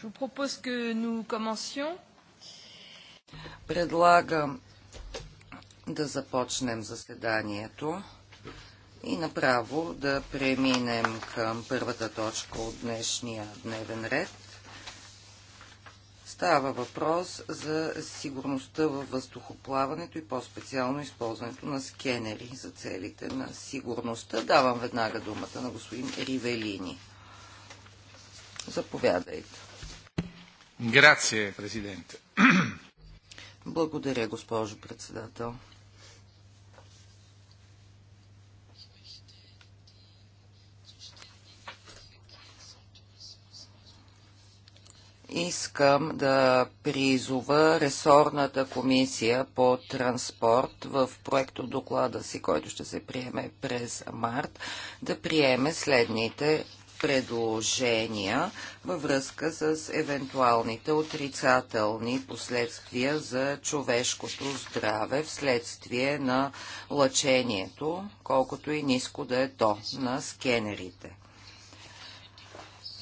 Je vous propose que nous commencions. Предлагам да започнем заседанието и направо да преминем към първата точка от днешния дневен ред. Става въпрос за сигурността във въздухоплаването и по-специално използването на скенери за целите на сигурността. Давам веднага думата на господин Ривелини. Заповядайте. Грация, Благодаря, госпожо председател. искам да призова ресорната комисия по транспорт в проекто доклада си, който ще се приеме през март, да приеме следните предложения във връзка с евентуалните отрицателни последствия за човешкото здраве вследствие на лъчението, колкото и ниско да е то на скенерите.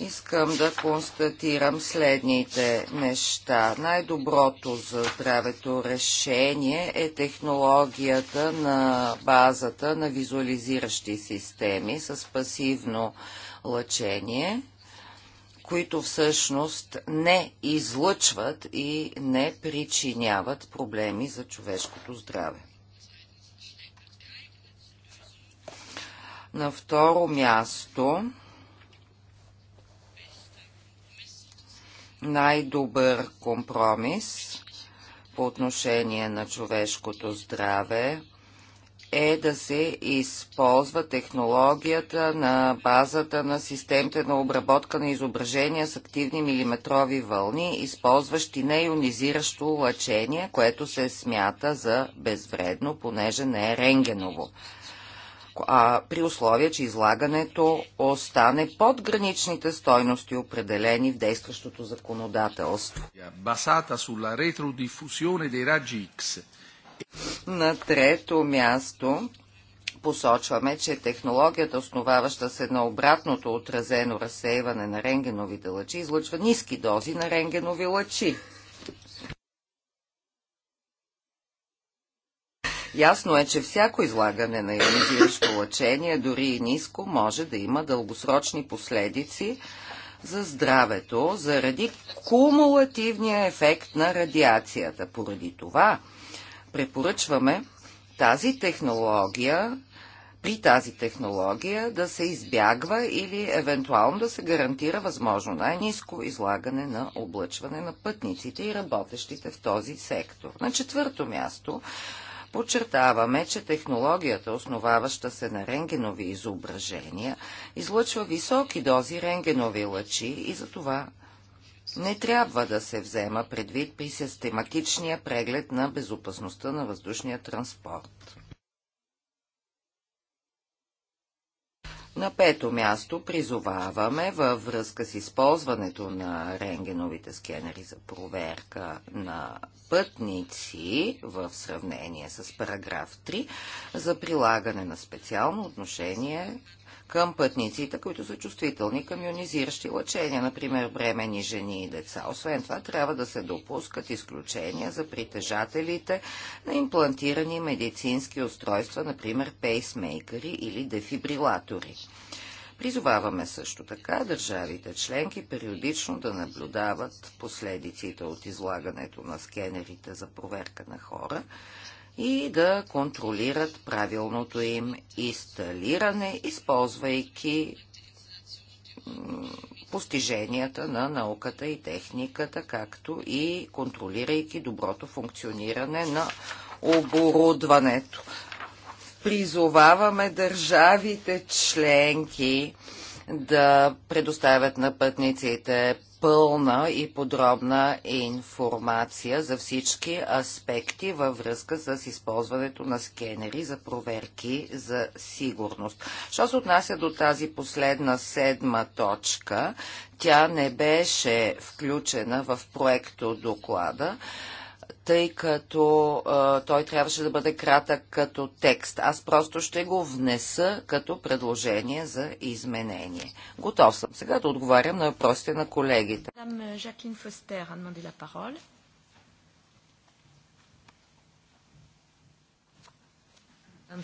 Искам да констатирам следните неща. Най-доброто за здравето решение е технологията на базата на визуализиращи системи с пасивно лъчение, които всъщност не излъчват и не причиняват проблеми за човешкото здраве. На второ място най-добър компромис по отношение на човешкото здраве – е да се използва технологията на базата на системите на обработка на изображения с активни милиметрови вълни, използващи неионизиращо лъчение, което се смята за безвредно, понеже не е рентгеново. А, при условие, че излагането остане под граничните стойности, определени в действащото законодателство. Базата sulla retrodiffusione dei raggi X на трето място посочваме, че технологията, основаваща се на обратното отразено разсеиване на ренгеновите лъчи, излъчва ниски дози на рентгенови лъчи. Ясно е, че всяко излагане на ионизиращо лъчение, дори и ниско, може да има дългосрочни последици за здравето заради кумулативния ефект на радиацията. Поради това, Препоръчваме тази технология при тази технология да се избягва или евентуално да се гарантира възможно най-низко излагане на облъчване на пътниците и работещите в този сектор. На четвърто място Подчертаваме, че технологията, основаваща се на рентгенови изображения, излъчва високи дози рентгенови лъчи и затова не трябва да се взема предвид при систематичния преглед на безопасността на въздушния транспорт. На пето място призоваваме във връзка с използването на рентгеновите скенери за проверка на пътници в сравнение с параграф 3 за прилагане на специално отношение към пътниците, които са чувствителни към ионизиращи лъчения, например бремени жени и деца. Освен това, трябва да се допускат изключения за притежателите на имплантирани медицински устройства, например пейсмейкери или дефибрилатори. Призоваваме също така държавите членки периодично да наблюдават последиците от излагането на скенерите за проверка на хора, и да контролират правилното им инсталиране, използвайки постиженията на науката и техниката, както и контролирайки доброто функциониране на оборудването. Призоваваме държавите членки да предоставят на пътниците пълна и подробна информация за всички аспекти във връзка с използването на скенери за проверки за сигурност. Що се отнася до тази последна седма точка, тя не беше включена в проекто доклада, тъй като а, той трябваше да бъде кратък като текст. Аз просто ще го внеса като предложение за изменение. Готов съм сега да отговарям на въпросите на колегите. Е,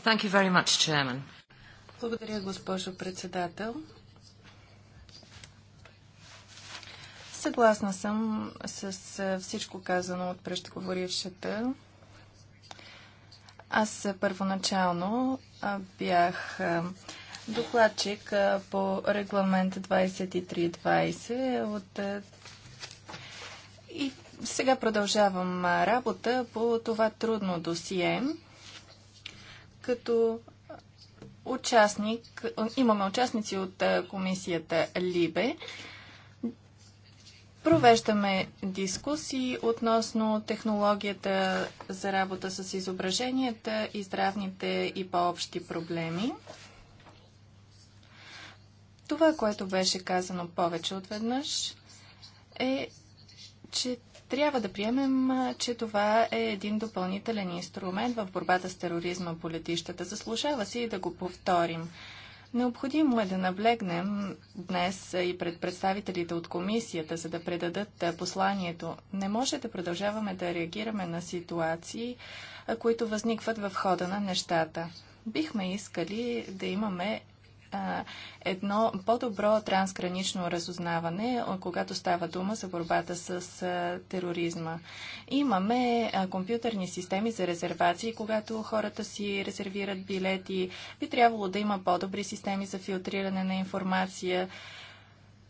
Thank you very much, Chairman. Благодаря, госпожо председател. Съгласна съм с всичко казано от преждеговорившата. Аз първоначално бях докладчик по регламент 2320 от и сега продължавам работа по това трудно досие. Като участник, имаме участници от комисията Либе Провеждаме дискусии относно технологията за работа с изображенията и здравните и по-общи проблеми. Това, което беше казано повече от веднъж, е, че трябва да приемем, че това е един допълнителен инструмент в борбата с тероризма по летищата. Заслужава си и да го повторим. Необходимо е да наблегнем днес и пред представителите от комисията, за да предадат посланието. Не може да продължаваме да реагираме на ситуации, които възникват в хода на нещата. Бихме искали да имаме едно по-добро трансгранично разузнаване, когато става дума за борбата с тероризма. Имаме компютърни системи за резервации, когато хората си резервират билети. Би трябвало да има по-добри системи за филтриране на информация,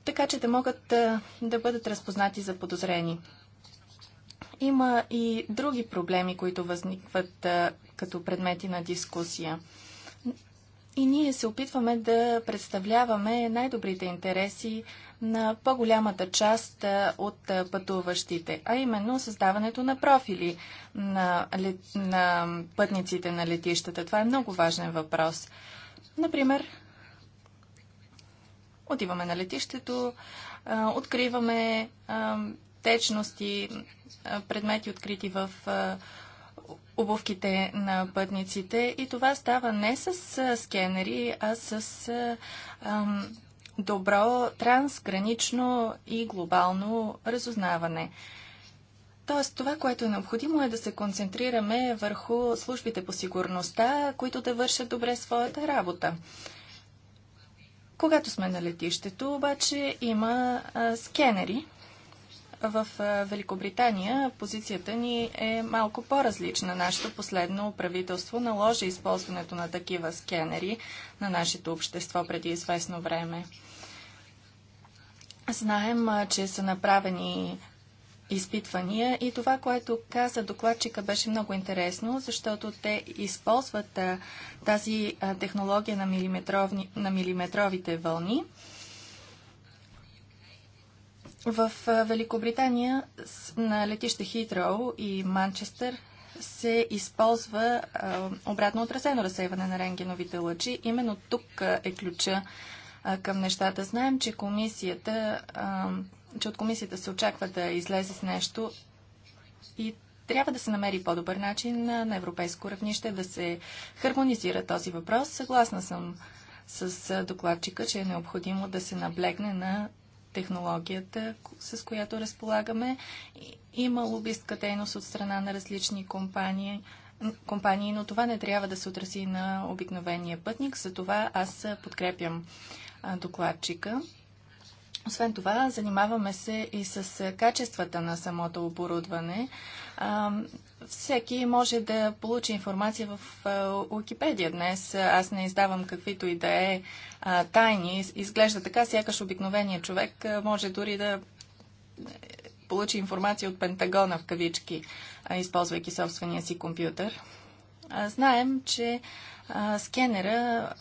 така че да могат да бъдат разпознати за подозрени има и други проблеми, които възникват като предмети на дискусия. И ние се опитваме да представляваме най-добрите интереси на по-голямата част от пътуващите, а именно създаването на профили на, на пътниците на летищата. Това е много важен въпрос. Например, отиваме на летището, откриваме течности, предмети открити в обувките на пътниците и това става не с скенери, а с ам, добро трансгранично и глобално разузнаване. Тоест, това, което е необходимо е да се концентрираме върху службите по сигурността, които да вършат добре своята работа. Когато сме на летището, обаче има а, скенери, в Великобритания позицията ни е малко по-различна. Нашето последно правителство наложи използването на такива скенери на нашето общество преди известно време. Знаем, че са направени изпитвания и това, което каза докладчика, беше много интересно, защото те използват тази технология на, на милиметровите вълни – в Великобритания на летище Хитроу и Манчестър се използва обратно отразено разсейване на рентгеновите лъчи. Именно тук е ключа към нещата. Знаем, че комисията, че от комисията се очаква да излезе с нещо и трябва да се намери по-добър начин на европейско равнище да се хармонизира този въпрос. Съгласна съм с докладчика, че е необходимо да се наблегне на технологията, с която разполагаме. Има лобистка дейност от страна на различни компании, компании, но това не трябва да се отрази на обикновения пътник. Затова аз подкрепям докладчика. Освен това, занимаваме се и с е, качествата на самото оборудване. Всеки може да получи информация в е, Уикипедия днес. Аз не издавам каквито и да е тайни. Изглежда така, сякаш обикновения човек е, може дори да получи информация от Пентагона в кавички, използвайки собствения си компютър. Знаем, че скенера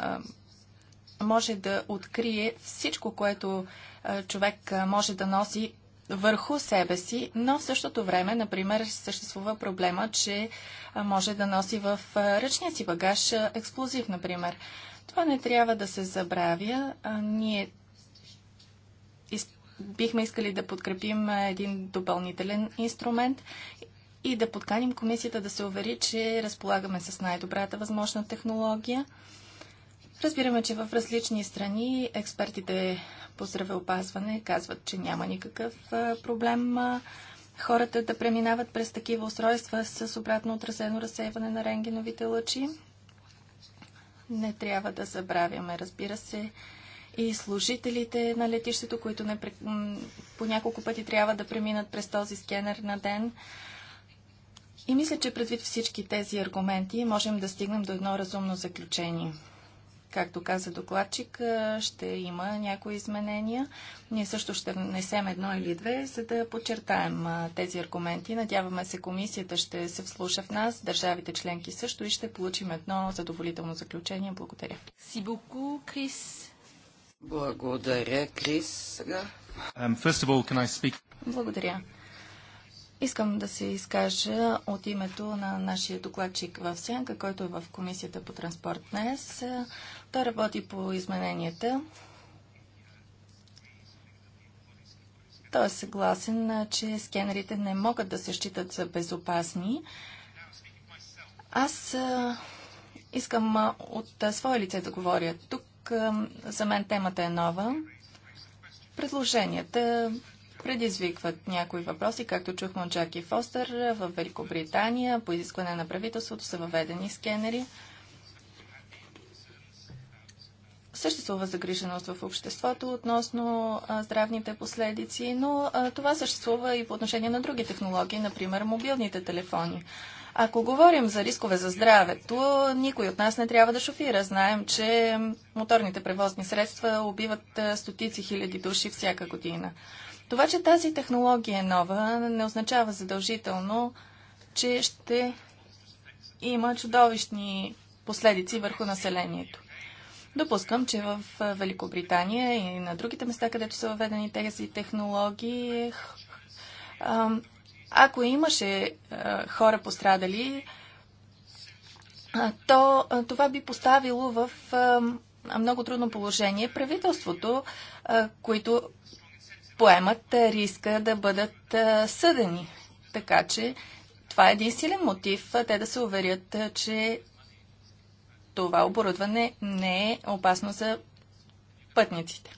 може да открие всичко, което човек може да носи върху себе си, но в същото време, например, съществува проблема, че може да носи в ръчния си багаж експлозив, например. Това не трябва да се забравя. Ние бихме искали да подкрепим един допълнителен инструмент и да подканим комисията да се увери, че разполагаме с най-добрата възможна технология Разбираме, че в различни страни експертите по здравеопазване казват, че няма никакъв проблем хората да преминават през такива устройства с обратно отразено разсейване на рентгеновите лъчи. Не трябва да забравяме, разбира се, и служителите на летището, които не, по няколко пъти трябва да преминат през този скенер на ден. И мисля, че предвид всички тези аргументи можем да стигнем до едно разумно заключение – Както каза докладчик, ще има някои изменения. Ние също ще внесем едно или две, за да подчертаем тези аргументи. Надяваме се, комисията ще се вслуша в нас, държавите членки също и ще получим едно задоволително заключение. Благодаря. Сибоку, Крис. Благодаря, Крис. Сега. Um, Благодаря. Искам да се изкажа от името на нашия докладчик в Сянка, който е в Комисията по транспорт днес. Той работи по измененията. Той е съгласен, че скенерите не могат да се считат за безопасни. Аз искам от свое лице да говоря. Тук за мен темата е нова. Предложенията предизвикват някои въпроси, както чухме от Джаки Фостер в Великобритания. По изискване на правителството са въведени скенери. Съществува загриженост в обществото относно а, здравните последици, но а, това съществува и по отношение на други технологии, например мобилните телефони. Ако говорим за рискове за здравето, никой от нас не трябва да шофира. Знаем, че моторните превозни средства убиват стотици хиляди души всяка година. Това, че тази технология е нова, не означава задължително, че ще има чудовищни последици върху населението. Допускам, че в Великобритания и на другите места, където са въведени тези технологии, ако имаше хора пострадали, то това би поставило в много трудно положение правителството, които поемат е, риска да бъдат е, съдени. Така че това е един силен мотив е, те да се уверят, че това оборудване не е опасно за пътниците.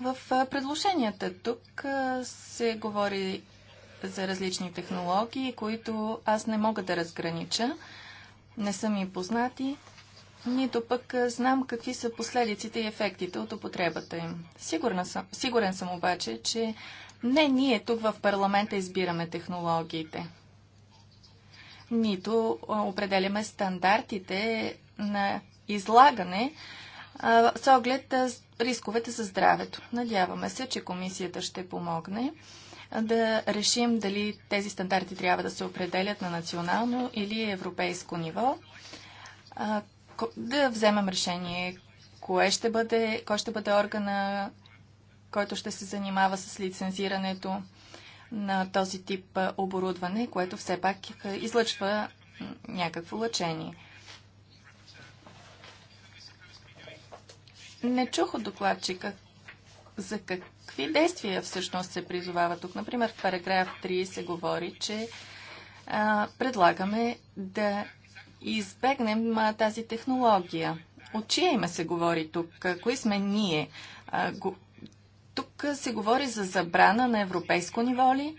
В предложенията тук се говори за различни технологии, които аз не мога да разгранича не са ми познати, нито пък знам какви са последиците и ефектите от употребата им. Сигурна съм, сигурен съм обаче, че не ние тук в парламента избираме технологиите, нито определяме стандартите на излагане а, с оглед а, рисковете за здравето. Надяваме се, че комисията ще помогне да решим дали тези стандарти трябва да се определят на национално или европейско ниво. да вземем решение кое ще бъде, кой ще бъде органа, който ще се занимава с лицензирането на този тип оборудване, което все пак излъчва някакво лъчение. Не чух от докладчика за как, какви действия всъщност се призовава тук. Например, в параграф 3 се говори, че а, предлагаме да избегнем а, тази технология. От чия има се говори тук? Кои сме ние? А, го... Тук се говори за забрана на европейско ниво ли?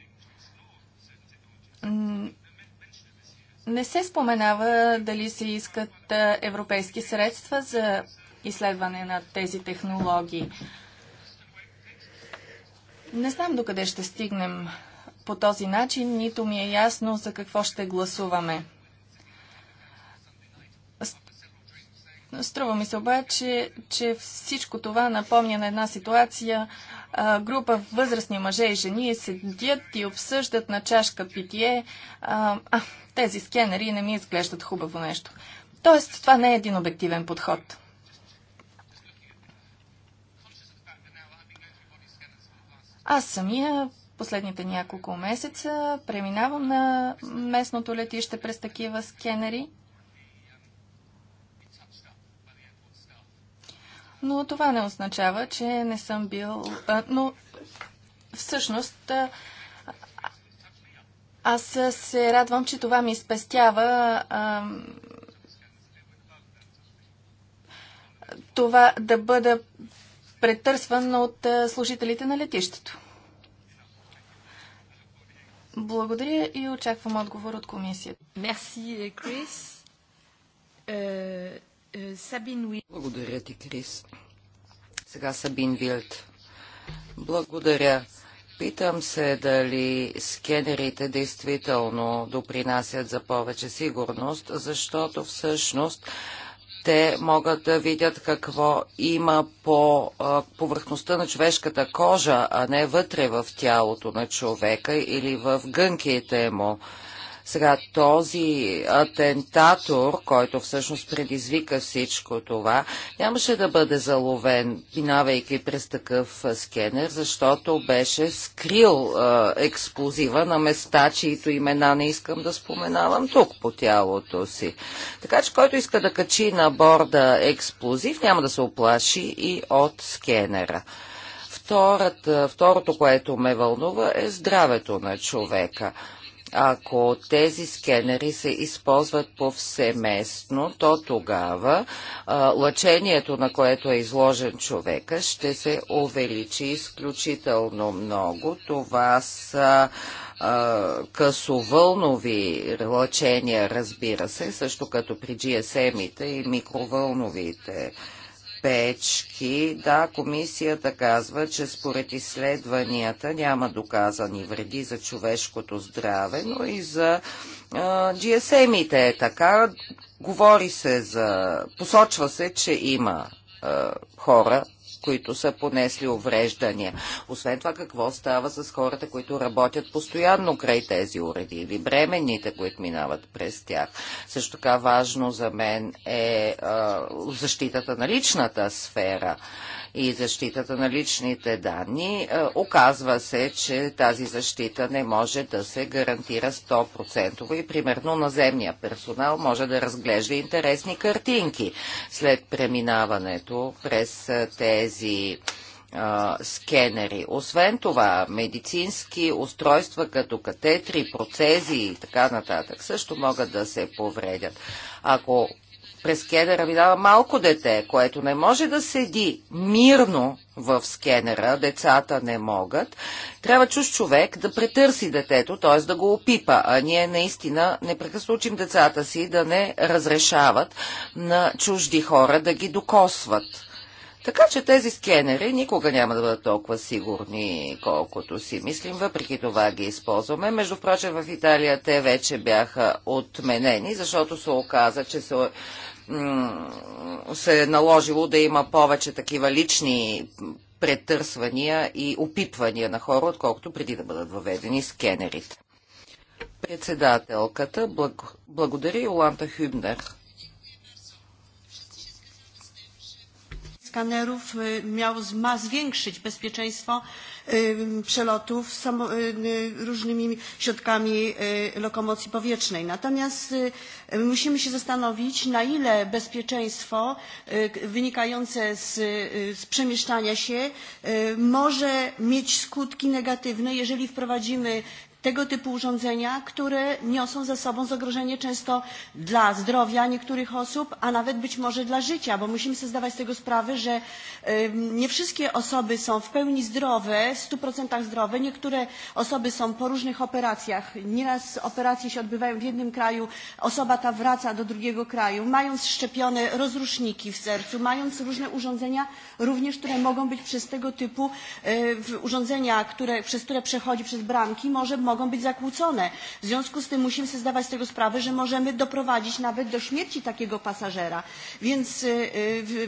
Не се споменава дали се искат европейски средства за изследване на тези технологии. Не знам докъде ще стигнем по този начин, нито ми е ясно за какво ще гласуваме. Струва ми се обаче, че всичко това напомня на една ситуация. група възрастни мъже и жени седят и обсъждат на чашка питие. а, тези скенери не ми изглеждат хубаво нещо. Тоест, това не е един обективен подход. Аз самия последните няколко месеца преминавам на местното летище през такива скенери. Но това не означава, че не съм бил... А, но всъщност а, аз се радвам, че това ми спестява а, това да бъда претърсван от служителите на летището. Благодаря и очаквам отговор от комисията. Мерси, Крис. Е, е, Сабин Благодаря ти, Крис. Сега Сабин Вилт. Благодаря. Питам се дали скенерите действително допринасят за повече сигурност, защото всъщност те могат да видят какво има по повърхността на човешката кожа, а не вътре в тялото на човека или в гънките му. Сега този атентатор, който всъщност предизвика всичко това, нямаше да бъде заловен, минавайки през такъв скенер, защото беше скрил а, експлозива на места, чието имена не искам да споменавам тук по тялото си. Така че който иска да качи на борда експлозив, няма да се оплаши и от скенера. Втората, второто, което ме вълнува е здравето на човека. Ако тези скенери се използват повсеместно, то тогава а, лъчението, на което е изложен човека, ще се увеличи изключително много. Това са а, късовълнови лъчения, разбира се, също като при GSM-ите и микровълновите а, пречки. Да, комисията казва, че според изследванията няма доказани вреди за човешкото здраве, но и за GSM-ите е така. Говори се за... Посочва се, че има хора, които са понесли увреждания. Освен това, какво става с хората, които работят постоянно край тези уреди или бременните, които минават през тях. Също така важно за мен е а, защитата на личната сфера и защитата на личните данни, е, оказва се, че тази защита не може да се гарантира 100% и примерно наземния персонал може да разглежда интересни картинки след преминаването през е, тези е, скенери. Освен това, медицински устройства като катетри, процези и така нататък също могат да се повредят. Ако през скенера минава малко дете, което не може да седи мирно в скенера, децата не могат, трябва чуж човек да претърси детето, т.е. да го опипа. А ние наистина непрекъсно учим децата си да не разрешават на чужди хора да ги докосват. Така че тези скенери никога няма да бъдат толкова сигурни, колкото си мислим. Въпреки това ги използваме. Между прочим, в Италия те вече бяха отменени, защото се оказа, че се се е наложило да има повече такива лични претърсвания и опитвания на хора, отколкото преди да бъдат въведени скенерите. Председателката, благ... благодаря Оланта Хюбнер. skanerów miał, ma zwiększyć bezpieczeństwo przelotów różnymi środkami lokomocji powietrznej. Natomiast musimy się zastanowić, na ile bezpieczeństwo wynikające z przemieszczania się może mieć skutki negatywne, jeżeli wprowadzimy tego typu urządzenia, które niosą ze sobą zagrożenie często dla zdrowia niektórych osób, a nawet być może dla życia, bo musimy sobie zdawać z tego sprawę, że nie wszystkie osoby są w pełni zdrowe, w 100% zdrowe. Niektóre osoby są po różnych operacjach. Nieraz operacje się odbywają w jednym kraju, osoba ta wraca do drugiego kraju, mając szczepione rozruszniki w sercu, mając różne urządzenia, również które mogą być przez tego typu urządzenia, które, przez które przechodzi przez bramki, może mogą mogą być zakłócone. W związku z tym musimy sobie zdawać z tego sprawę, że możemy doprowadzić nawet do śmierci takiego pasażera. Więc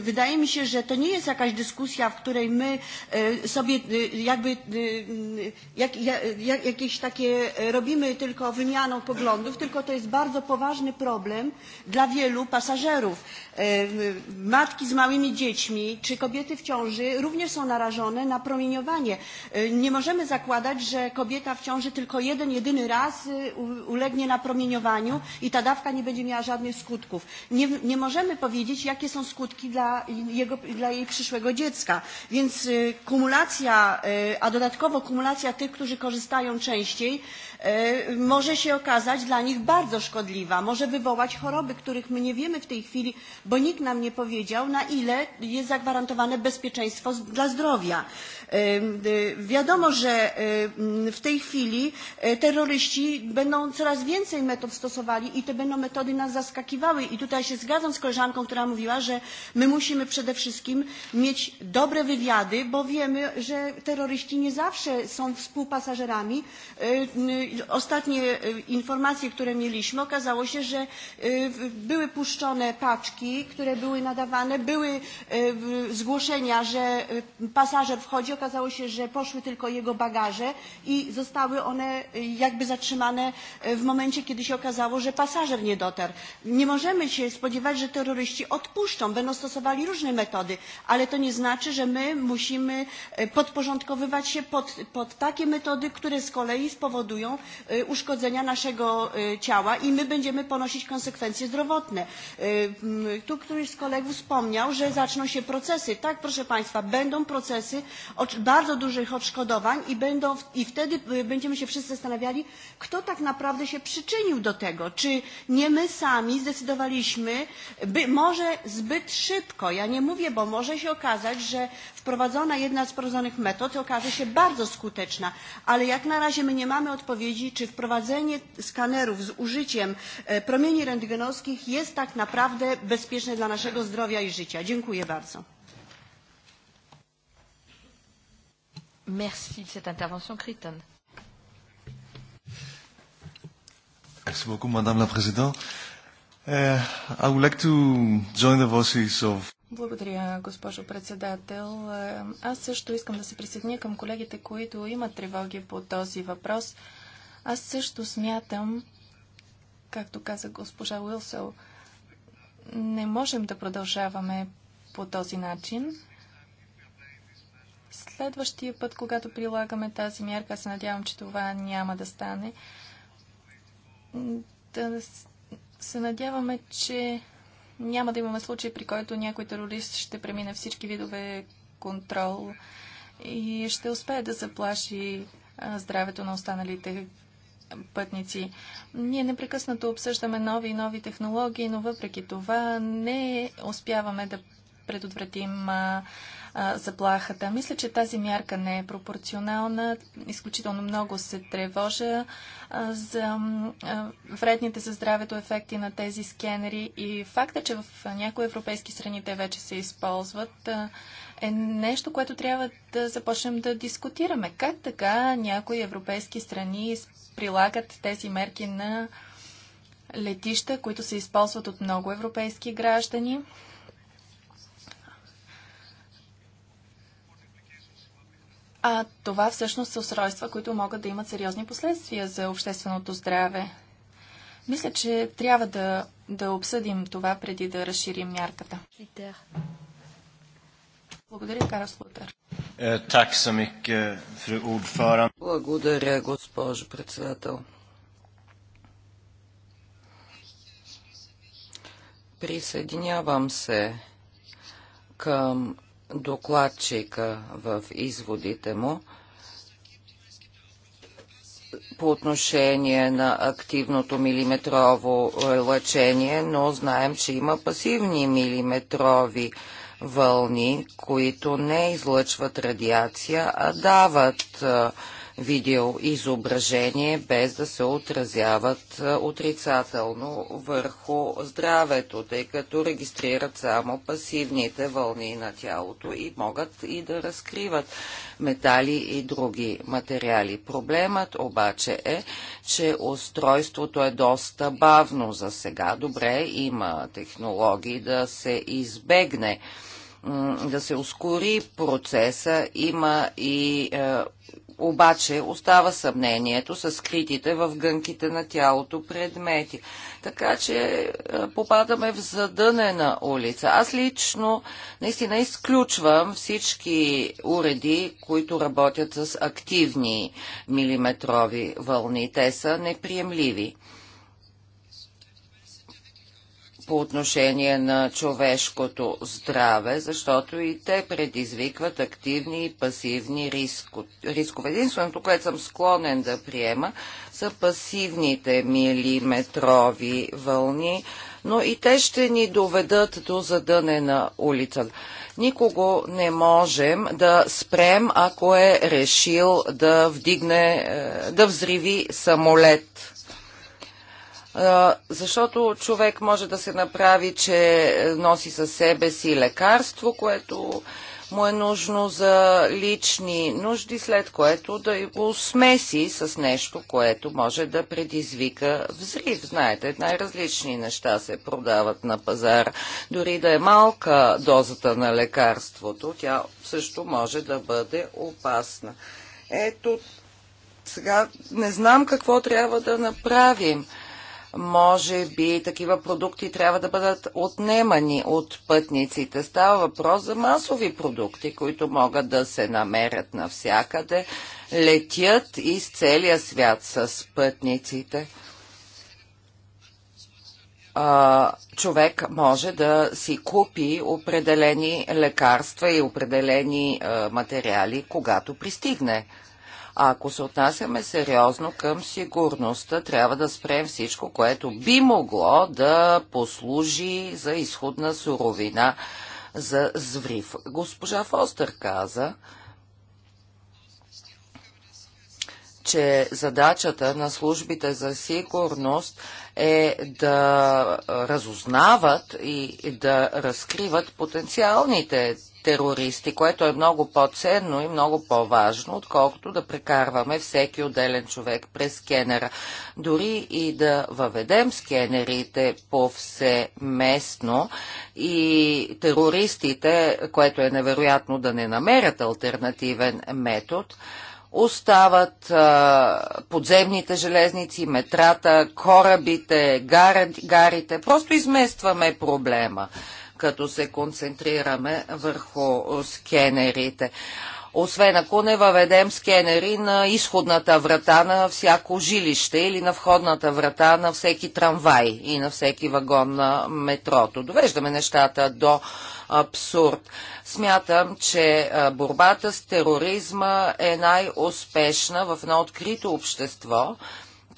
wydaje mi się, że to nie jest jakaś dyskusja, w której my sobie jakby jak, jak, jakieś takie robimy tylko wymianą poglądów, tylko to jest bardzo poważny problem dla wielu pasażerów. Matki z małymi dziećmi czy kobiety w ciąży również są narażone na promieniowanie. Nie możemy zakładać, że kobieta w ciąży tylko jeden, jedyny raz ulegnie napromieniowaniu i ta dawka nie będzie miała żadnych skutków. Nie, nie możemy powiedzieć, jakie są skutki dla, jego, dla jej przyszłego dziecka. Więc kumulacja, a dodatkowo kumulacja tych, którzy korzystają częściej, może się okazać dla nich bardzo szkodliwa, może wywołać choroby, których my nie wiemy w tej chwili, bo nikt nam nie powiedział, na ile jest zagwarantowane bezpieczeństwo dla zdrowia. Wiadomo, że w tej chwili terroryści będą coraz więcej metod stosowali i te będą metody nas zaskakiwały. I tutaj się zgadzam z koleżanką, która mówiła, że my musimy przede wszystkim mieć dobre wywiady, bo wiemy, że terroryści nie zawsze są współpasażerami ostatnie informacje, które mieliśmy, okazało się, że były puszczone paczki, które były nadawane, były zgłoszenia, że pasażer wchodzi, okazało się, że poszły tylko jego bagaże i zostały one jakby zatrzymane w momencie, kiedy się okazało, że pasażer nie dotarł. Nie możemy się spodziewać, że terroryści odpuszczą, będą stosowali różne metody, ale to nie znaczy, że my musimy podporządkowywać się pod, pod takie metody, które z kolei spowodują, uszkodzenia naszego ciała i my będziemy ponosić konsekwencje zdrowotne. Tu któryś z kolegów wspomniał, że zaczną się procesy. Tak, proszę Państwa, będą procesy bardzo dużych odszkodowań i, będą, i wtedy będziemy się wszyscy zastanawiali, kto tak naprawdę się przyczynił do tego. Czy nie my sami zdecydowaliśmy, by może zbyt szybko, ja nie mówię, bo może się okazać, że wprowadzona jedna z wprowadzonych metod okaże się bardzo skuteczna, ale jak na razie my nie mamy odpowiedzi, czy wprowadzenie skanerów z użyciem promieni rentgenowskich jest tak naprawdę bezpieczne dla naszego zdrowia i życia. Dziękuję bardzo. Merci de cette intervention, Criton. Merci beaucoup, Madame la Présidente. Uh, I would like to join the voices of благодаря, госпожо председател. Аз също искам да се присъединя към колегите, които имат тревоги по този въпрос. Аз също смятам, както каза госпожа Уилсъл, не можем да продължаваме по този начин. Следващия път, когато прилагаме тази мярка, се надявам, че това няма да стане. Да се надяваме, че няма да имаме случай, при който някой терорист ще премине всички видове контрол и ще успее да заплаши здравето на останалите пътници. Ние непрекъснато обсъждаме нови и нови технологии, но въпреки това не успяваме да предотвратим заплахата. Мисля, че тази мярка не е пропорционална. Изключително много се тревожа а, за а, вредните за здравето ефекти на тези скенери и факта, че в някои европейски страни те вече се използват, а, е нещо, което трябва да започнем да дискутираме. Как така някои европейски страни прилагат тези мерки на летища, които се използват от много европейски граждани? А това всъщност са устройства, които могат да имат сериозни последствия за общественото здраве. Мисля, че трябва да, да обсъдим това преди да разширим мярката. Благодаря, Карас Лутер. Е, е, Благодаря, госпожо председател. Присъединявам се към докладчика в изводите му по отношение на активното милиметрово лъчение, но знаем, че има пасивни милиметрови вълни, които не излъчват радиация, а дават а, видеоизображение, без да се отразяват е, отрицателно върху здравето, тъй като регистрират само пасивните вълни на тялото и могат и да разкриват метали и други материали. Проблемът обаче е, че устройството е доста бавно за сега. Добре, има технологии да се избегне да се ускори процеса. Има и е, обаче остава съмнението с скритите в гънките на тялото предмети. Така че е, попадаме в задънена улица. Аз лично наистина изключвам всички уреди, които работят с активни милиметрови вълни. Те са неприемливи по отношение на човешкото здраве, защото и те предизвикват активни и пасивни рискове. Единственото, което съм склонен да приема, са пасивните милиметрови вълни, но и те ще ни доведат до задънена улица. Никого не можем да спрем, ако е решил да вдигне, е, да взриви самолет защото човек може да се направи, че носи със себе си лекарство, което му е нужно за лични нужди, след което да го смеси с нещо, което може да предизвика взрив. Знаете, най-различни неща се продават на пазар. Дори да е малка дозата на лекарството, тя също може да бъде опасна. Ето, сега не знам какво трябва да направим може би такива продукти трябва да бъдат отнемани от пътниците. Става въпрос за масови продукти, които могат да се намерят навсякъде, летят из целия свят с пътниците. А, човек може да си купи определени лекарства и определени а, материали, когато пристигне а ако се отнасяме сериозно към сигурността, трябва да спрем всичко, което би могло да послужи за изходна суровина за зрив. Госпожа Фостер каза, че задачата на службите за сигурност е да разузнават и да разкриват потенциалните терористи, което е много по-ценно и много по-важно, отколкото да прекарваме всеки отделен човек през скенера. Дори и да въведем скенерите повсеместно и терористите, което е невероятно да не намерят альтернативен метод, остават а, подземните железници, метрата, корабите, гар, гарите. Просто изместваме проблема като се концентрираме върху скенерите. Освен ако не въведем скенери на изходната врата на всяко жилище или на входната врата на всеки трамвай и на всеки вагон на метрото. Довеждаме нещата до абсурд. Смятам, че борбата с тероризма е най-успешна в едно открито общество,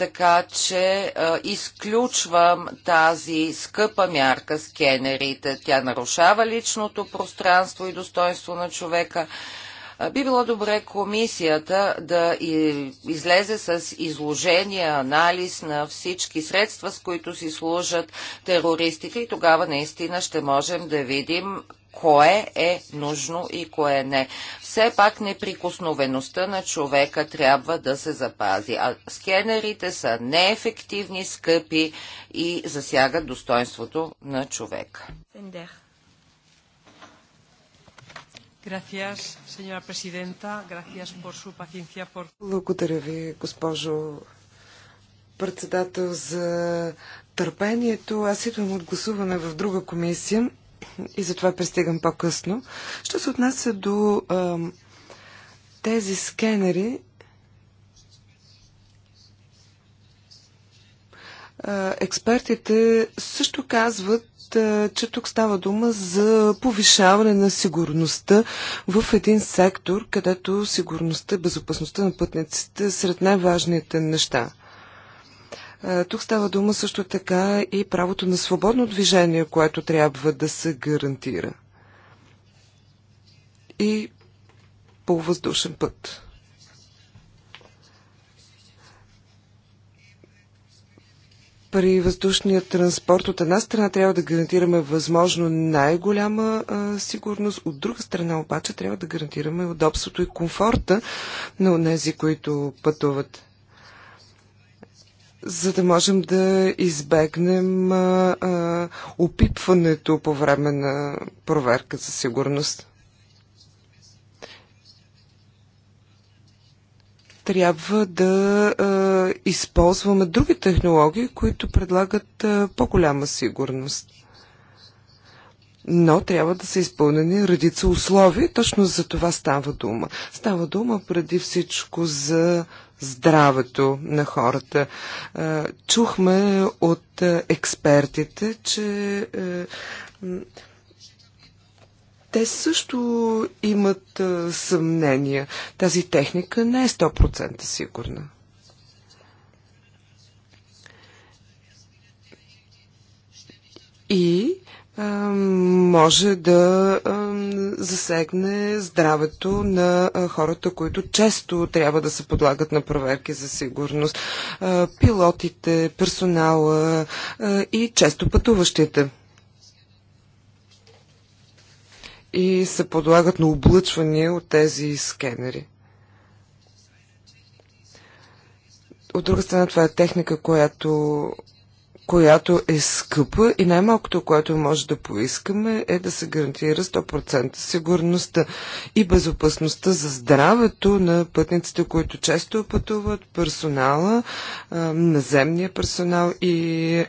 така че а, изключвам тази скъпа мярка скенерите. Тя нарушава личното пространство и достоинство на човека би било добре комисията да излезе с изложение, анализ на всички средства, с които си служат терористите и тогава наистина ще можем да видим кое е нужно и кое не. Все пак неприкосновеността на човека трябва да се запази, а скенерите са неефективни, скъпи и засягат достоинството на човека. Сендех. Gracias, señora presidenta. Gracias por su paciencia. Por... Благодаря ви, госпожо председател, за търпението. Аз идвам от гласуване в друга комисия и затова пристигам по-късно. Що се отнася до тези скенери, експертите също казват, е, че тук става дума за повишаване на сигурността в един сектор, където сигурността и безопасността на пътниците е сред най-важните неща. Е, тук става дума също така и правото на свободно движение, което трябва да се гарантира. И по въздушен път. при въздушния транспорт от една страна трябва да гарантираме възможно най-голяма сигурност, от друга страна обаче трябва да гарантираме удобството и комфорта на тези, които пътуват за да можем да избегнем а, а, опипването по време на проверка за сигурност. трябва да а, използваме други технологии, които предлагат по-голяма сигурност. Но трябва да са изпълнени редица условия. Точно за това става дума. Става дума преди всичко за здравето на хората. Чухме от експертите, че те също имат а, съмнения. Тази техника не е 100% сигурна. И а, може да а, засегне здравето на а, хората, които често трябва да се подлагат на проверки за сигурност. А, пилотите, персонала а, и често пътуващите. и се подлагат на облъчвания от тези скенери. От друга страна, това е техника, която която е скъпа и най-малкото, което може да поискаме е да се гарантира 100% сигурността и безопасността за здравето на пътниците, които често пътуват, персонала, наземния персонал и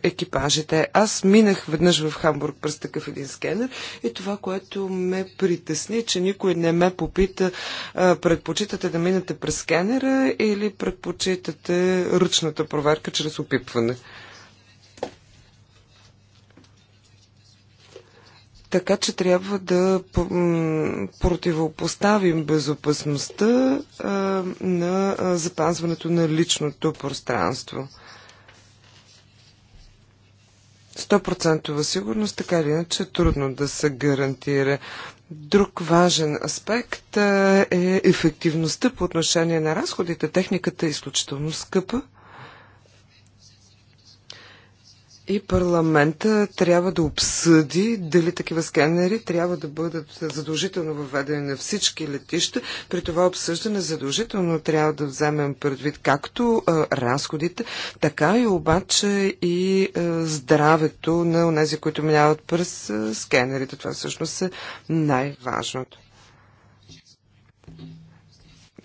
екипажите. Аз минах веднъж в Хамбург през такъв един скенер и това, което ме притесни, че никой не ме попита, предпочитате да минете през скенера или предпочитате ръчната проверка чрез опитване. Така че трябва да противопоставим безопасността на запазването на личното пространство. 100% сигурност, така или иначе, е трудно да се гарантира. Друг важен аспект е ефективността по отношение на разходите. Техниката е изключително скъпа. И парламента трябва да обсъди дали такива скенери трябва да бъдат задължително въведени на всички летища. При това обсъждане задължително трябва да вземем предвид както а, разходите, така и обаче и а, здравето на тези, които минават през а, скенерите. Това всъщност е най-важното.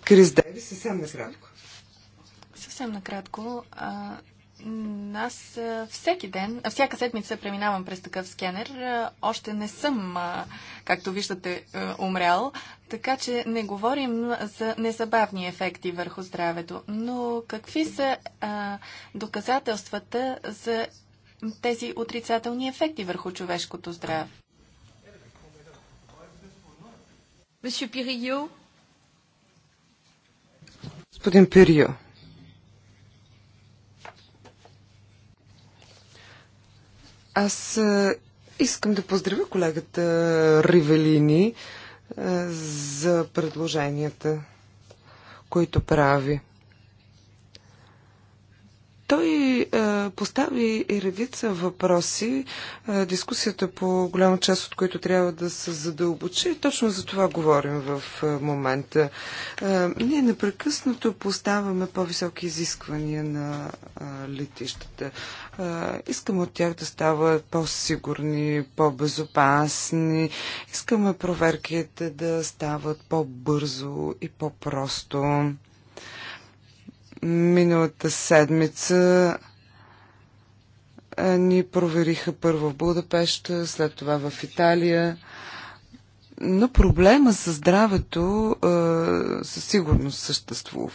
Крис Дейвис, съвсем накратко. Съвсем накратко. А аз всеки ден, всяка седмица преминавам през такъв скенер. Още не съм, както виждате, умрял, така че не говорим за незабавни ефекти върху здравето. Но какви са доказателствата за тези отрицателни ефекти върху човешкото здраве? Господин Пирио. Аз искам да поздравя колегата Ривелини за предложенията, които прави. Той е, постави и редица въпроси, е, дискусията по голяма част от които трябва да се задълбочи. Точно за това говорим в е, момента. Е, ние непрекъснато поставяме по-високи изисквания на е, летищата. Е, искаме от тях да стават по-сигурни, по-безопасни. Искаме проверките да стават по-бързо и по-просто. Миналата седмица е, ни провериха първо в Будапешта, след това в Италия. Но проблема със здравето е, със сигурност съществува.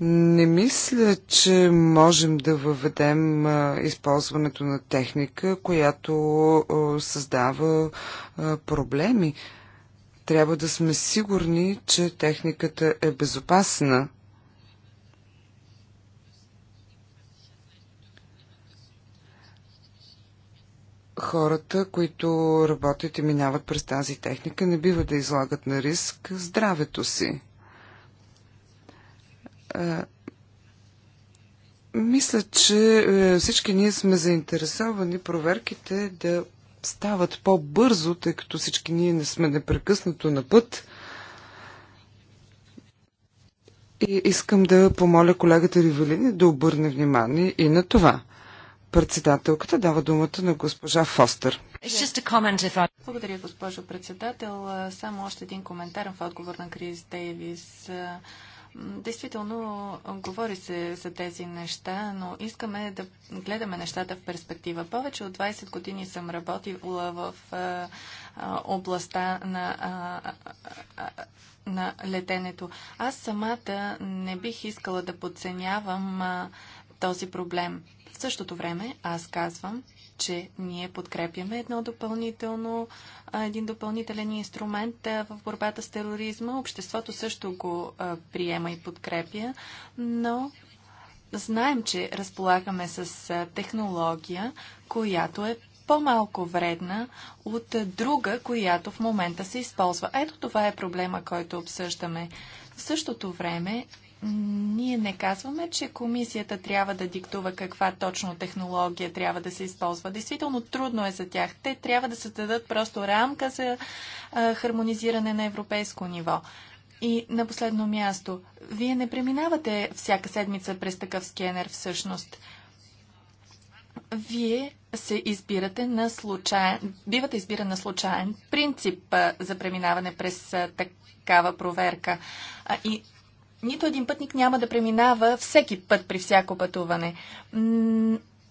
Не мисля, че можем да въведем а, е, използването на техника, която а, е, създава а, проблеми. А, трябва да сме сигурни, че техниката е безопасна. хората, които работят и минават през тази техника, не бива да излагат на риск здравето си. Е, мисля, че е, всички ние сме заинтересовани проверките да стават по-бързо, тъй като всички ние не сме непрекъснато на път. И искам да помоля колегата Ривелини да обърне внимание и на това. Председателката дава думата на госпожа Фостер. Благодаря, госпожо председател. Само още един коментар в отговор на Крис Дейвис. Действително, говори се за тези неща, но искаме да гледаме нещата в перспектива. Повече от 20 години съм работила в а, областта на, а, а, на летенето. Аз самата не бих искала да подценявам този проблем. В същото време аз казвам, че ние подкрепяме едно допълнително, един допълнителен инструмент в борбата с тероризма. Обществото също го приема и подкрепя, но знаем, че разполагаме с технология, която е по-малко вредна от друга, която в момента се използва. Ето това е проблема, който обсъждаме. В същото време ние не казваме, че комисията трябва да диктува каква точно технология трябва да се използва. Действително трудно е за тях. Те трябва да създадат просто рамка за а, хармонизиране на европейско ниво. И на последно място, вие не преминавате всяка седмица през такъв скенер всъщност. Вие се избирате на случайен, бивате избира на случайен принцип а, за преминаване през а, такава проверка. А, и нито един пътник няма да преминава всеки път при всяко пътуване.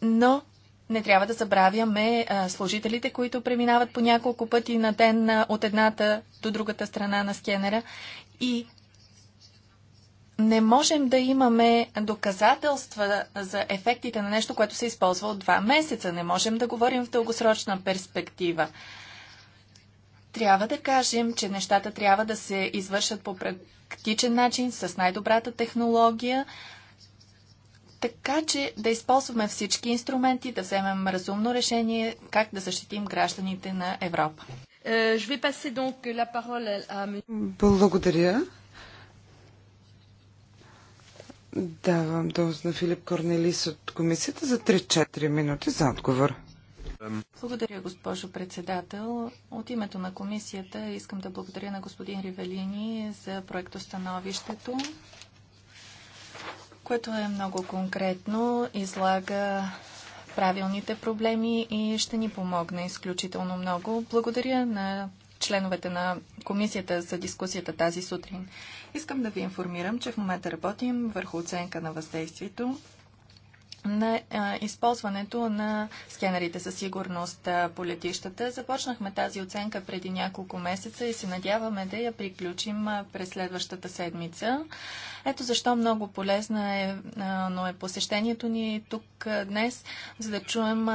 Но не трябва да забравяме служителите, които преминават по няколко пъти на ден от едната до другата страна на скенера. И не можем да имаме доказателства за ефектите на нещо, което се използва от два месеца. Не можем да говорим в дългосрочна перспектива. Трябва да кажем, че нещата трябва да се извършат по практичен начин, с най-добрата технология, така че да използваме всички инструменти, да вземем разумно решение как да защитим гражданите на Европа. Е, Благодаря. Давам доз на Филип Корнелис от комисията за 3-4 минути за отговор. Благодаря, госпожо председател. От името на комисията искам да благодаря на господин Ривелини за проектостановището, което е много конкретно, излага правилните проблеми и ще ни помогне изключително много. Благодаря на членовете на комисията за дискусията тази сутрин. Искам да ви информирам, че в момента работим върху оценка на въздействието на а, използването на скенерите със сигурност а, по летищата. Започнахме тази оценка преди няколко месеца и се надяваме да я приключим а, през следващата седмица. Ето защо много полезна е, но е посещението ни тук днес, за да чуем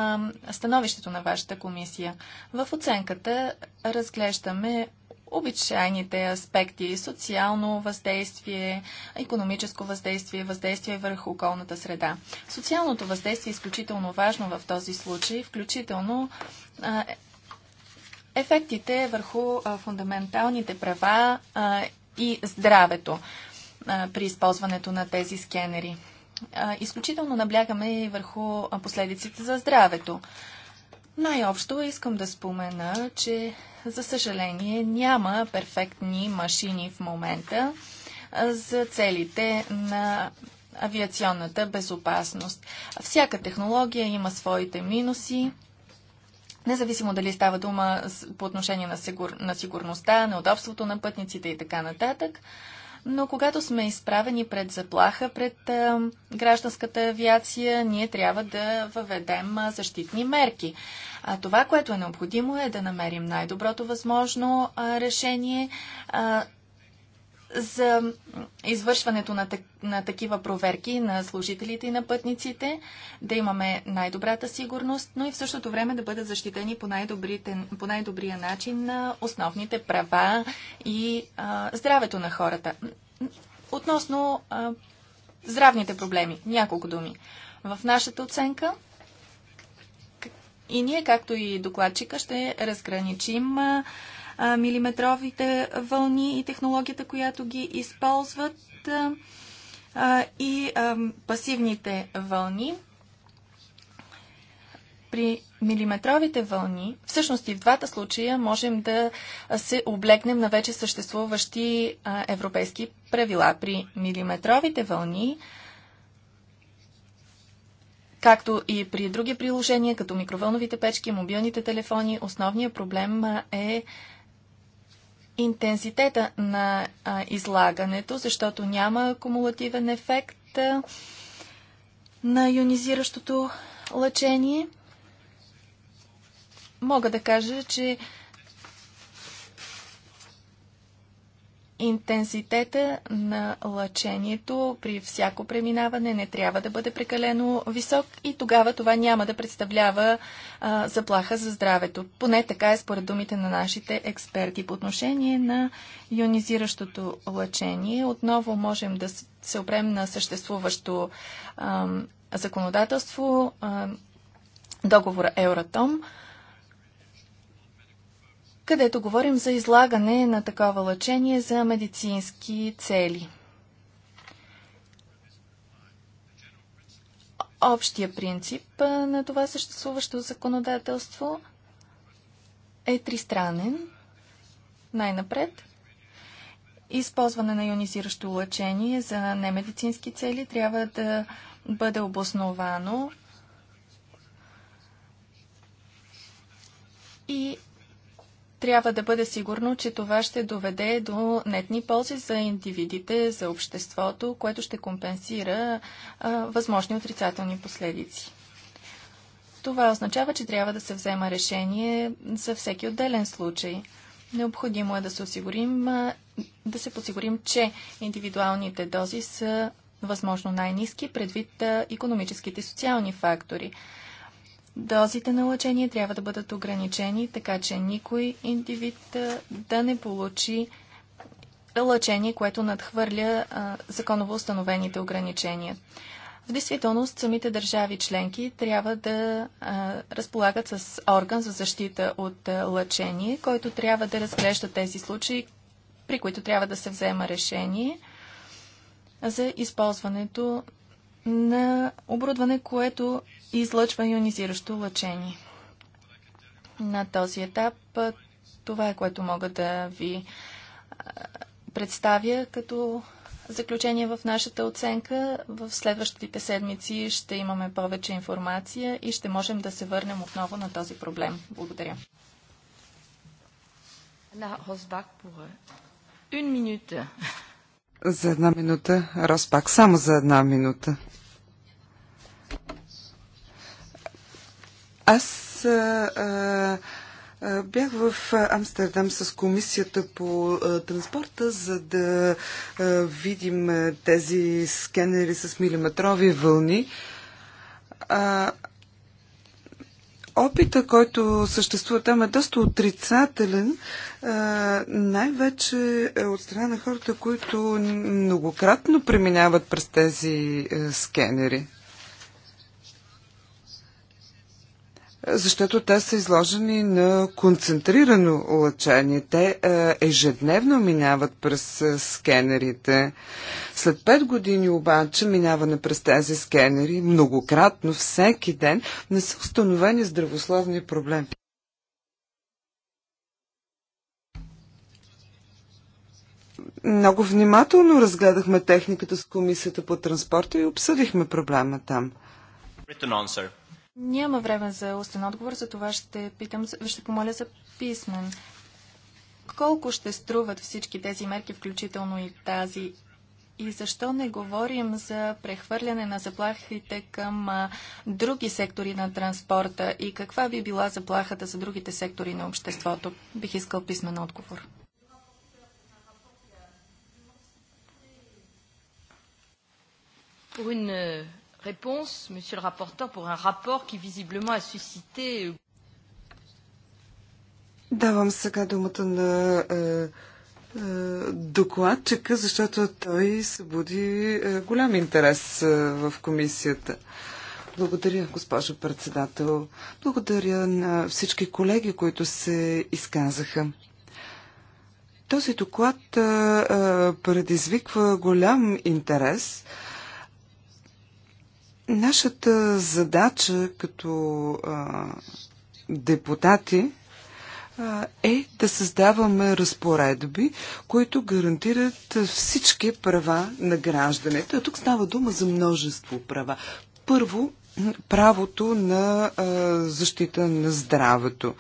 становището на вашата комисия. В оценката разглеждаме обичайните аспекти социално въздействие, економическо въздействие, въздействие върху околната среда. Социалното въздействие е изключително важно в този случай, включително ефектите върху фундаменталните права и здравето при използването на тези скенери. Изключително наблягаме и върху последиците за здравето. Най-общо искам да спомена, че за съжаление няма перфектни машини в момента за целите на авиационната безопасност. Всяка технология има своите минуси, независимо дали става дума по отношение на, сигур... на сигурността, на удобството на пътниците и така нататък но когато сме изправени пред заплаха пред а, гражданската авиация, ние трябва да въведем а, защитни мерки. А това, което е необходимо е да намерим най-доброто възможно а, решение. А, за извършването на, так, на такива проверки на служителите и на пътниците, да имаме най-добрата сигурност, но и в същото време да бъдат защитени по, по най-добрия начин на основните права и а, здравето на хората. Относно а, здравните проблеми, няколко думи. В нашата оценка и ние, както и докладчика, ще разграничим. А, милиметровите вълни и технологията, която ги използват и пасивните вълни. При милиметровите вълни, всъщност и в двата случая можем да се облегнем на вече съществуващи европейски правила. При милиметровите вълни Както и при други приложения, като микровълновите печки, мобилните телефони, основният проблем е интензитета на а, излагането, защото няма кумулативен ефект а, на ионизиращото лъчение. Мога да кажа, че интензитета на лъчението при всяко преминаване не трябва да бъде прекалено висок и тогава това няма да представлява а, заплаха за здравето. Поне така е според думите на нашите експерти. По отношение на ионизиращото лъчение, отново можем да се опрем на съществуващо а, законодателство, а, договора Евротом където говорим за излагане на такова лъчение за медицински цели. Общия принцип на това съществуващо законодателство е тристранен. Най-напред, използване на ионизиращо лъчение за немедицински цели трябва да бъде обосновано и трябва да бъде сигурно, че това ще доведе до нетни ползи за индивидите, за обществото, което ще компенсира а, възможни отрицателни последици. Това означава, че трябва да се взема решение за всеки отделен случай. Необходимо е да се осигурим, да се подсигурим, че индивидуалните дози са възможно най-низки предвид економическите и социални фактори дозите на лъчение трябва да бъдат ограничени, така че никой индивид да не получи лъчение, което надхвърля законово установените ограничения. В действителност, самите държави членки трябва да а, разполагат с орган за защита от а, лъчение, който трябва да разглежда тези случаи, при които трябва да се взема решение за използването на оборудване, което излъчва ионизиращо лъчение. На този етап това е което мога да ви представя като заключение в нашата оценка. В следващите седмици ще имаме повече информация и ще можем да се върнем отново на този проблем. Благодаря. Euh, за една минута, Роспак, само за една минута. Аз а, а, бях в Амстердам с комисията по а, транспорта, за да а, видим а, тези скенери с милиметрови вълни. А, опита, който съществува там е доста отрицателен, най-вече е от страна на хората, които многократно преминават през тези скенери. защото те са изложени на концентрирано лъчение. Те е, ежедневно минават през е, скенерите. След 5 години обаче минаване през тези скенери, многократно, всеки ден, не са установени здравословни проблеми. Много внимателно разгледахме техниката с комисията по транспорта и обсъдихме проблема там. Written answer. Няма време за устен отговор, за това ще, питам, ще помоля за писмен. Колко ще струват всички тези мерки, включително и тази? И защо не говорим за прехвърляне на заплахите към а, други сектори на транспорта? И каква би била заплахата за другите сектори на обществото? Бих искал писмен отговор. Pour réponse, Monsieur le rapporteur, pour un rapport qui visiblement a suscité. Euh, Давам сега думата на е, е, докладчика, защото той събуди е, голям интерес е, в комисията. Благодаря, госпожо председател. Благодаря на всички колеги, които се изказаха. Този доклад е, е предизвиква голям интерес. Е, Нашата задача като а, депутати а, е да създаваме разпоредби, които гарантират всички права на гражданите. А тук става дума за множество права. Първо, правото на а, защита на здравето.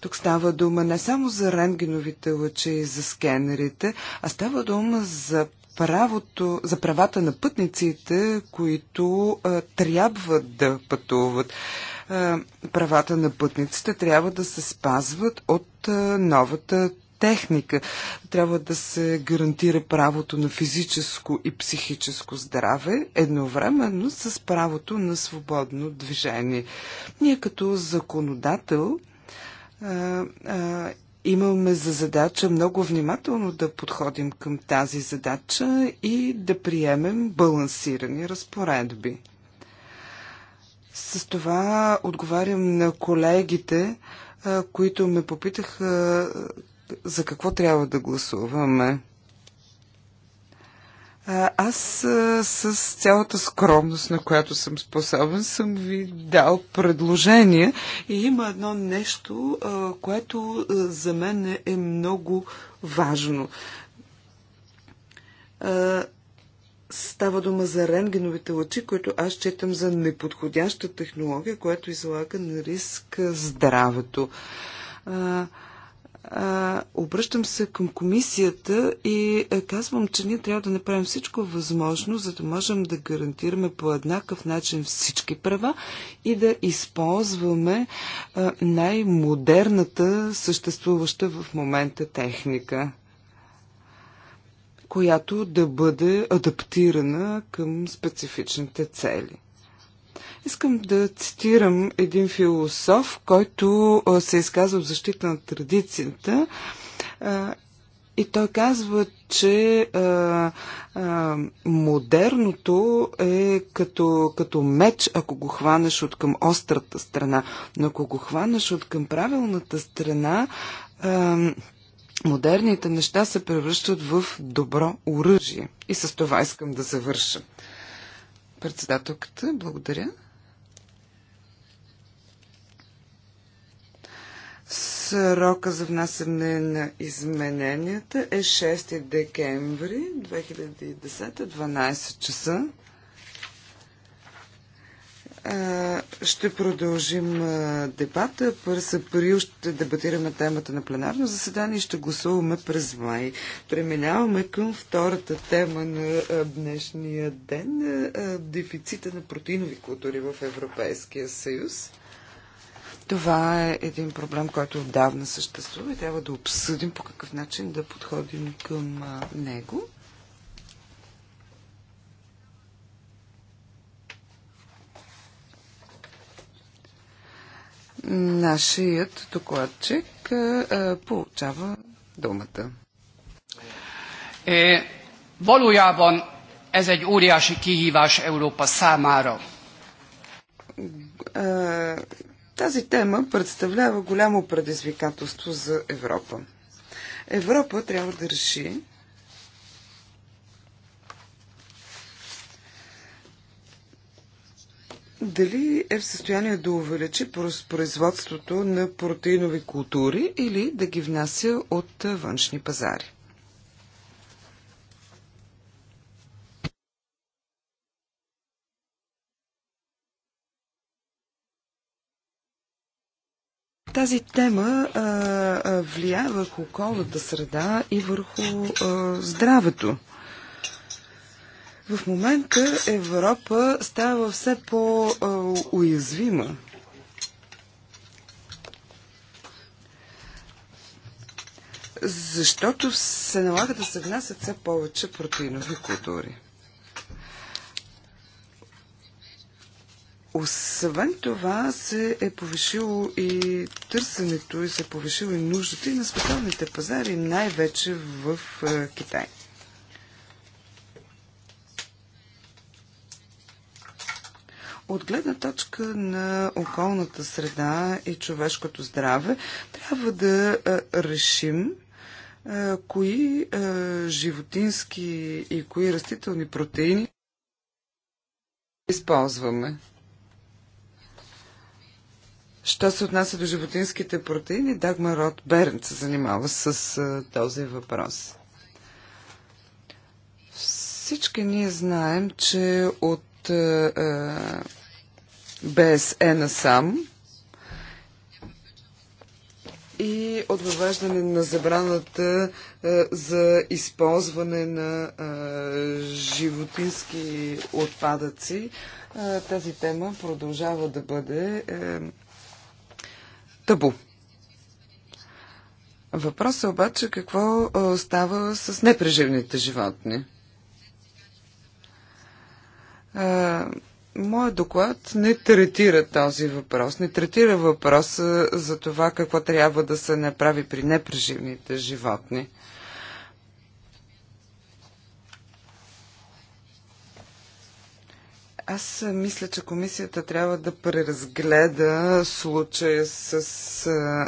Тук става дума не само за рентгеновите лъчи и за скенерите, а става дума за правото, за правата на пътниците, които а, трябва да пътуват. А, правата на пътниците трябва да се спазват от а, новата техника. Трябва да се гарантира правото на физическо и психическо здраве, едновременно с правото на свободно движение. Ние като законодател а, а, имаме за задача много внимателно да подходим към тази задача и да приемем балансирани разпоредби. С това отговарям на колегите, които ме попитаха за какво трябва да гласуваме. Аз с цялата скромност, на която съм способен, съм ви дал предложение и има едно нещо, което за мен е много важно. Става дума за рентгеновите лъчи, които аз четам за неподходяща технология, която излага на риск здравето а, обръщам се към комисията и а, е, казвам, че ние трябва да направим всичко възможно, за да можем да гарантираме по еднакъв начин всички права и да използваме най-модерната съществуваща в момента техника която да бъде адаптирана към специфичните цели. Искам да цитирам един философ, който се е изказва в защита на традицията и той казва, че а, а, модерното е като, като меч, ако го хванеш от към острата страна. Но ако го хванеш от към правилната страна, а, модерните неща се превръщат в добро оръжие. И с това искам да завърша. Председателката, благодаря. Срока за внасяне на измененията е 6 декември 2010, 12 часа. Ще продължим дебата. През април ще дебатираме темата на пленарно заседание и ще гласуваме през май. Преминаваме към втората тема на днешния ден дефицита на протеинови култури в Европейския съюз. Това е един проблем, който отдавна съществува и трябва да обсъдим по какъв начин да подходим към него. Нашият докладчик получава думата. Е, ez egy óriási kihívás Európa számára. Тази тема представлява голямо предизвикателство за Европа. Европа трябва да реши дали е в състояние да увеличи производството на протеинови култури или да ги внася от външни пазари. Тази тема а, а, влияе върху околната среда и върху а, здравето. В момента Европа става все по-уязвима. Защото се налага да се внасят все повече протеинови култури. Освен това се е повишило и търсенето и се е повишило и нуждата и на световните пазари, най-вече в е, Китай. От гледна точка на околната среда и човешкото здраве, трябва да е, решим е, кои животински и кои растителни протеини използваме. Що се отнася до животинските протеини, Дагма Рот Берн се занимава с а, този въпрос. Всички ние знаем, че от а, е на насам и от въвеждане на забраната а, за използване на а, животински отпадъци, а, тази тема продължава да бъде. А, е, табу. Въпросът е обаче какво става с непреживните животни. Моят доклад не третира този въпрос, не третира въпроса за това какво трябва да се направи при непреживните животни. Аз мисля, че комисията трябва да преразгледа случая с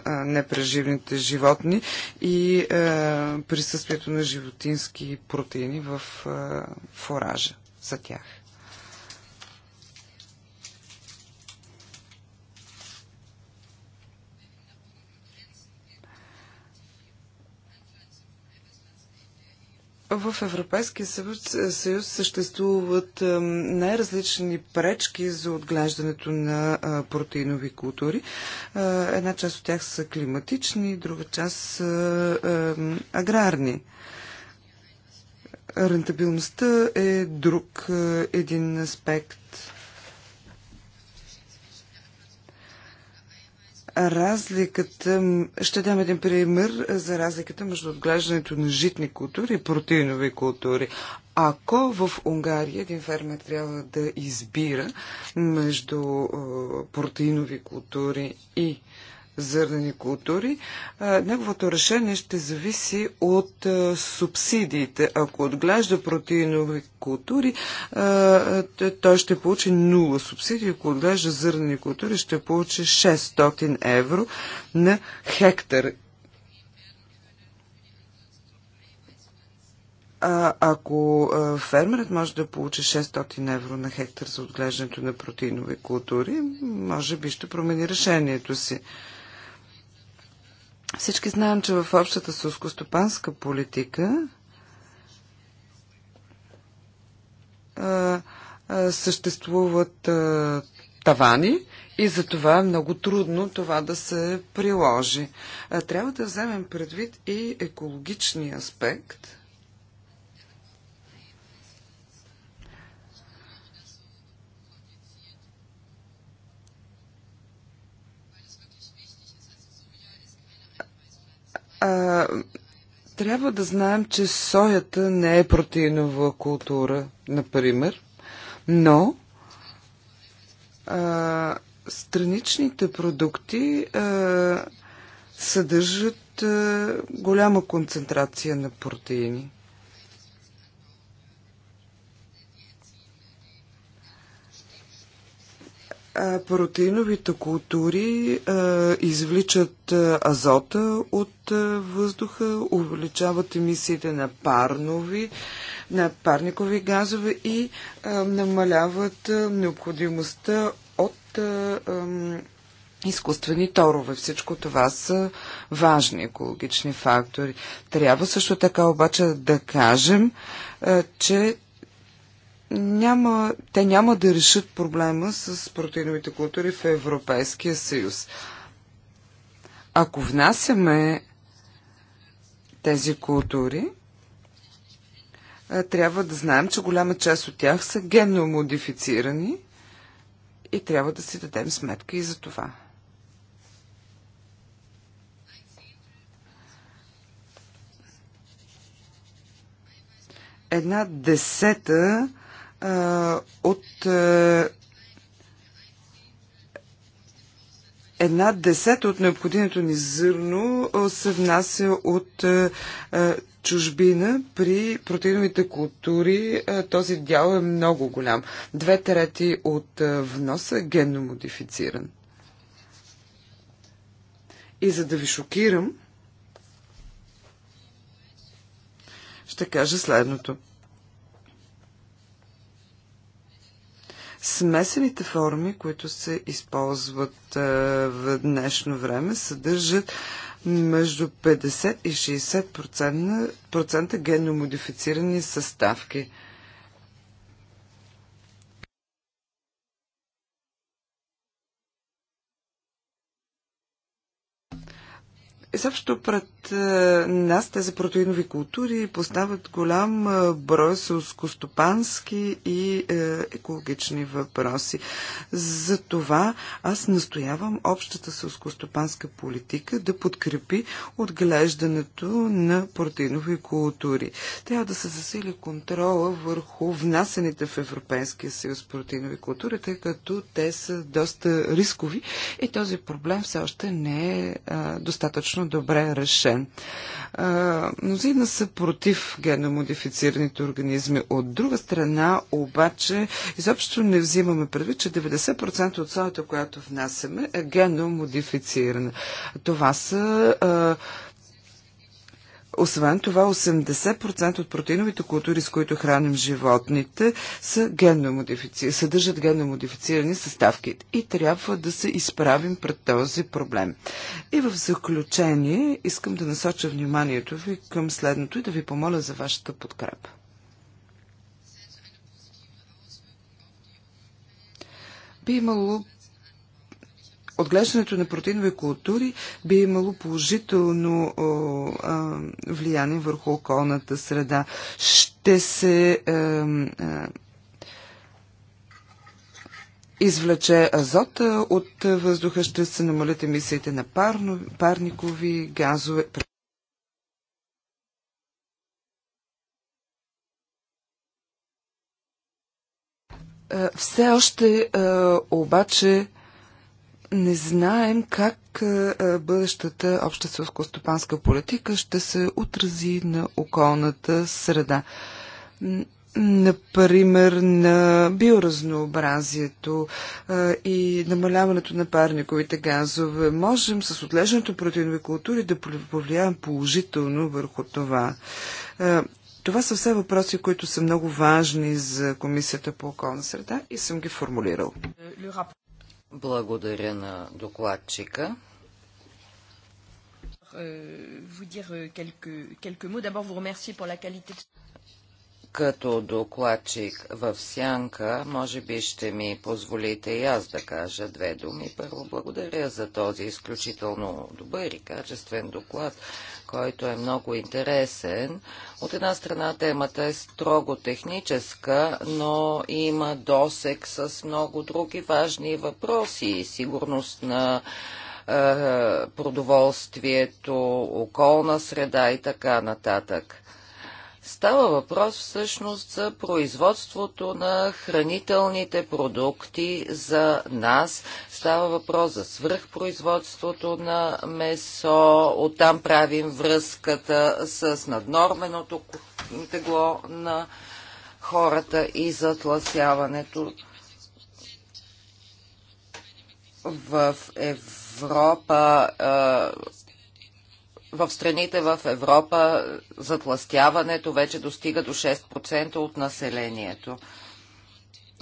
а, непреживните животни и а, присъствието на животински протеини в а, фуража за тях. В Европейския съюз, съществуват най-различни пречки за отглеждането на протеинови култури. Една част от тях са климатични, друга част са аграрни. Рентабилността е друг един аспект. разликата, ще дам един пример за разликата между отглеждането на житни култури и протеинови култури. Ако в Унгария един фермер трябва да избира между протеинови култури и зърнени култури, неговото решение ще зависи от субсидиите. Ако отглежда протеинови култури, той ще получи 0 субсидии. Ако отглежда зърнени култури, ще получи 600 евро на хектар. А, ако а, фермерът може да получи 600 евро на хектар за отглеждането на протеинови култури, може би ще промени решението си. А, всички знаем, че в общата сълскостопанска политика съществуват тавани и за това е много трудно това да се приложи. трябва да вземем предвид и екологичния аспект – А, трябва да знаем, че соята не е протеинова култура, например, но а, страничните продукти а, съдържат а, голяма концентрация на протеини. Протеиновите култури извличат азота от въздуха, увеличават емисиите на парнови, на парникови газове и намаляват необходимостта от изкуствени торове. Всичко това са важни екологични фактори. Трябва също така обаче да кажем, че няма, те няма да решат проблема с протеиновите култури в Европейския съюз. Ако внасяме тези култури, трябва да знаем, че голяма част от тях са генно модифицирани и трябва да си дадем сметка и за това. Една десета от една десета от необходимото ни зърно се внася от чужбина. При протеиновите култури този дял е много голям. Две трети от вноса е генно модифициран. И за да ви шокирам, ще кажа следното – Смесените форми, които се използват в днешно време, съдържат между 50 и 60% геномодифицирани съставки. Изобщо пред е, нас тези протеинови култури поставят голям е, брой селскостопански и е, екологични въпроси. Затова аз настоявам общата селскостопанска политика да подкрепи отглеждането на протеинови култури. Трябва да се засили контрола върху внасените в Европейския съюз протеинови култури, тъй като те са доста рискови и този проблем все още не е достатъчно добре решен. Мнозина са против геномодифицираните организми. От друга страна, обаче, изобщо не взимаме предвид, че 90% от соята, която внасяме, е геномодифицирана. Това са освен това, 80% от протеиновите култури, с които храним животните, са генномодифици... съдържат модифицирани съставки и трябва да се изправим пред този проблем. И в заключение искам да насоча вниманието ви към следното и да ви помоля за вашата подкрепа. Би имало отглеждането на протеинови култури би имало положително влияние върху околната среда. Ще се е, извлече азота от въздуха, ще се намалят емисиите на парно, парникови газове. Е, все още е, обаче не знаем как е, е, бъдещата обща селско-стопанска политика ще се отрази на околната среда. Например, на биоразнообразието е, и намаляването на парниковите газове. Можем с отлежането протеинови култури да повлияем положително върху това. Това са все въпроси, които са много важни за Комисията по околна среда и съм ги формулирал. Благодаря на докладчика. vous dire quelques, quelques mots. D'abord, vous remercier pour la qualité de като докладчик в Сянка, може би ще ми позволите и аз да кажа две думи. Първо, благодаря за този изключително добър и качествен доклад, който е много интересен. От една страна темата е строго техническа, но има досек с много други важни въпроси. Сигурност на е, продоволствието, околна среда и така нататък. Става въпрос всъщност за производството на хранителните продукти за нас. Става въпрос за свръхпроизводството на месо. Оттам правим връзката с наднорменото тегло на хората и затласяването в Европа. Е, в страните в Европа затластяването вече достига до 6% от населението.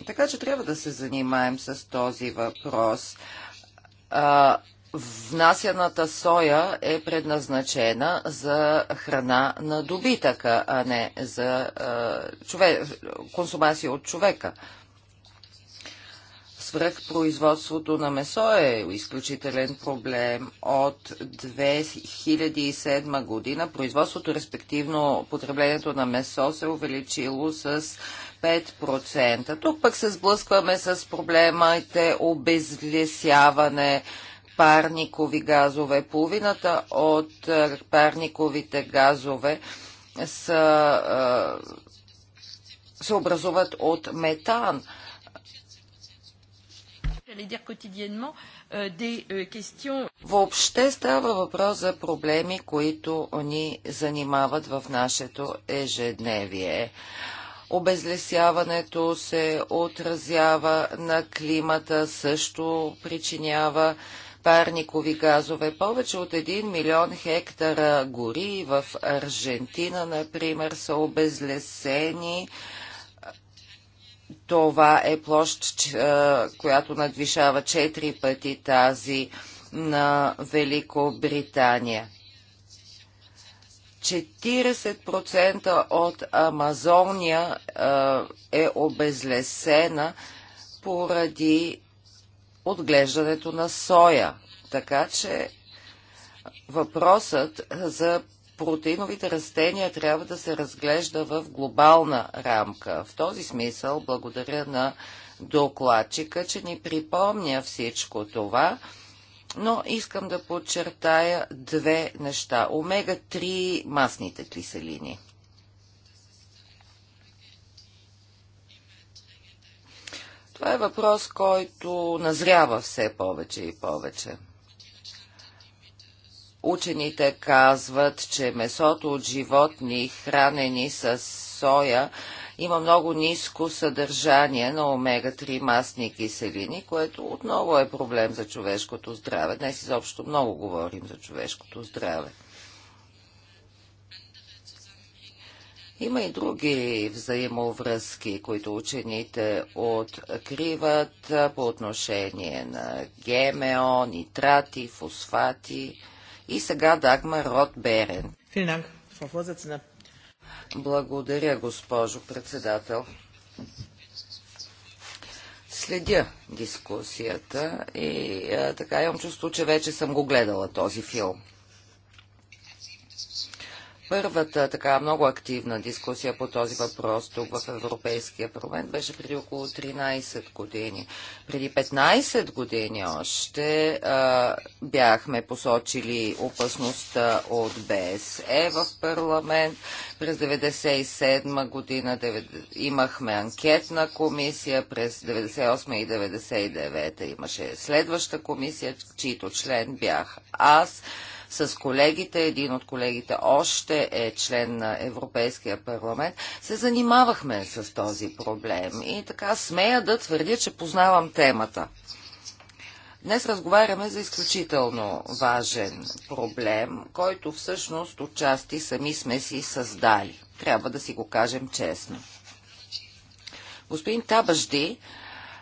Така че трябва да се занимаем с този въпрос. А, внасяната соя е предназначена за храна на добитъка, а не за а, консумация от човека свръхпроизводството на месо е изключителен проблем. От 2007 година производството, респективно потреблението на месо се е увеличило с 5%. Тук пък се сблъскваме с проблемите обезлесяване, парникови газове. Половината от е, парниковите газове са, е, се образуват от метан – Euh, euh, Въобще става въпрос за проблеми, които ни занимават в нашето ежедневие. Обезлесяването се отразява на климата, също причинява парникови газове. Повече от 1 милион хектара гори в Аржентина, например, са обезлесени. Това е площ, която надвишава 4 пъти тази на Великобритания. 40% от Амазония е обезлесена поради отглеждането на соя. Така че въпросът за протеиновите растения трябва да се разглежда в глобална рамка. В този смисъл благодаря на докладчика, че ни припомня всичко това, но искам да подчертая две неща. Омега-3 масните киселини. Това е въпрос, който назрява все повече и повече. Учените казват, че месото от животни, хранени с соя, има много ниско съдържание на омега-3 масни киселини, което отново е проблем за човешкото здраве. Днес изобщо много говорим за човешкото здраве. Има и други взаимовръзки, които учените откриват по отношение на ГМО, нитрати, фосфати. И сега Дагма Рот Берен. Благодаря, госпожо председател. Следя дискусията и а, така имам чувство, че вече съм го гледала този филм. Първата така много активна дискусия по този въпрос тук в Европейския парламент беше преди около 13 години. Преди 15 години още а, бяхме посочили опасността от БСЕ в парламент. През 1997 година 9, имахме анкетна комисия, през 1998 и 1999 имаше следваща комисия, чийто член бях аз с колегите, един от колегите още е член на Европейския парламент, се занимавахме с този проблем и така смея да твърдя, че познавам темата. Днес разговаряме за изключително важен проблем, който всъщност отчасти сами сме си създали. Трябва да си го кажем честно. Господин Табажди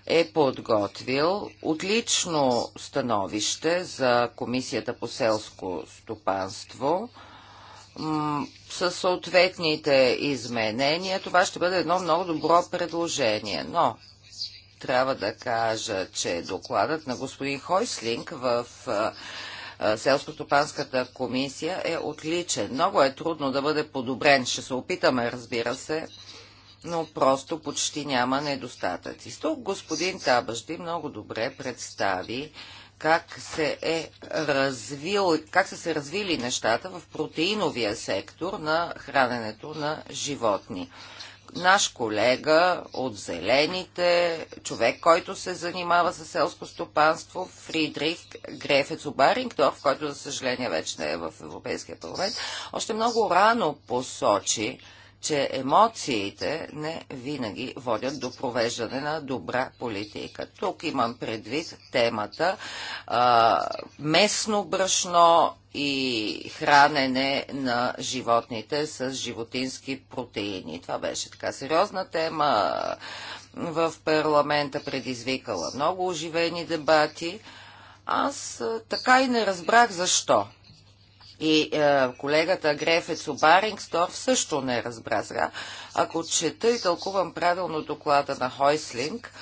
е подготвил отлично становище за Комисията по селско стопанство със съответните изменения. Това ще бъде едно много добро предложение, но трябва да кажа, че докладът на господин Хойслинг в Селско-стопанската комисия е отличен. Много е трудно да бъде подобрен. Ще се опитаме, разбира се, но просто почти няма недостатъци. Тук господин Табажди много добре представи как се, е развил, как са се развили нещата в протеиновия сектор на храненето на животни. Наш колега от Зелените, човек, който се занимава с селско стопанство, Фридрих Грефец Обарингдорф, който за съжаление вече не е в Европейския парламент, още много рано посочи, че емоциите не винаги водят до провеждане на добра политика. Тук имам предвид темата а, местно брашно и хранене на животните с животински протеини. Това беше така сериозна тема в парламента, предизвикала много оживени дебати. Аз така и не разбрах защо. И е, колегата Грефец Обарингсторф също не разбра сега. Ако чета и тълкувам правилно доклада на Хойслинг,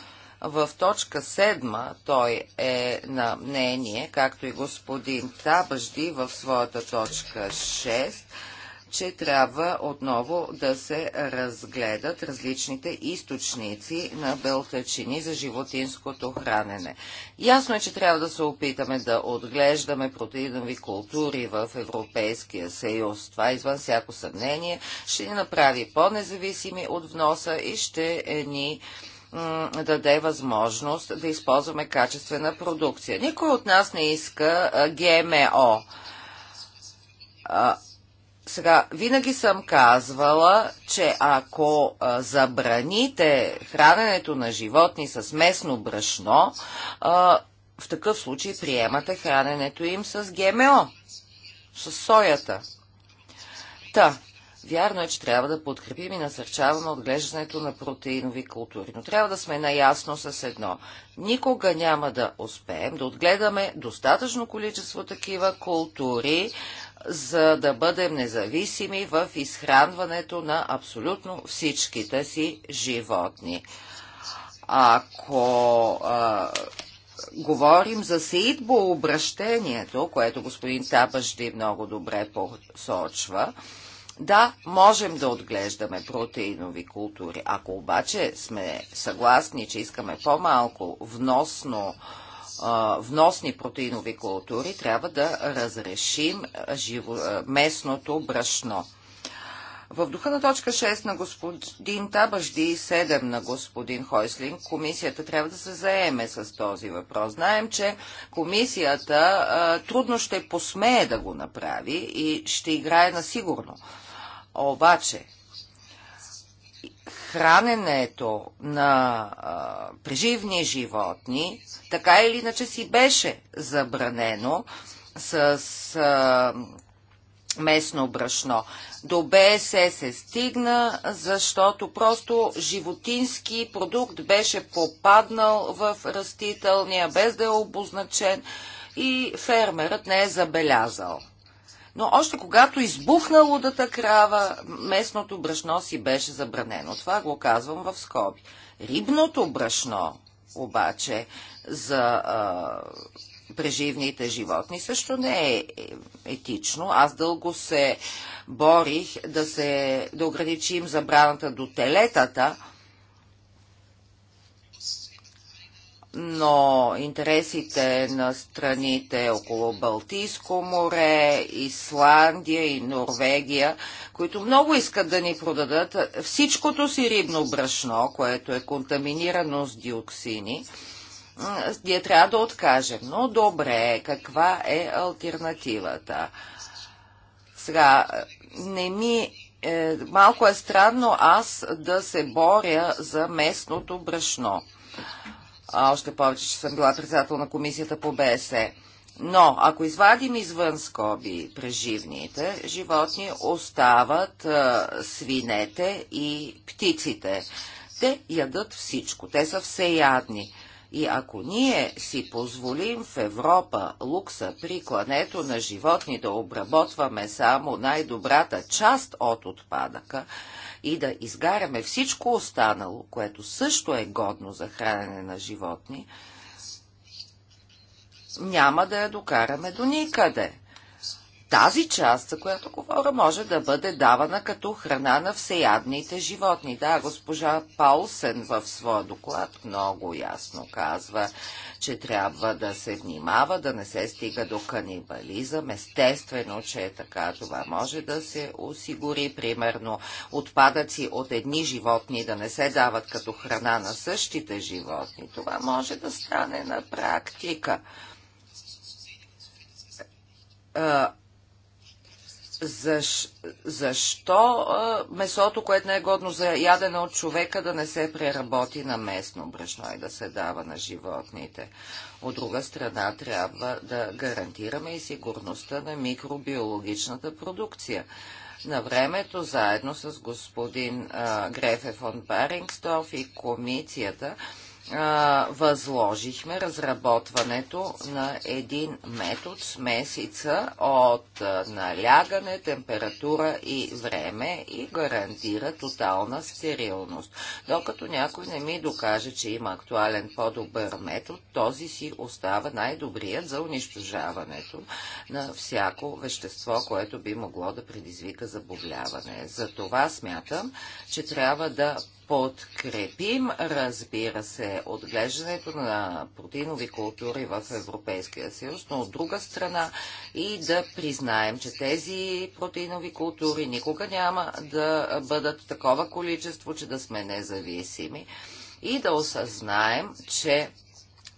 в точка 7 той е на мнение, както и господин Табажди в своята точка 6, че трябва отново да се разгледат различните източници на белтъчини за животинското хранене. Ясно е, че трябва да се опитаме да отглеждаме протеинови култури в Европейския съюз. Това е извън всяко съмнение ще ни направи по-независими от вноса и ще е ни даде възможност да използваме качествена продукция. Никой от нас не иска ГМО. Сега, винаги съм казвала, че ако а, забраните храненето на животни с местно брашно, а, в такъв случай приемате храненето им с ГМО, с соята. Та, Вярно е, че трябва да подкрепим и насърчаваме отглеждането на протеинови култури, но трябва да сме наясно с едно. Никога няма да успеем да отгледаме достатъчно количество такива култури, за да бъдем независими в изхранването на абсолютно всичките си животни. Ако а, говорим за сеидбо обращението, което господин Табажди много добре посочва, да, можем да отглеждаме протеинови култури. Ако обаче сме съгласни, че искаме по-малко вносно а, вносни протеинови култури, трябва да разрешим живо, местното брашно. В духа на точка 6 на господин Табажди и 7 на господин Хойслин, комисията трябва да се заеме с този въпрос. Знаем, че комисията а, трудно ще посмее да го направи и ще играе на сигурно. Обаче, храненето на а, преживни животни, така или иначе си беше забранено с а, местно брашно. До БС се стигна, защото просто животински продукт беше попаднал в растителния, без да е обозначен и фермерът не е забелязал но още когато избухна лудата крава, местното брашно си беше забранено. Това го казвам в скоби. Рибното брашно, обаче, за а, преживните животни също не е, е етично. Аз дълго се борих да, се, да ограничим забраната до телетата, но интересите на страните около Балтийско море, Исландия и Норвегия, които много искат да ни продадат всичкото си рибно брашно, което е контаминирано с диоксини, ние трябва да откажем. Но добре, каква е альтернативата? Сега, не ми е, малко е странно аз да се боря за местното брашно а, още повече, че съм била председател на комисията по БСЕ. Но ако извадим извън скоби преживните, животни остават а, свинете и птиците. Те ядат всичко, те са всеядни. И ако ние си позволим в Европа лукса при клането на животни да обработваме само най-добрата част от отпадъка, и да изгаряме всичко останало, което също е годно за хранене на животни, няма да я докараме до никъде тази част, за която говоря, може да бъде давана като храна на всеядните животни. Да, госпожа Паулсен в своя доклад много ясно казва, че трябва да се внимава, да не се стига до канибализъм. Естествено, че е така. Това може да се осигури, примерно, отпадъци от едни животни да не се дават като храна на същите животни. Това може да стане на практика Защ, защо месото, което не е годно за ядене от човека, да не се преработи на местно брашно и е да се дава на животните? От друга страна, трябва да гарантираме и сигурността на микробиологичната продукция. На времето, заедно с господин а, Грефе фон Барингстов и комицията възложихме разработването на един метод с месеца от налягане, температура и време и гарантира тотална стерилност. Докато някой не ми докаже, че има актуален по-добър метод, този си остава най-добрият за унищожаването на всяко вещество, което би могло да предизвика заболяване. За това смятам, че трябва да подкрепим, разбира се, отглеждането на протеинови култури в Европейския съюз, но от друга страна и да признаем, че тези протеинови култури никога няма да бъдат такова количество, че да сме независими и да осъзнаем, че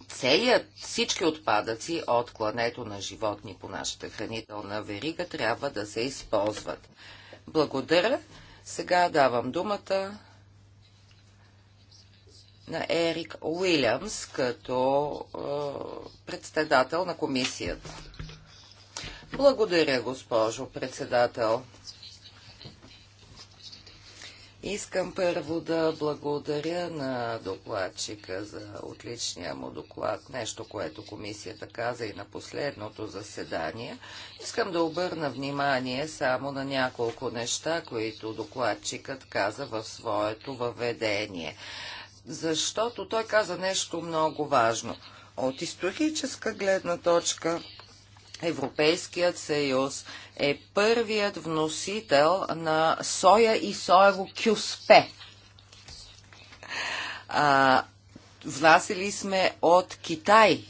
целият, всички отпадъци от клането на животни по нашата хранителна верига трябва да се използват. Благодаря. Сега давам думата на Ерик Уилямс като е, председател на комисията. Благодаря, госпожо председател. Искам първо да благодаря на докладчика за отличния му доклад, нещо, което комисията каза и на последното заседание. Искам да обърна внимание само на няколко неща, които докладчикът каза в своето въведение защото той каза нещо много важно. От историческа гледна точка Европейският съюз е първият вносител на соя и соево кюспе. А, внасили сме от Китай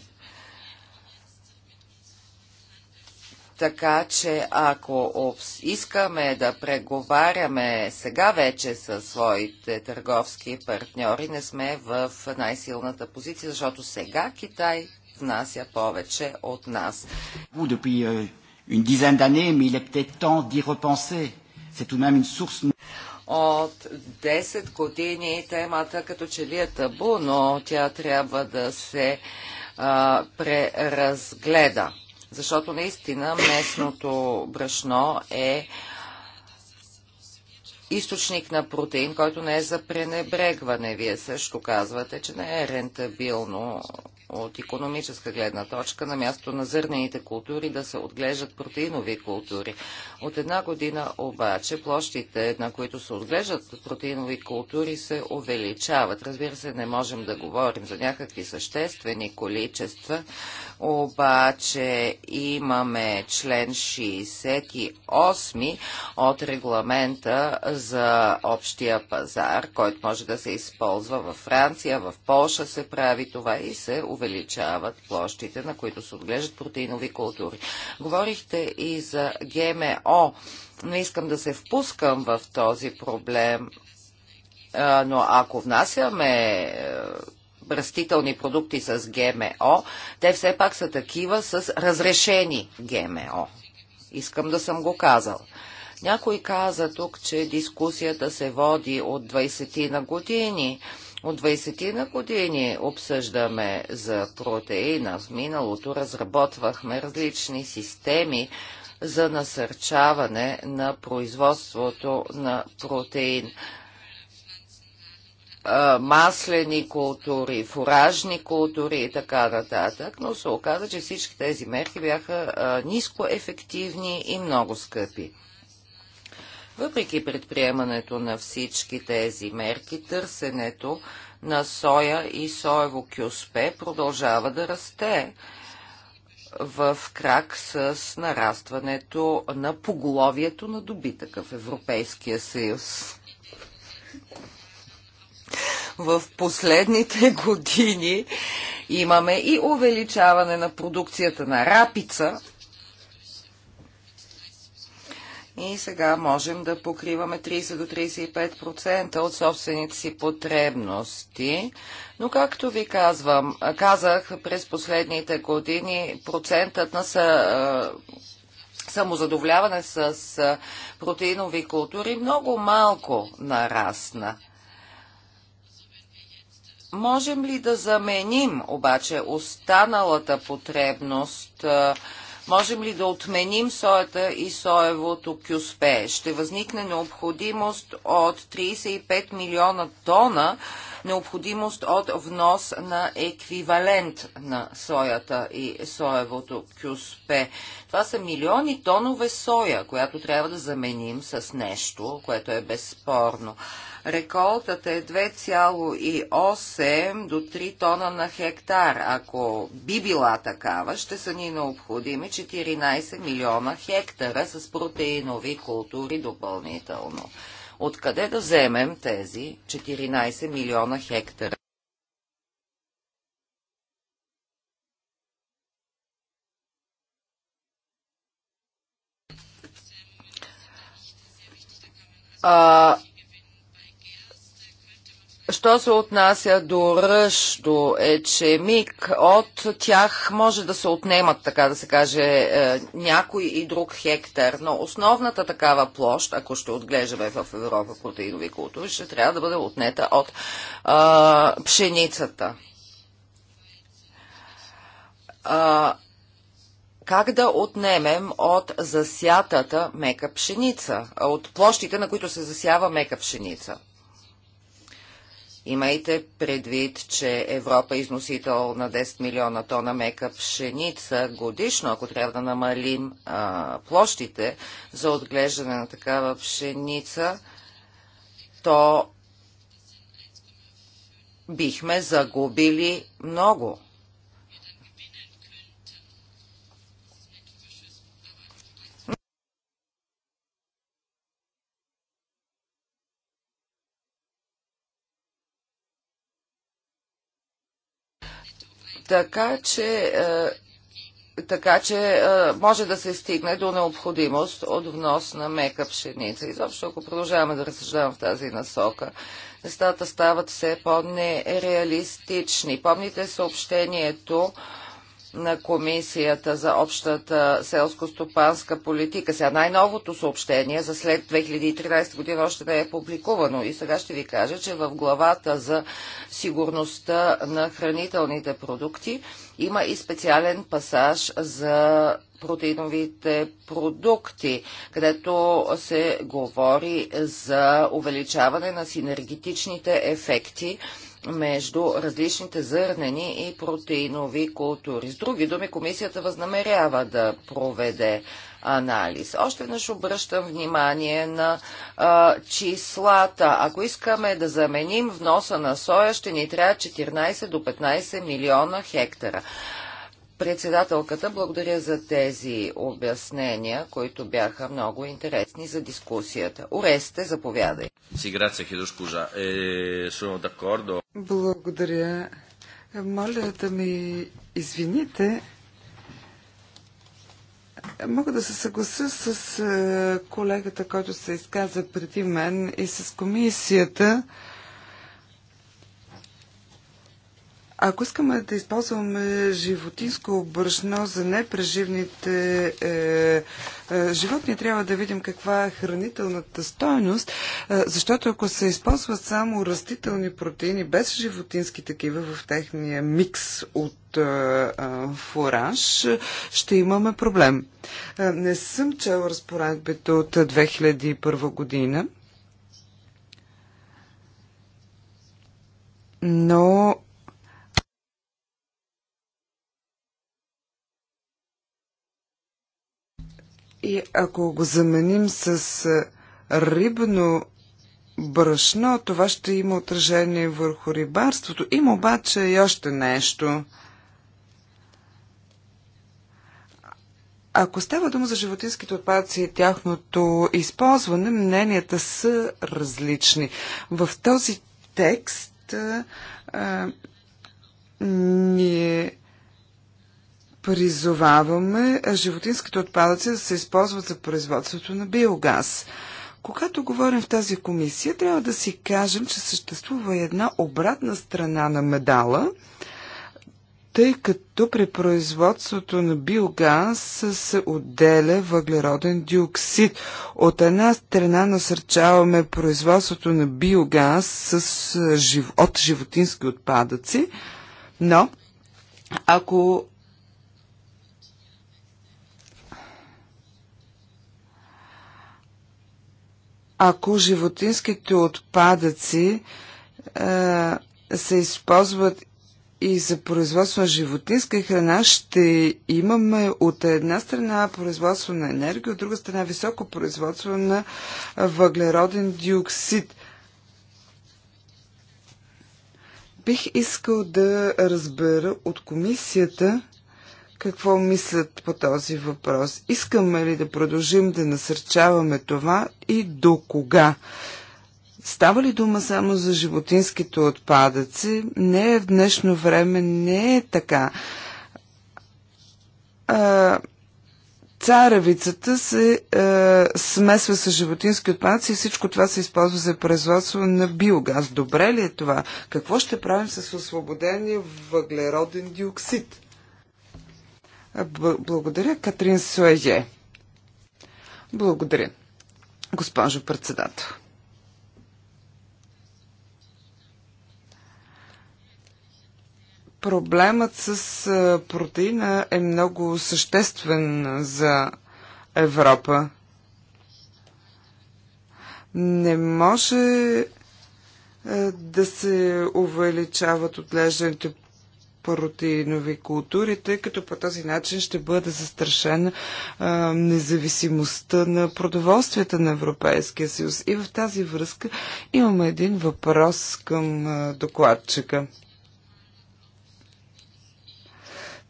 Така че ако искаме да преговаряме сега вече с своите търговски партньори, не сме в най-силната позиция, защото сега Китай внася повече от нас. Euh, от 10 години темата като че ли е табу, но тя трябва да се а, преразгледа защото наистина местното брашно е източник на протеин, който не е за пренебрегване. Вие също казвате, че не е рентабилно от економическа гледна точка на място на зърнените култури да се отглеждат протеинови култури. От една година обаче площите, на които се отглеждат протеинови култури, се увеличават. Разбира се, не можем да говорим за някакви съществени количества, обаче имаме член 68 от регламента за общия пазар, който може да се използва във Франция, в Полша се прави това и се увеличават площите, на които се отглеждат протеинови култури. Говорихте и за ГМО. Не искам да се впускам в този проблем, но ако внасяме е, растителни продукти с ГМО, те все пак са такива с разрешени ГМО. Искам да съм го казал. Някой каза тук, че дискусията се води от 20 на години. От 20 на години обсъждаме за протеина. В миналото разработвахме различни системи за насърчаване на производството на протеин. Маслени култури, фуражни култури и така нататък, но се оказа, че всички тези мерки бяха ниско ефективни и много скъпи. Въпреки предприемането на всички тези мерки, търсенето на соя и соево кюспе продължава да расте в крак с нарастването на поголовието на добитъка в Европейския съюз. В последните години имаме и увеличаване на продукцията на рапица, и сега можем да покриваме 30 до 35% от собствените си потребности. Но както ви казвам, казах през последните години процентът на са, самозадовляване с протеинови култури много малко нарасна. Можем ли да заменим обаче останалата потребност Можем ли да отменим соята и соевото кюспе? Ще възникне необходимост от 35 милиона тона необходимост от внос на еквивалент на соята и соевото кюспе. Това са милиони тонове соя, която трябва да заменим с нещо, което е безспорно. Реколтата е 2,8 до 3 тона на хектар. Ако би била такава, ще са ни необходими 14 милиона хектара с протеинови култури допълнително. Откъде да вземем тези 14 милиона хектара? А, Що се отнася до ръж, до ечемик, от тях може да се отнемат, така да се каже, е, някой и друг хектар, но основната такава площ, ако ще отглеждаме в Европа протеинови култури, ще трябва да бъде отнета от а, пшеницата. А, как да отнемем от засятата мека пшеница, от площите, на които се засява мека пшеница? Имайте предвид, че Европа е износител на 10 милиона тона мека пшеница годишно, ако трябва да намалим а, площите за отглеждане на такава пшеница, то бихме загубили много. така че е, така че а, е, може да се стигне до необходимост от внос на мека пшеница. Изобщо, ако продължаваме да разсъждаваме в тази насока, нещата стават все по-нереалистични. Помните съобщението на Комисията за общата селско-стопанска политика. Сега най-новото съобщение за след 2013 година още не е публикувано и сега ще ви кажа, че в главата за сигурността на хранителните продукти има и специален пасаж за протеиновите продукти, където се говори за увеличаване на синергетичните ефекти между различните зърнени и протеинови култури. С други думи, комисията възнамерява да проведе анализ. Още веднъж обръщам внимание на а, числата. Ако искаме да заменим вноса на соя, ще ни трябва 14 до 15 милиона хектара. Председателката, благодаря за тези обяснения, които бяха много интересни за дискусията. Оресте, заповядай. Е, благодаря. Моля да ми извините. Мога да се съгласа с е, колегата, който се изказа преди мен и с комисията. Ако искаме да използваме животинско брашно за непреживните е, е, животни, трябва да видим каква е хранителната стойност, е, защото ако се използват само растителни протеини без животински такива в техния микс от е, е фураж, ще имаме проблем. Е, не съм чел разпоредбите от 2001 година, но И ако го заменим с рибно брашно, това ще има отражение върху рибарството. Има обаче и още нещо. Ако става дума за животинските отпадъци и тяхното използване, мненията са различни. В този текст а, ние призоваваме животинските отпадъци да се използват за производството на биогаз. Когато говорим в тази комисия, трябва да си кажем, че съществува една обратна страна на медала, тъй като при производството на биогаз се отделя въглероден диоксид. От една страна насърчаваме производството на биогаз с, е, от животински отпадъци, но ако ако животинските отпадъци а, е, се използват и за производство на животинска храна, ще имаме от една страна производство на енергия, от друга страна високо производство на въглероден диоксид. Бих искал да разбера от комисията какво мислят по този въпрос. Искаме ли да продължим да насърчаваме това и до кога? Става ли дума само за животинските отпадъци? Не, е в днешно време не е така. А, царевицата се е, смесва с животински отпадъци и всичко това се използва за производство на биогаз. Добре ли е това? Какво ще правим с освободения въглероден диоксид? Благодаря, Катрин Суеже. Благодаря, госпожо председател. Проблемът с протеина е много съществен за Европа. Не може да се увеличават отглеждането протеинови култури, тъй като по този начин ще бъде застрашена а, независимостта на продоволствията на Европейския съюз. И в тази връзка имаме един въпрос към а, докладчика.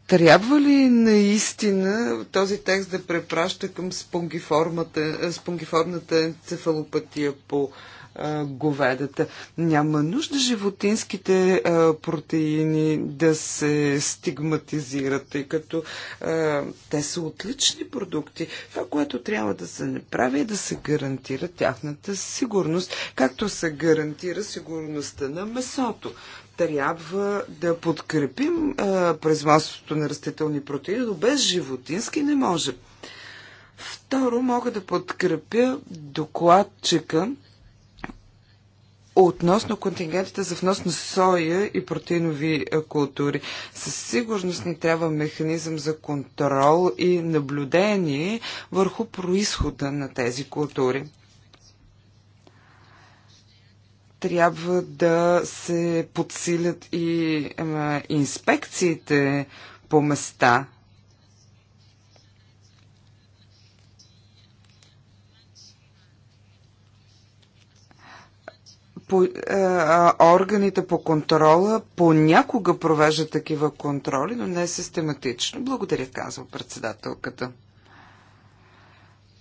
Трябва ли наистина този текст да препраща към спонгиформата, спонгиформната енцефалопатия по говедата. Няма нужда животинските а, протеини да се стигматизират, тъй като а, те са отлични продукти. Това, което трябва да се направи е да се гарантира тяхната сигурност, както се гарантира сигурността на месото трябва да подкрепим а, производството на растителни протеини, но без животински не може. Второ, мога да подкрепя докладчика относно контингентите за внос на соя и протеинови е, култури. Със сигурност ни трябва механизъм за контрол и наблюдение върху происхода на тези култури. Трябва да се подсилят и е, инспекциите по места по, е, а, органите по контрола понякога провеждат такива контроли, но не систематично. Благодаря, казва председателката.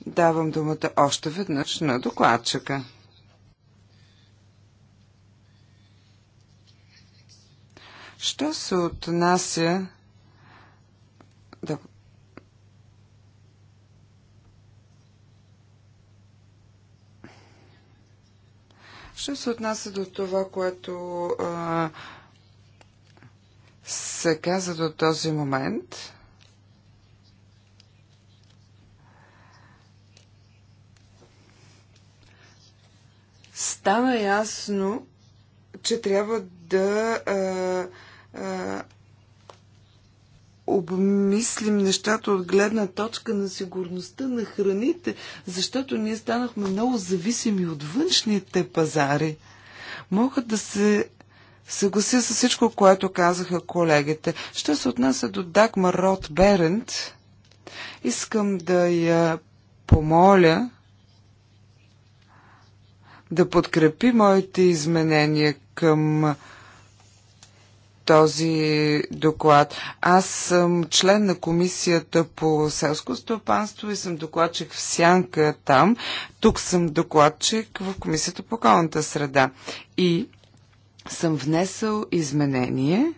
Давам думата още веднъж на докладчика. Що се отнася Що се отнася до това, което а, се каза до този момент, стана ясно, че трябва да а, а, обмислим нещата от гледна точка на сигурността на храните, защото ние станахме много зависими от външните пазари. Могат да се съглася с всичко, което казаха колегите. Що се отнася до Дагмар Рот Берент, искам да я помоля да подкрепи моите изменения към този доклад. Аз съм член на комисията по селско стопанство и съм докладчик в Сянка там. Тук съм докладчик в комисията по околната среда. И съм внесъл изменение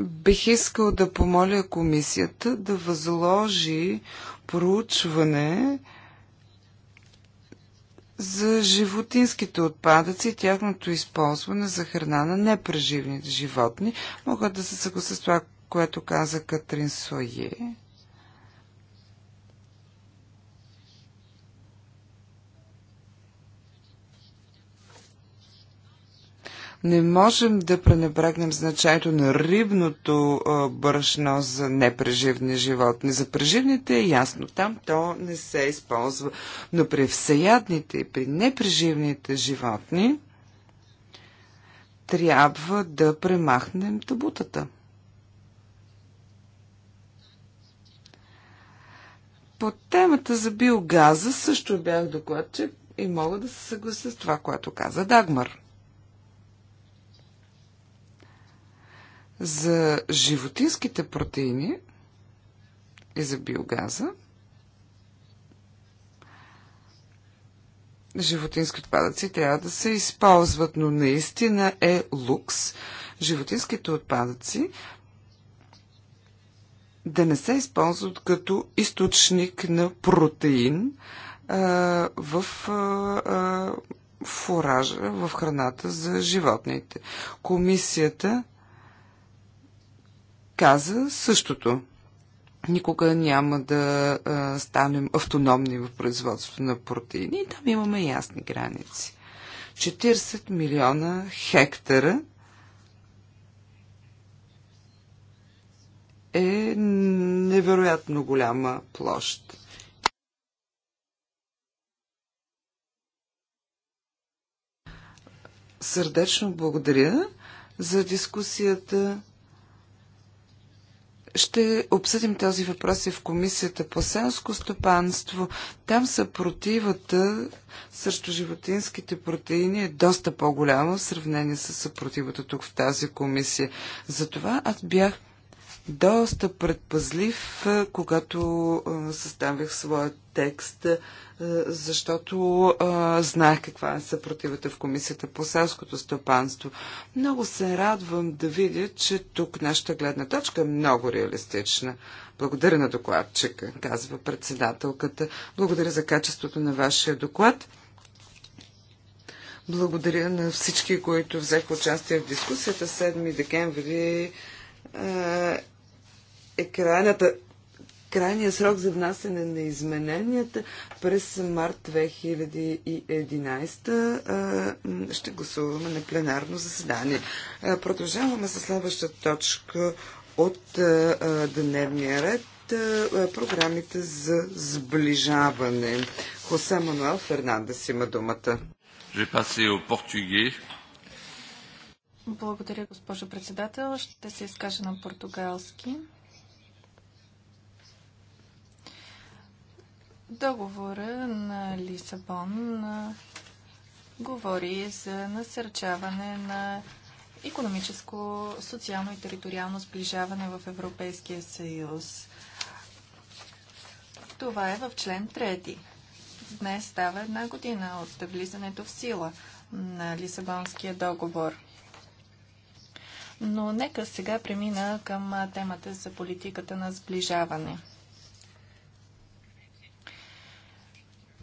Бих искал да помоля комисията да възложи проучване за животинските отпадъци и тяхното използване за храна на непреживните животни. Мога да се съглася с това, което каза Катрин Сойе. Не можем да пренебрегнем значението на рибното брашно за непреживни животни. За преживните е ясно, там то не се използва. Но при всеядните и при непреживните животни трябва да премахнем табутата. По темата за биогаза също бях докладчик и мога да се съглася с това, което каза Дагмар. За животинските протеини и за биогаза животински отпадъци трябва да се използват, но наистина е лукс животинските отпадъци да не се използват като източник на протеин а, в а, фуража, в храната за животните. Комисията каза същото. Никога няма да а, станем автономни в производството на протеини. Там имаме ясни граници. 40 милиона хектара е невероятно голяма площ. Сърдечно благодаря за дискусията. Ще обсъдим този въпрос и в Комисията по селско стопанство. Там съпротивата срещу животинските протеини е доста по-голяма в сравнение с съпротивата тук в тази комисия. Затова аз бях доста предпазлив, когато съставях своя текст е, защото а, е, знаех каква е съпротивата в Комисията по селското стопанство. Много се радвам да видя, че тук нашата гледна точка е много реалистична. Благодаря на докладчика, казва председателката. Благодаря за качеството на вашия доклад. Благодаря на всички, които взеха участие в дискусията. 7 декември е, е крайната крайния срок за внасене на измененията през март 2011 ще гласуваме на пленарно заседание. Продължаваме с следващата точка от дневния ред програмите за сближаване. Хосе Мануел Фернандес има думата. Благодаря, госпожо председател. Ще се изкажа на португалски. Договора на Лисабон говори за насърчаване на економическо, социално и териториално сближаване в Европейския съюз. Това е в член 3. Днес става една година от влизането в сила на Лисабонския договор. Но нека сега премина към темата за политиката на сближаване –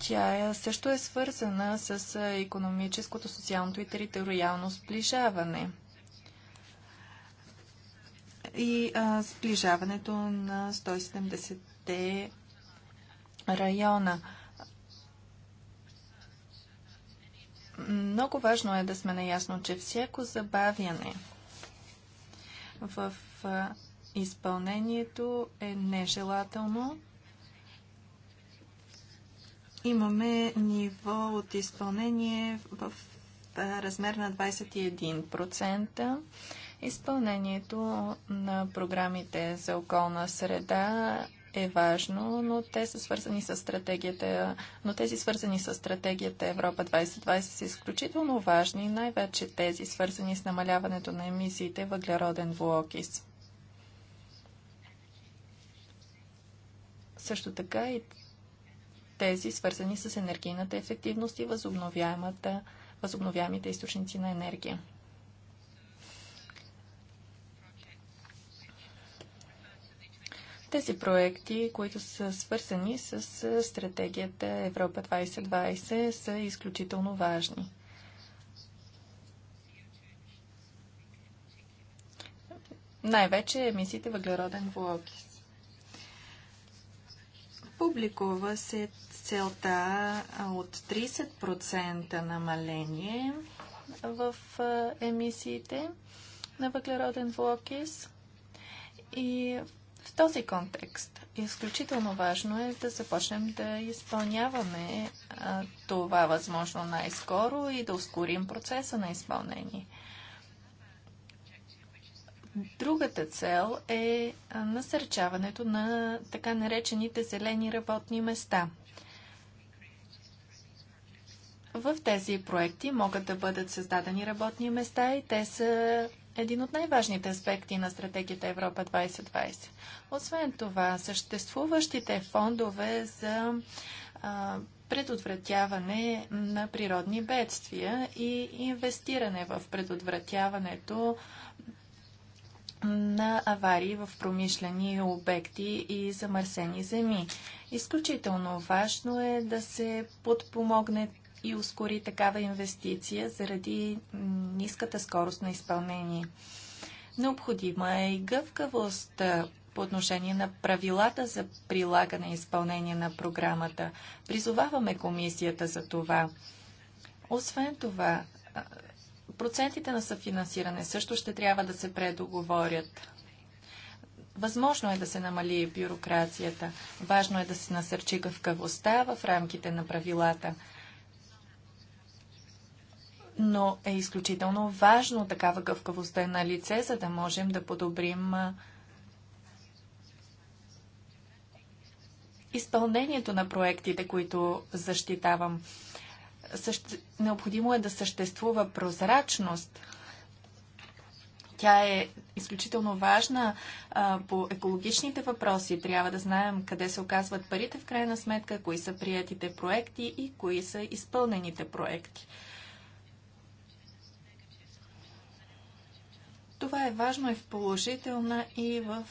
Тя също е свързана с економическото, социалното и териториално сближаване и а, сближаването на 170-те района. Много важно е да сме наясно, че всяко забавяне в а, изпълнението е нежелателно имаме ниво от изпълнение в размер на 21%. Изпълнението на програмите за околна среда е важно, но те са свързани с стратегията, но тези свързани с стратегията Европа 2020 са изключително важни, най-вече тези свързани с намаляването на емисиите въглероден двуокис. Също така и тези свързани с енергийната ефективност и възобновяемите източници на енергия. Тези проекти, които са свързани с стратегията Европа 2020, са изключително важни. Най-вече емисиите въглероден двуокис. Публикува се целта от 30% намаление в емисиите на въглероден двуокис. И в този контекст изключително важно е да започнем да изпълняваме това възможно най-скоро и да ускорим процеса на изпълнение. Другата цел е насърчаването на така наречените зелени работни места. В тези проекти могат да бъдат създадени работни места и те са един от най-важните аспекти на стратегията Европа 2020. Освен това, съществуващите фондове за предотвратяване на природни бедствия и инвестиране в предотвратяването на аварии в промишлени обекти и замърсени земи. Изключително важно е да се подпомогне и ускори такава инвестиция заради ниската скорост на изпълнение. Необходима е и гъвкавост по отношение на правилата за прилагане и изпълнение на програмата. Призоваваме комисията за това. Освен това, Процентите на съфинансиране също ще трябва да се предоговорят. Възможно е да се намали бюрокрацията. Важно е да се насърчи гъвкавостта в рамките на правилата. Но е изключително важно такава гъвкавост да е на лице, за да можем да подобрим изпълнението на проектите, които защитавам съще... необходимо е да съществува прозрачност. Тя е изключително важна а, по екологичните въпроси. Трябва да знаем къде се оказват парите в крайна сметка, кои са приятите проекти и кои са изпълнените проекти. Това е важно и в положителна, и в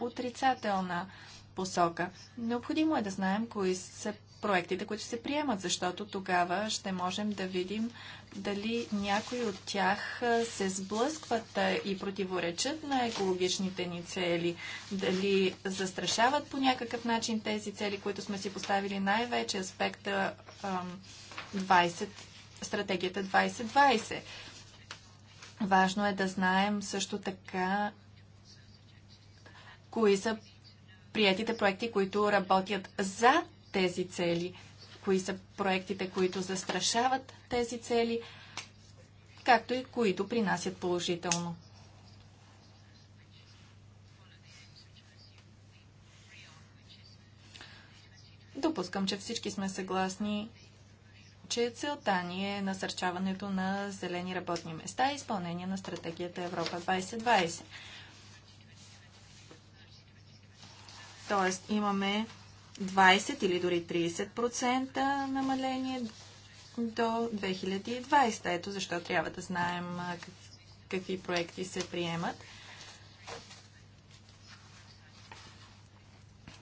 отрицателна посока. Необходимо е да знаем кои са проектите, които се приемат, защото тогава ще можем да видим дали някои от тях се сблъскват и противоречат на екологичните ни цели, дали застрашават по някакъв начин тези цели, които сме си поставили най-вече аспекта 20, стратегията 2020. Важно е да знаем също така кои са приятите проекти, които работят зад тези цели, кои са проектите, които застрашават тези цели, както и които принасят положително. Допускам, че всички сме съгласни, че целта ни е насърчаването на зелени работни места и изпълнение на стратегията Европа 2020. Тоест имаме 20 или дори 30% намаление до 2020. Ето защо трябва да знаем какви проекти се приемат.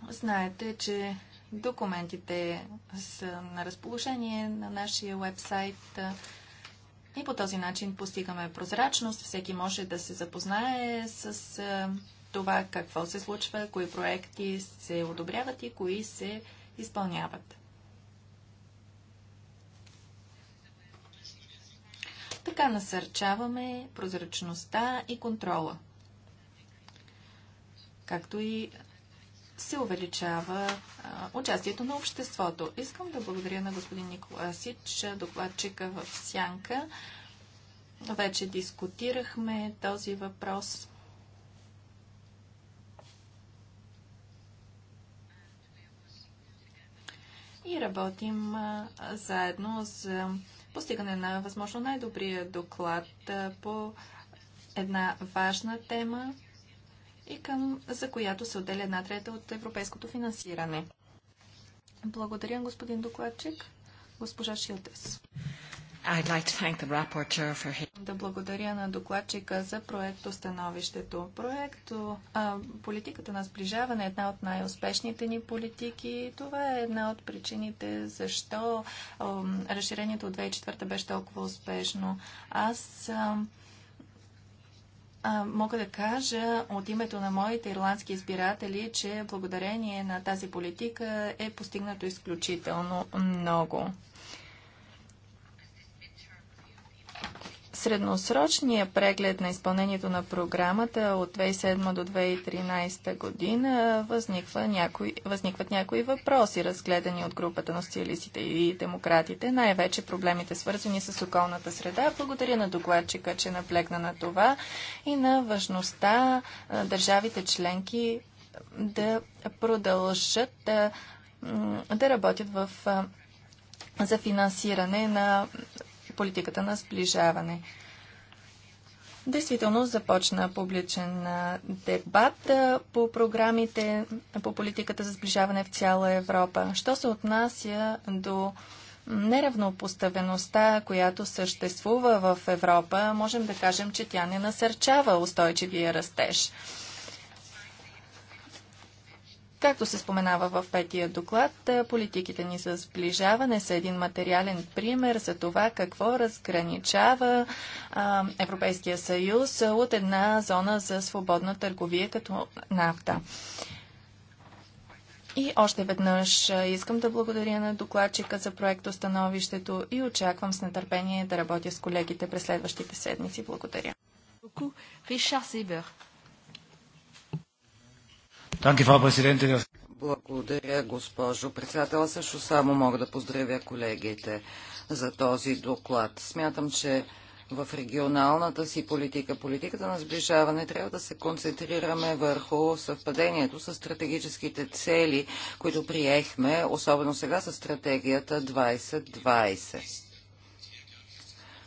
Знаете, че документите са на разположение на нашия вебсайт и по този начин постигаме прозрачност. Всеки може да се запознае с това какво се случва, кои проекти се одобряват и кои се изпълняват. Така насърчаваме прозрачността и контрола, както и се увеличава участието на обществото. Искам да благодаря на господин Николасич, докладчика в Сянка. Вече дискутирахме този въпрос. и работим заедно за постигане на възможно най-добрия доклад по една важна тема и към, за която се отделя една трета от европейското финансиране. Благодаря, господин докладчик. Госпожа Шилтес да благодаря на докладчика за проекто становището. Проекто, а, политиката на сближаване е една от най-успешните ни политики. Това е една от причините защо а, разширението от 2004 беше толкова успешно. Аз а, мога да кажа от името на моите ирландски избиратели, че благодарение на тази политика е постигнато изключително много. Средносрочният преглед на изпълнението на програмата от 2007 до 2013 година възниква някои, възникват някои въпроси, разгледани от групата на социалистите и демократите, най-вече проблемите свързани с околната среда. Благодаря на докладчика, че наплегна на това и на важността държавите членки да продължат да, да работят в за финансиране на политиката на сближаване. Действително започна публичен дебат по програмите по политиката за сближаване в цяла Европа. Що се отнася до неравнопоставеността, която съществува в Европа, можем да кажем, че тя не насърчава устойчивия растеж. Както се споменава в петия доклад, е, политиките ни за сближаване са един материален пример за това какво разграничава а, Европейския съюз от една зона за свободна търговия като нафта. И още веднъж е, искам да благодаря на докладчика за проектостановището и очаквам с нетърпение да работя с колегите през следващите седмици. Благодаря. Благодаря, госпожо председател. Също само мога да поздравя колегите за този доклад. Смятам, че в регионалната си политика, политиката на сближаване, трябва да се концентрираме върху съвпадението с стратегическите цели, които приехме, особено сега с стратегията 2020.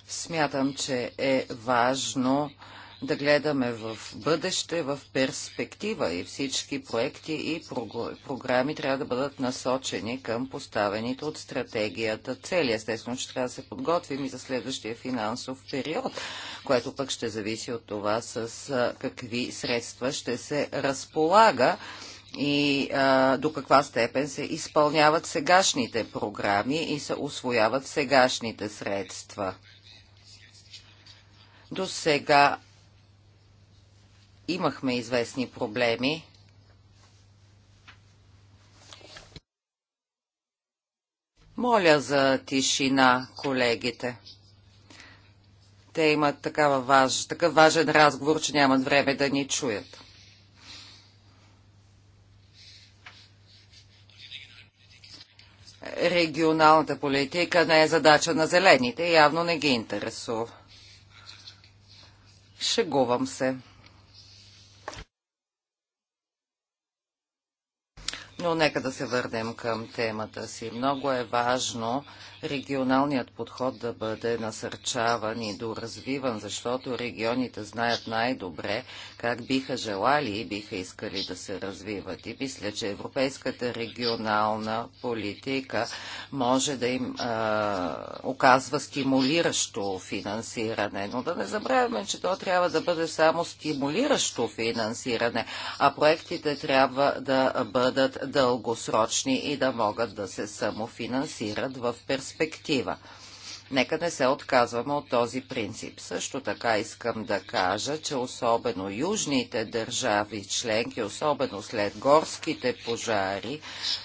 Смятам, че е важно да гледаме в бъдеще, в перспектива и всички проекти и програми трябва да бъдат насочени към поставените от стратегията цели. Естествено, че трябва да се подготвим и за следващия финансов период, което пък ще зависи от това с какви средства ще се разполага и а, до каква степен се изпълняват сегашните програми и се освояват сегашните средства. До сега имахме известни проблеми. Моля за тишина, колегите. Те имат такава важ, такъв важен разговор, че нямат време да ни чуят. Регионалната политика не е задача на зелените, явно не ги интересува. Шегувам се. Но нека да се върнем към темата си. Много е важно регионалният подход да бъде насърчаван и доразвиван, защото регионите знаят най-добре как биха желали и биха искали да се развиват. И мисля, че европейската регионална политика може да им а, оказва стимулиращо финансиране. Но да не забравяме, че то трябва да бъде само стимулиращо финансиране, а проектите трябва да бъдат дългосрочни и да могат да се самофинансират в перспектива перспектива. Нека не се отказваме от този принцип. Също така искам да кажа, че особено южните държави членки, особено след горските пожари,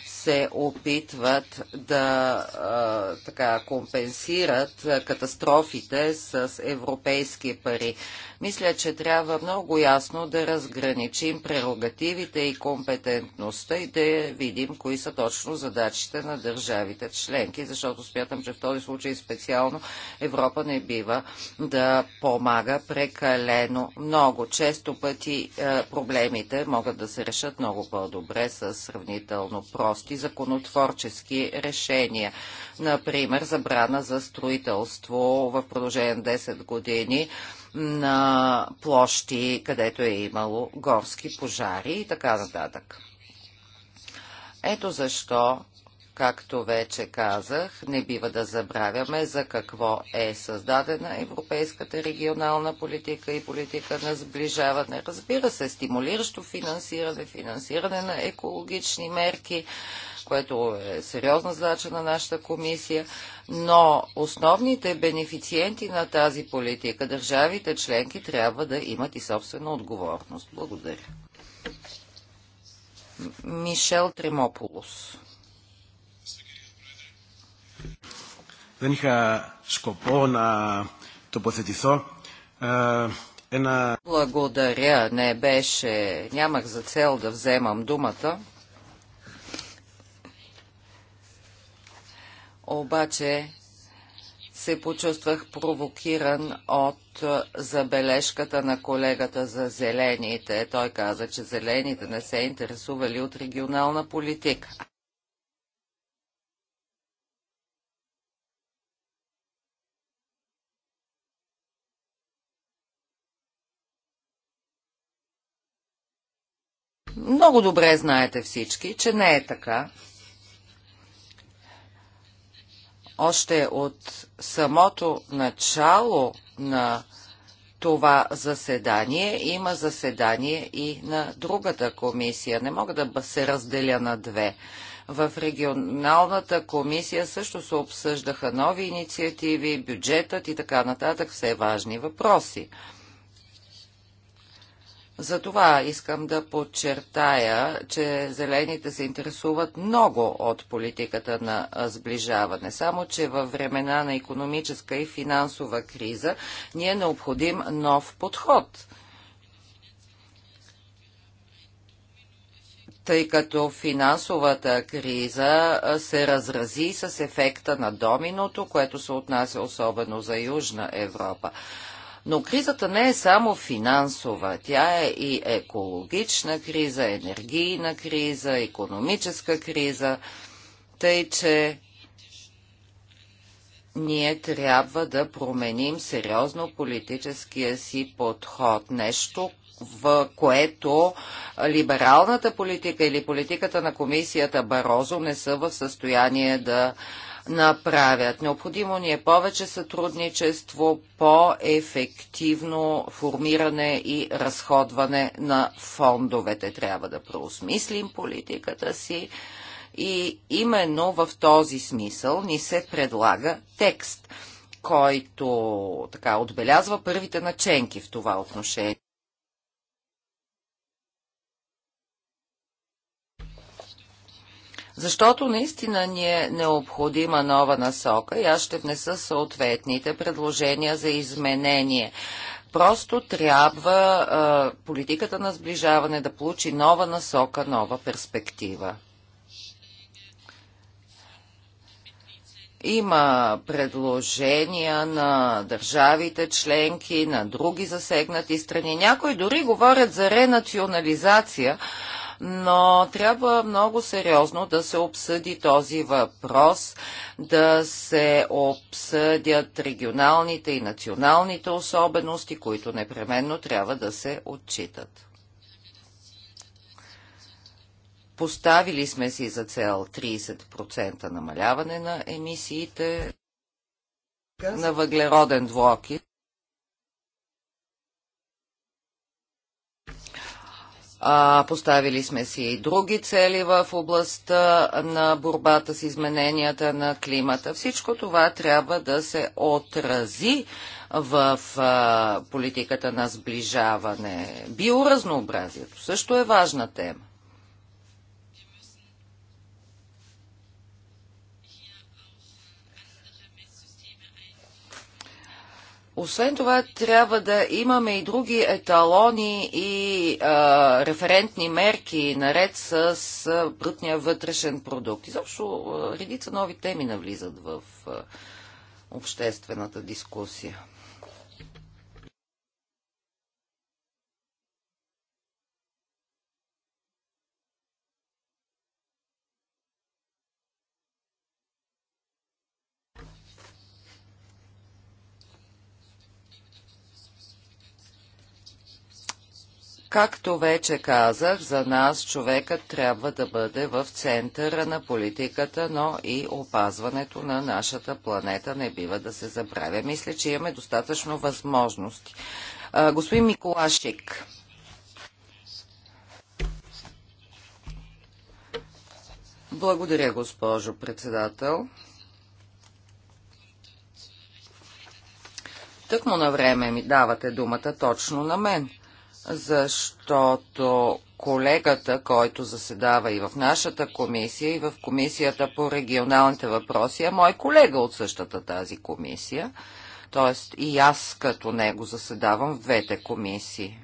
се опитват да а, така, компенсират катастрофите с европейски пари. Мисля, че трябва много ясно да разграничим прерогативите и компетентността и да видим кои са точно задачите на държавите членки, защото смятам, че в този случай специално Европа не бива да помага прекалено много. Често пъти е, проблемите могат да се решат много по-добре с сравнително прости законотворчески решения. Например, забрана за строителство в продължение на 10 години на площи, където е имало горски пожари и така нататък. Ето защо, както вече казах, не бива да забравяме за какво е създадена европейската регионална политика и политика на сближаване. Разбира се, стимулиращо финансиране, финансиране на екологични мерки, което е сериозна задача на нашата комисия, но основните бенефициенти на тази политика, държавите членки, трябва да имат и собствена отговорност. Благодаря. Мишел Тремополос. Δεν είχα σκοπό να τοποθετηθώ. Благодаря. Не беше. Нямах за цел да вземам думата. обаче се почувствах провокиран от забележката на колегата за зелените. Той каза, че зелените не се интересували от регионална политика. Много добре знаете всички, че не е така. Още от самото начало на това заседание има заседание и на другата комисия. Не мога да се разделя на две. В регионалната комисия също се обсъждаха нови инициативи, бюджетът и така нататък, все важни въпроси. Затова искам да подчертая, че зелените се интересуват много от политиката на сближаване. Само, че във времена на економическа и финансова криза ни е необходим нов подход. тъй като финансовата криза се разрази с ефекта на доминото, което се отнася особено за Южна Европа. Но кризата не е само финансова, тя е и екологична криза, енергийна криза, економическа криза, тъй че ние трябва да променим сериозно политическия си подход. Нещо, в което либералната политика или политиката на комисията Барозо не са в състояние да направят. Необходимо ни е повече сътрудничество, по-ефективно формиране и разходване на фондовете. Трябва да проосмислим политиката си и именно в този смисъл ни се предлага текст, който така отбелязва първите наченки в това отношение. Защото наистина ни е необходима нова насока и аз ще внеса съответните предложения за изменение. Просто трябва а, политиката на сближаване да получи нова насока, нова перспектива. Има предложения на държавите членки, на други засегнати страни. Някои дори говорят за ренационализация но трябва много сериозно да се обсъди този въпрос, да се обсъдят регионалните и националните особености, които непременно трябва да се отчитат. Поставили сме си за цел 30% намаляване на емисиите на въглероден двуокис. А, поставили сме си и други цели в областта на борбата с измененията на климата. Всичко това трябва да се отрази в а, политиката на сближаване. Биоразнообразието също е важна тема. Освен това, трябва да имаме и други еталони и а, референтни мерки, наред с а, брутния вътрешен продукт. Изобщо редица нови теми навлизат в а, обществената дискусия. Както вече казах, за нас човекът трябва да бъде в центъра на политиката, но и опазването на нашата планета не бива да се забравя. Мисля, че имаме достатъчно възможности. Господин Миколашик. Благодаря, госпожо председател. Тъкмо на време ми давате думата точно на мен защото колегата, който заседава и в нашата комисия, и в комисията по регионалните въпроси, е мой колега от същата тази комисия. Тоест и аз като него заседавам в двете комисии.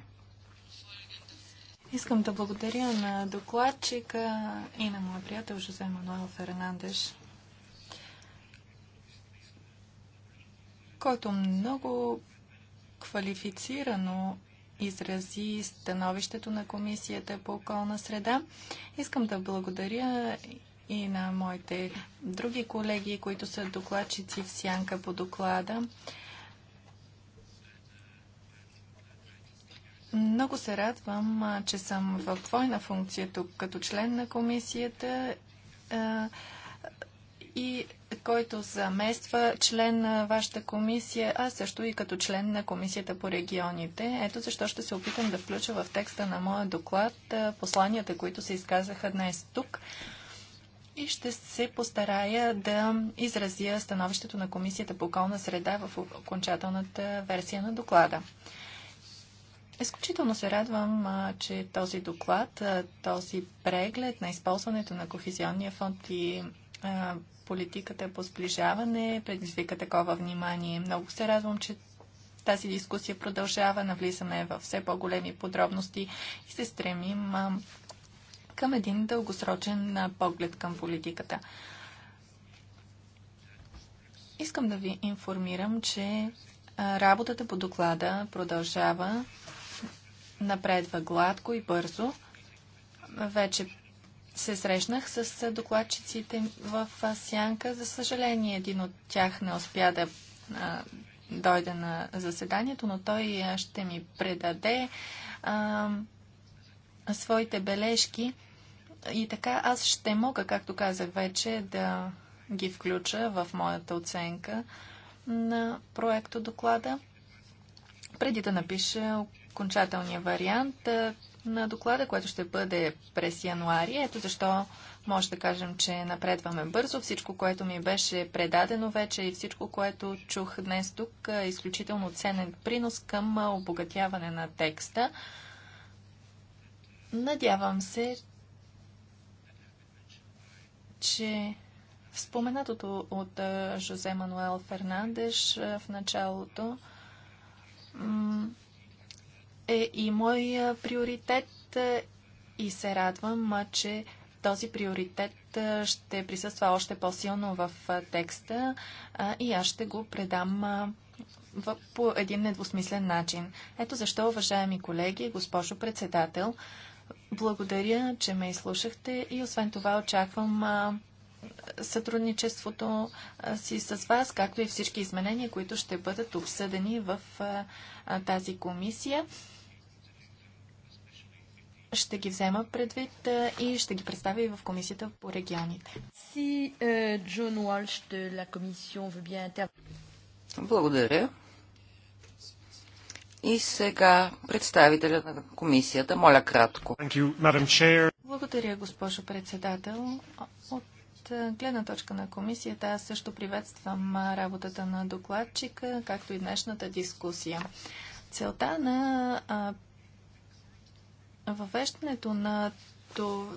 Искам да благодаря на докладчика и на моя приятел Жозе Мануел Фернандеш, който много квалифицирано изрази становището на Комисията по околна среда. Искам да благодаря и на моите други колеги, които са докладчици в сянка по доклада. Много се радвам, че съм в двойна функция тук като член на комисията и който замества член на вашата комисия, а също и като член на комисията по регионите. Ето защо ще се опитам да включа в текста на моя доклад посланията, които се изказаха днес тук. И ще се постарая да изразя становището на Комисията по околна среда в окончателната версия на доклада. Изключително се радвам, че този доклад, този преглед на използването на Кохезионния фонд и политиката по сближаване предизвика такова внимание. Много се радвам, че тази дискусия продължава, навлизаме в все по-големи подробности и се стремим към един дългосрочен поглед към политиката. Искам да ви информирам, че работата по доклада продължава, напредва гладко и бързо. Вече се срещнах с докладчиците в Сянка. За съжаление, един от тях не успя да а, дойде на заседанието, но той ще ми предаде а, своите бележки. И така аз ще мога, както казах вече, да ги включа в моята оценка на проекто доклада. Преди да напиша окончателния вариант, на доклада, което ще бъде през януари. Ето защо може да кажем, че напредваме бързо. Всичко, което ми беше предадено вече и всичко, което чух днес тук, е изключително ценен принос към обогатяване на текста. Надявам се, че споменатото от Жозе Мануел Фернандеш в началото е и мой приоритет и се радвам, че този приоритет ще присъства още по-силно в текста и аз ще го предам по един недвусмислен начин. Ето защо, уважаеми колеги, госпожо председател, благодаря, че ме изслушахте и освен това очаквам сътрудничеството си с вас, както и всички изменения, които ще бъдат обсъдени в тази комисия ще ги взема предвид и ще ги представя и в комисията по регионите. Е, Благодаря. И сега представителя на комисията, моля кратко. Благодаря, госпожо председател. От е, гледна точка на комисията, аз също приветствам работата на докладчика, както и днешната дискусия. Целта на Въвеждането на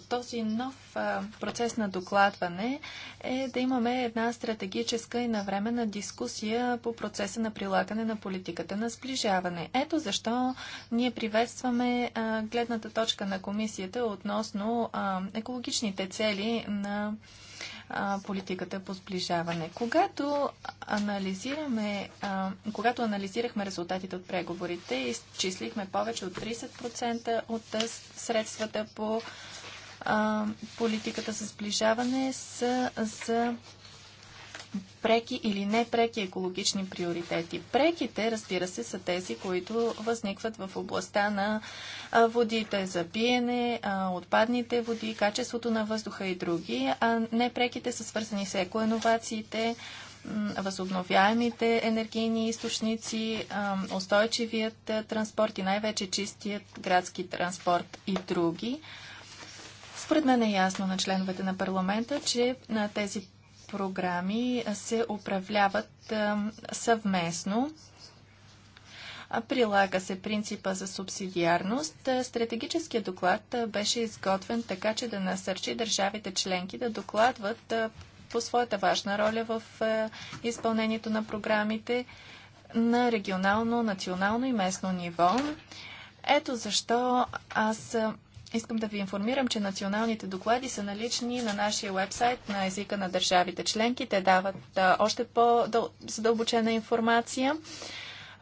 този нов процес на докладване е да имаме една стратегическа и навременна дискусия по процеса на прилагане на политиката на сближаване. Ето защо ние приветстваме гледната точка на комисията относно екологичните цели на а, политиката по сближаване. Когато, анализираме, а, когато анализирахме резултатите от преговорите, изчислихме повече от 30% от средствата по а, политиката за сближаване са за преки или непреки екологични приоритети. Преките, разбира се, са тези, които възникват в областта на водите за пиене, отпадните води, качеството на въздуха и други, а непреките са свързани с екоиновациите, възобновяемите енергийни източници, устойчивият транспорт и най-вече чистият градски транспорт и други. Според мен е ясно на членовете на парламента, че на тези програми се управляват съвместно. Прилага се принципа за субсидиарност. Стратегическият доклад беше изготвен така, че да насърчи държавите членки да докладват по своята важна роля в изпълнението на програмите на регионално, национално и местно ниво. Ето защо аз Искам да ви информирам, че националните доклади са налични на нашия вебсайт на езика на държавите членки. Те дават а, още по-задълбочена информация,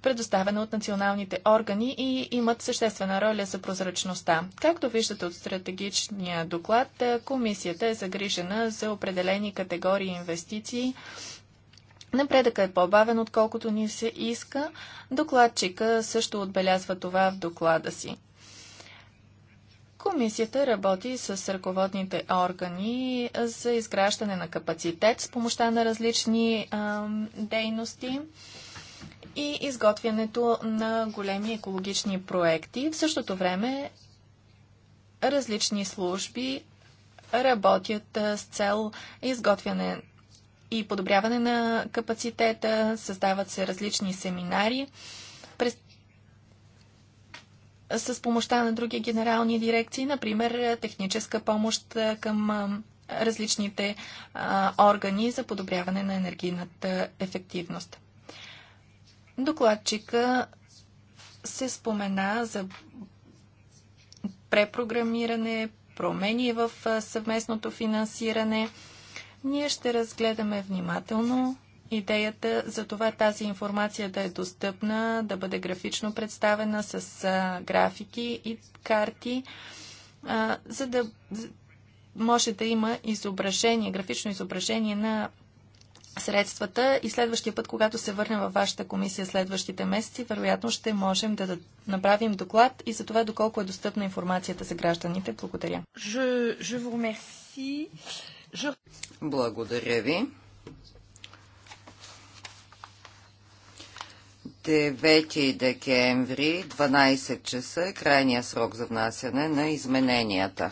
предоставена от националните органи и имат съществена роля за прозрачността. Както виждате от стратегичния доклад, комисията е загрижена за определени категории инвестиции, Напредъка е по-бавен, отколкото ни се иска. Докладчика също отбелязва това в доклада си. Комисията работи с ръководните органи за изграждане на капацитет с помощта на различни а, дейности и изготвянето на големи екологични проекти. В същото време различни служби работят с цел изготвяне и подобряване на капацитета, създават се различни семинари. През с помощта на други генерални дирекции, например техническа помощ към различните органи за подобряване на енергийната ефективност. Докладчика се спомена за препрограмиране, промени в съвместното финансиране. Ние ще разгледаме внимателно идеята за това тази информация да е достъпна, да бъде графично представена с а, графики и карти, а, за да може да има изображение, графично изображение на средствата и следващия път, когато се върнем във вашата комисия следващите месеци, вероятно ще можем да направим доклад и за това доколко е достъпна информацията за гражданите. Благодаря. Благодаря ви. 9 декември, 12 часа е крайния срок за внасяне на измененията.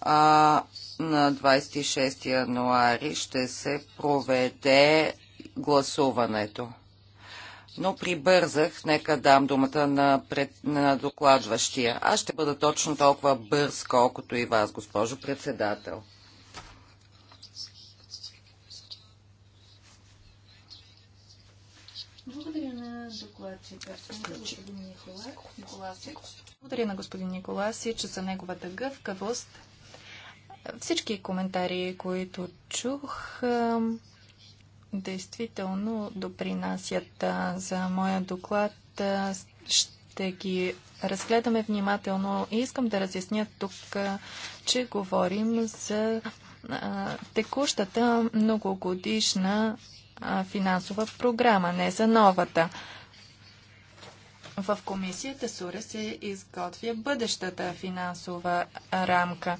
А на 26 януари ще се проведе гласуването. Но прибързах, нека дам думата на, пред, на докладващия. Аз ще бъда точно толкова бърз, колкото и вас, госпожо председател. Е Благодаря на господин Николасич за неговата гъвкавост. Всички коментари, които чух, действително допринасят за моя доклад. Ще ги разгледаме внимателно и искам да разясня тук, че говорим за текущата многогодишна финансова програма, не за новата. В комисията СУРЕ се изготвя бъдещата финансова рамка.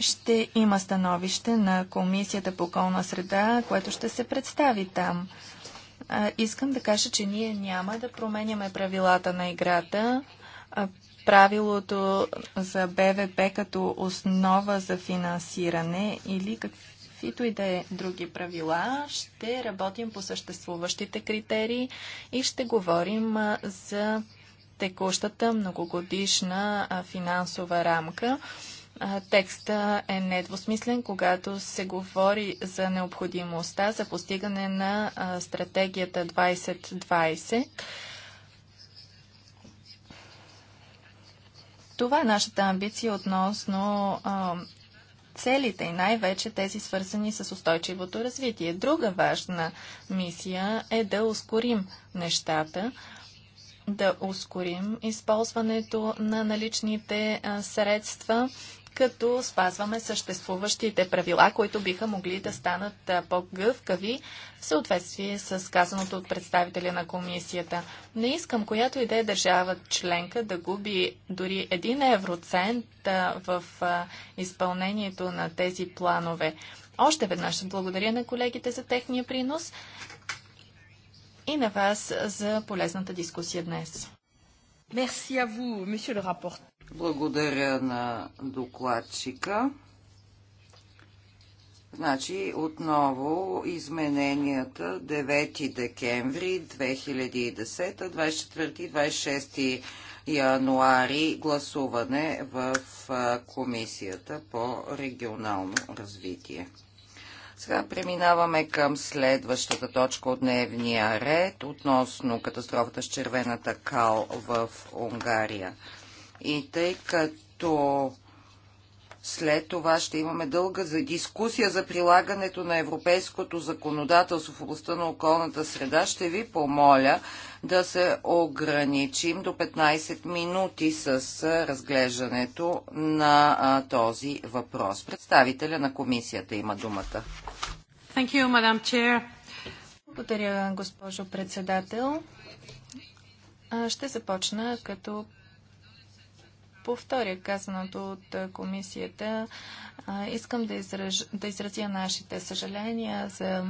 Ще има становище на Комисията по околна среда, което ще се представи там. искам да кажа, че ние няма да променяме правилата на играта. правилото за БВП като основа за финансиране или какво каквито и да е други правила, ще работим по съществуващите критерии и ще говорим за текущата многогодишна финансова рамка. Текста е недвусмислен, когато се говори за необходимостта за постигане на стратегията 2020. Това е нашата амбиция относно целите и най-вече тези свързани с устойчивото развитие. Друга важна мисия е да ускорим нещата, да ускорим използването на наличните средства като спазваме съществуващите правила, които биха могли да станат по-гъвкави в съответствие с казаното от представителя на комисията. Не искам която и да е държава членка да губи дори един евроцент в изпълнението на тези планове. Още веднъж ще благодаря на колегите за техния принос и на вас за полезната дискусия днес. Merci à vous, monsieur le rapporteur. Благодаря на докладчика. Значи отново измененията 9 декември 2010, 24, 26 януари гласуване в Комисията по регионално развитие. Сега преминаваме към следващата точка от дневния ред относно катастрофата с червената кал в Унгария. И тъй като след това ще имаме дълга за дискусия за прилагането на европейското законодателство в областта на околната среда. Ще ви помоля да се ограничим до 15 минути с разглеждането на а, този въпрос. Представителя на комисията има думата. Thank you, Madam Chair. Благодаря, госпожо председател. Ще започна като повторя казаното от комисията. искам да, израж, да изразя нашите съжаления за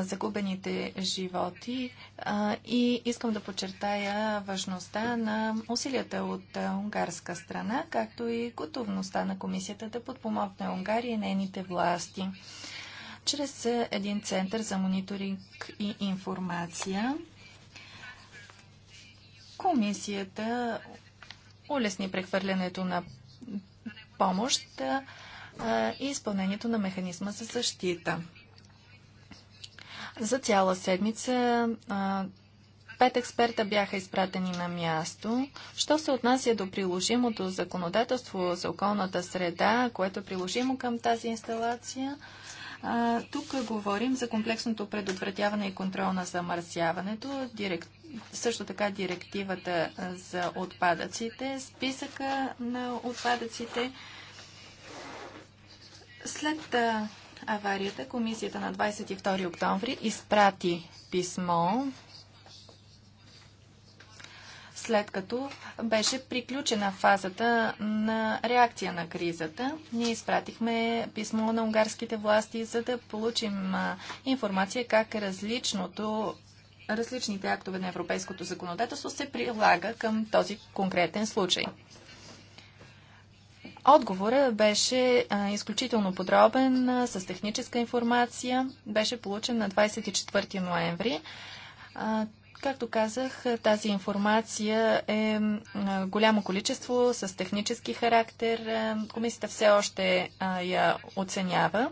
загубените животи и искам да подчертая важността на усилията от унгарска страна, както и готовността на комисията да подпомогне Унгария и нейните власти чрез един център за мониторинг и информация. Комисията улесни прехвърлянето на помощ и изпълнението на механизма за защита. За цяла седмица пет експерта бяха изпратени на място. Що се отнася до приложимото законодателство за околната среда, което е приложимо към тази инсталация – а, тук говорим за комплексното предотвратяване и контрол на замърсяването, директ... също така директивата за отпадъците, списъка на отпадъците. След аварията, комисията на 22 октомври изпрати писмо след като беше приключена фазата на реакция на кризата. Ние изпратихме писмо на унгарските власти, за да получим информация как различното различните актове на европейското законодателство се прилага към този конкретен случай. Отговорът беше изключително подробен, с техническа информация. Беше получен на 24 ноември. Както казах, тази информация е голямо количество с технически характер. Комисията все още я оценява.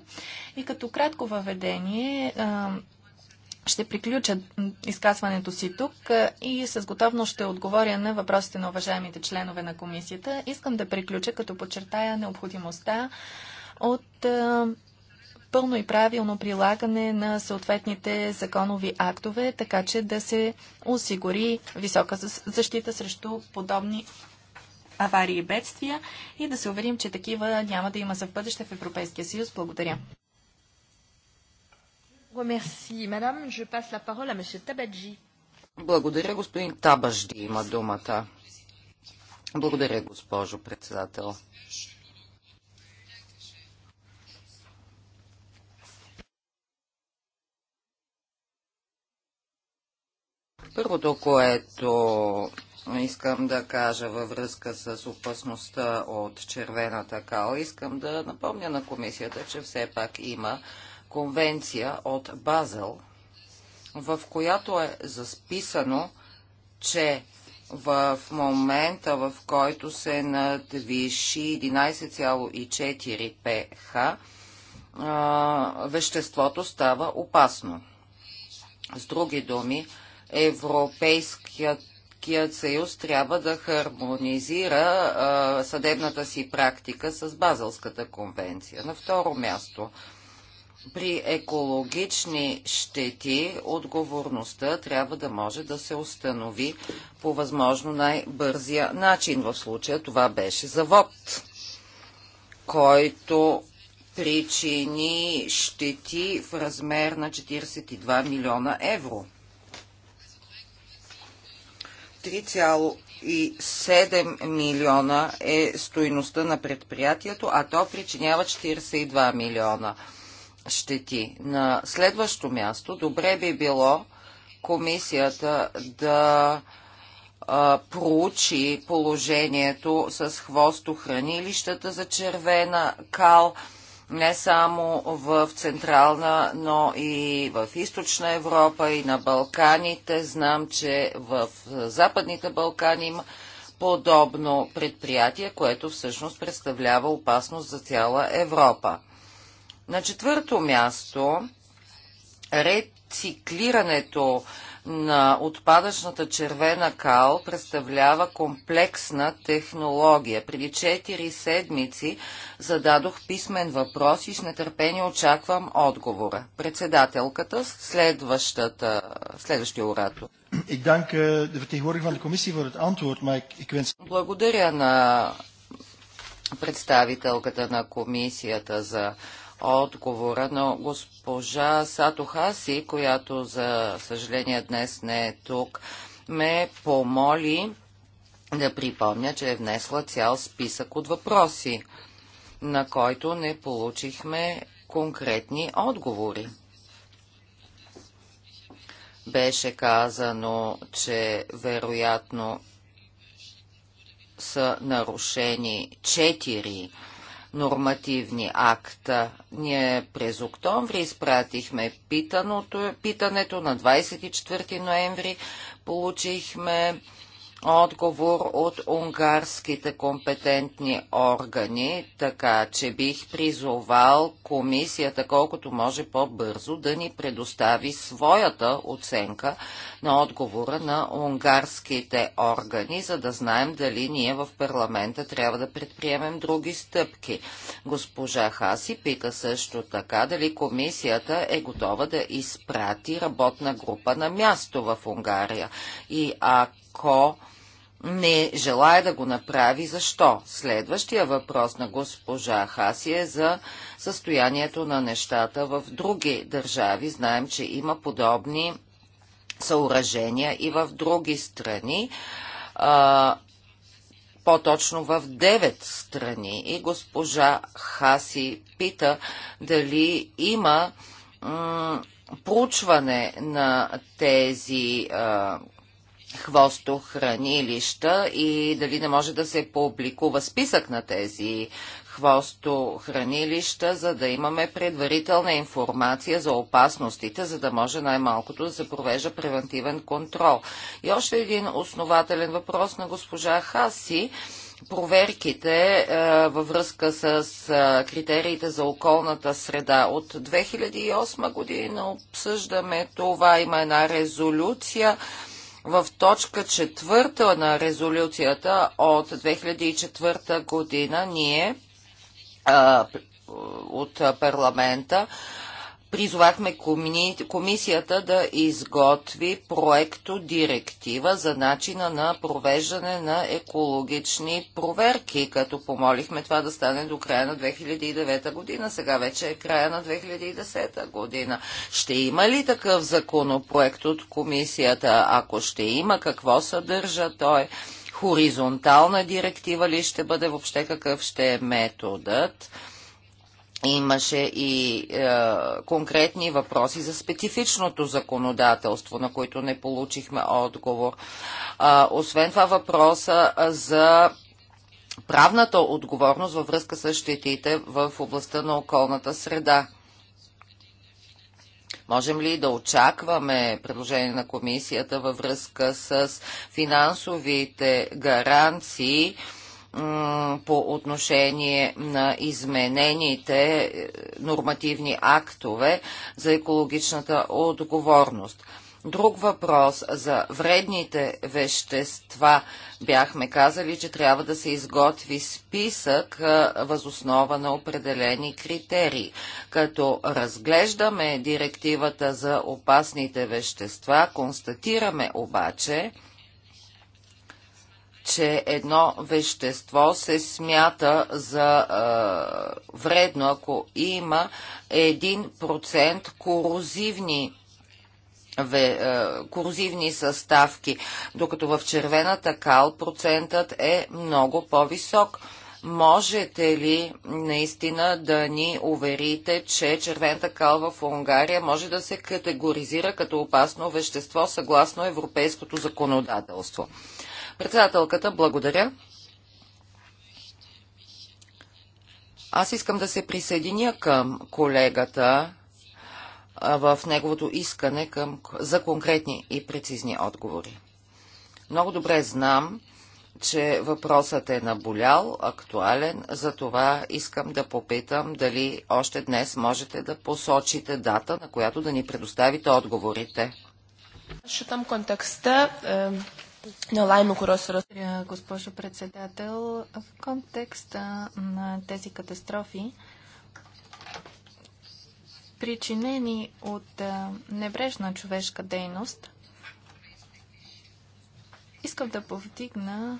И като кратко въведение ще приключа изказването си тук и с готовност ще отговоря на въпросите на уважаемите членове на комисията. Искам да приключа, като подчертая необходимостта от пълно и правилно прилагане на съответните законови актове, така че да се осигури висока защита срещу подобни аварии и бедствия и да се уверим, че такива няма да има за в бъдеще в Европейския съюз. Благодаря. Благодаря, господин Табажди има думата. Благодаря, госпожо председател. Първото, което искам да кажа във връзка с опасността от червената кал, искам да напомня на комисията, че все пак има конвенция от Базел, в която е засписано, че в момента, в който се надвиши 11,4 пх, веществото става опасно. С други думи, Европейският съюз трябва да хармонизира а, съдебната си практика с Базълската конвенция. На второ място, при екологични щети отговорността трябва да може да се установи по възможно най-бързия начин. В случая това беше завод, който причини щети в размер на 42 милиона евро. 3,7 милиона е стоиността на предприятието, а то причинява 42 милиона щети. На следващо място добре би било комисията да проучи положението с хвостохранилищата за червена кал, не само в Централна, но и в Източна Европа и на Балканите. Знам, че в Западните Балкани има подобно предприятие, което всъщност представлява опасност за цяла Европа. На четвърто място рециклирането на отпадъчната червена кал представлява комплексна технология. Преди 4 седмици зададох писмен въпрос и с нетърпение очаквам отговора. Председателката, следващата, следващия оратор. Благодаря на представителката на комисията за отговора на госпожа Сато Хаси, която за съжаление днес не е тук, ме помоли да припомня, че е внесла цял списък от въпроси, на който не получихме конкретни отговори. Беше казано, че вероятно са нарушени четири нормативни акта. Ние през октомври изпратихме питането на 24 ноември, получихме отговор от унгарските компетентни органи, така че бих призовал комисията колкото може по-бързо да ни предостави своята оценка на отговора на унгарските органи, за да знаем дали ние в парламента трябва да предприемем други стъпки. Госпожа Хаси пита също така дали комисията е готова да изпрати работна група на място в Унгария и ако не желая да го направи. Защо? Следващия въпрос на госпожа Хаси е за състоянието на нещата в други държави. Знаем, че има подобни съоръжения и в други страни по-точно в девет страни. И госпожа Хаси пита дали има проучване на тези а, хвостохранилища и дали не може да се публикува списък на тези хвостохранилища, за да имаме предварителна информация за опасностите, за да може най-малкото да се провежда превентивен контрол. И още един основателен въпрос на госпожа Хаси проверките е, във връзка с е, критериите за околната среда. От 2008 година обсъждаме това. Има една резолюция в точка четвърта на резолюцията от 2004 година ние от парламента призовахме комисията да изготви проекто директива за начина на провеждане на екологични проверки, като помолихме това да стане до края на 2009 година. Сега вече е края на 2010 година. Ще има ли такъв законопроект от комисията? Ако ще има, какво съдържа той? Хоризонтална директива ли ще бъде въобще какъв ще е методът? Имаше и е, конкретни въпроси за специфичното законодателство, на които не получихме отговор. Е, освен това въпроса за правната отговорност във връзка с щетите в областта на околната среда. Можем ли да очакваме предложение на комисията във връзка с финансовите гаранции? по отношение на изменените е, нормативни актове за екологичната отговорност. Друг въпрос за вредните вещества. Бяхме казали, че трябва да се изготви списък възоснова на определени критерии. Като разглеждаме директивата за опасните вещества, констатираме обаче, че едно вещество се смята за е, вредно, ако има 1% корозивни ве, корозивни съставки, докато в червената кал процентът е много по-висок. Можете ли наистина да ни уверите, че червената кал в Унгария може да се категоризира като опасно вещество съгласно европейското законодателство? Председателката, благодаря. Аз искам да се присъединя към колегата в неговото искане към, за конкретни и прецизни отговори. Много добре знам, че въпросът е наболял, актуален, затова искам да попитам дали още днес можете да посочите дата, на която да ни предоставите отговорите. Шитам контекста е, nelaimių, Госпожо председател, в контекста на тези катастрофи, причинени от небрежна човешка дейност, искам да повдигна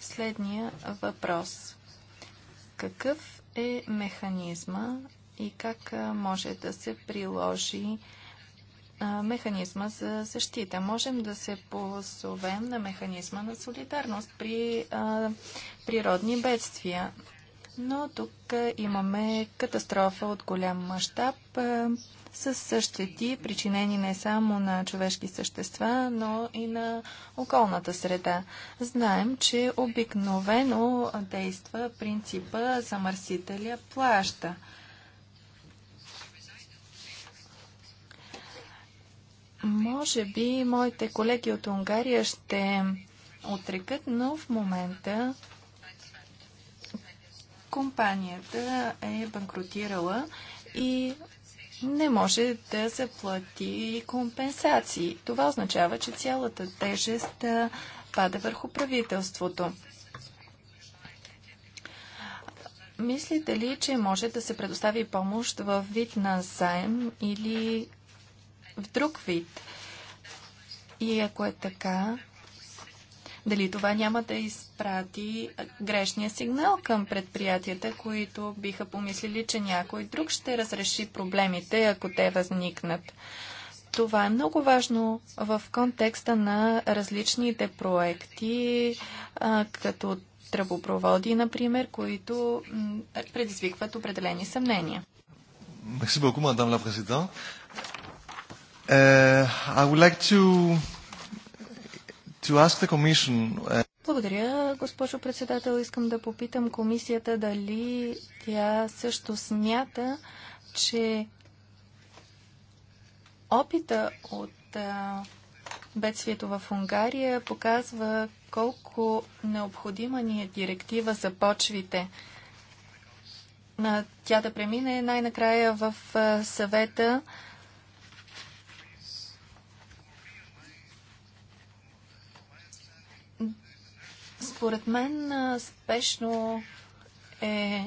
следния въпрос. Какъв е механизма и как може да се приложи механизма за защита. Можем да се позовем на механизма на солидарност при а, природни бедствия. Но тук имаме катастрофа от голям мащаб с същети, причинени не само на човешки същества, но и на околната среда. Знаем, че обикновено действа принципа замърсителя плаща. Може би моите колеги от Унгария ще отрекат, но в момента компанията е банкротирала и не може да заплати компенсации. Това означава, че цялата тежест пада върху правителството. Мислите ли, че може да се предостави помощ в вид на заем или в друг вид. И ако е така, дали това няма да изпрати грешния сигнал към предприятията, които биха помислили, че някой друг ще разреши проблемите, ако те възникнат. Това е много важно в контекста на различните проекти, като тръбопроводи, например, които предизвикват определени съмнения. Благодаря, мадам ла президент. Uh, I would like to, to ask the commission, uh... Благодаря, госпожо председател. Искам да попитам комисията дали тя също смята, че опита от бедствието в Унгария показва колко необходима ни е директива за почвите. На тя да премине най-накрая в съвета Според мен спешно е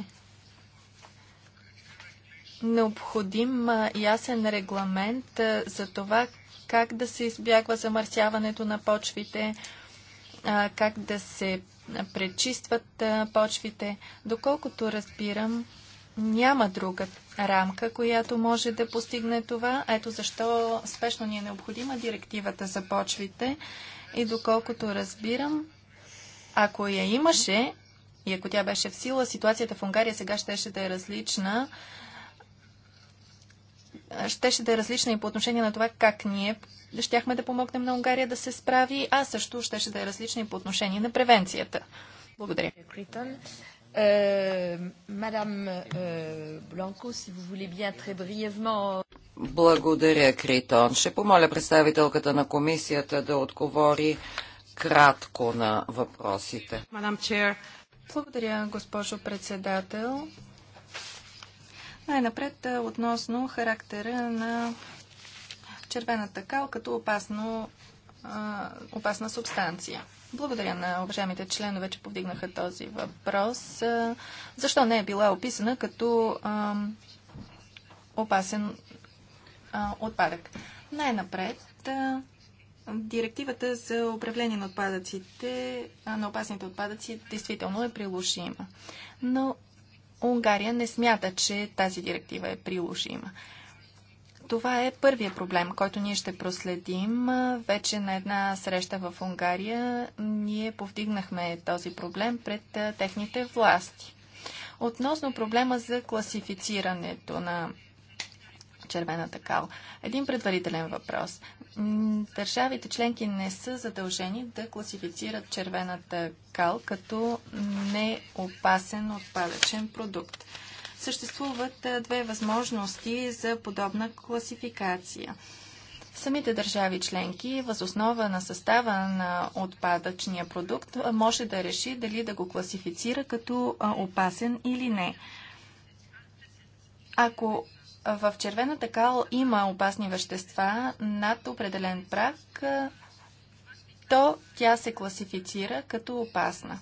необходим ясен регламент за това как да се избягва замърсяването на почвите, как да се пречистват почвите. Доколкото разбирам, няма друга рамка, която може да постигне това. Ето защо спешно ни е необходима директивата за почвите. И доколкото разбирам, ако я имаше и ако тя беше в сила, ситуацията в Унгария сега щеше да е различна. Щеше да е различна и по отношение на това как ние щяхме да помогнем на Унгария да се справи, а също щеше да е различна и по отношение на превенцията. Благодаря. Е, е, е, Благодаря, Критон. Ще помоля представителката на комисията да отговори кратко на въпросите. Мадам Чер. Благодаря, госпожо председател. Най-напред относно характера на червената кал като опасно, опасна субстанция. Благодаря на уважаемите членове, че повдигнаха този въпрос. Защо не е била описана като опасен отпадък? Най-напред Директивата за управление на отпадъците, на опасните отпадъци, действително е приложима. Но Унгария не смята, че тази директива е приложима. Това е първият проблем, който ние ще проследим. Вече на една среща в Унгария ние повдигнахме този проблем пред техните власти. Относно проблема за класифицирането на червената кал. Един предварителен въпрос. Държавите членки не са задължени да класифицират червената кал като неопасен отпадъчен продукт. Съществуват две възможности за подобна класификация. Самите държави членки, възоснова на състава на отпадъчния продукт, може да реши дали да го класифицира като опасен или не. Ако в червената кал има опасни вещества над определен прак, то тя се класифицира като опасна.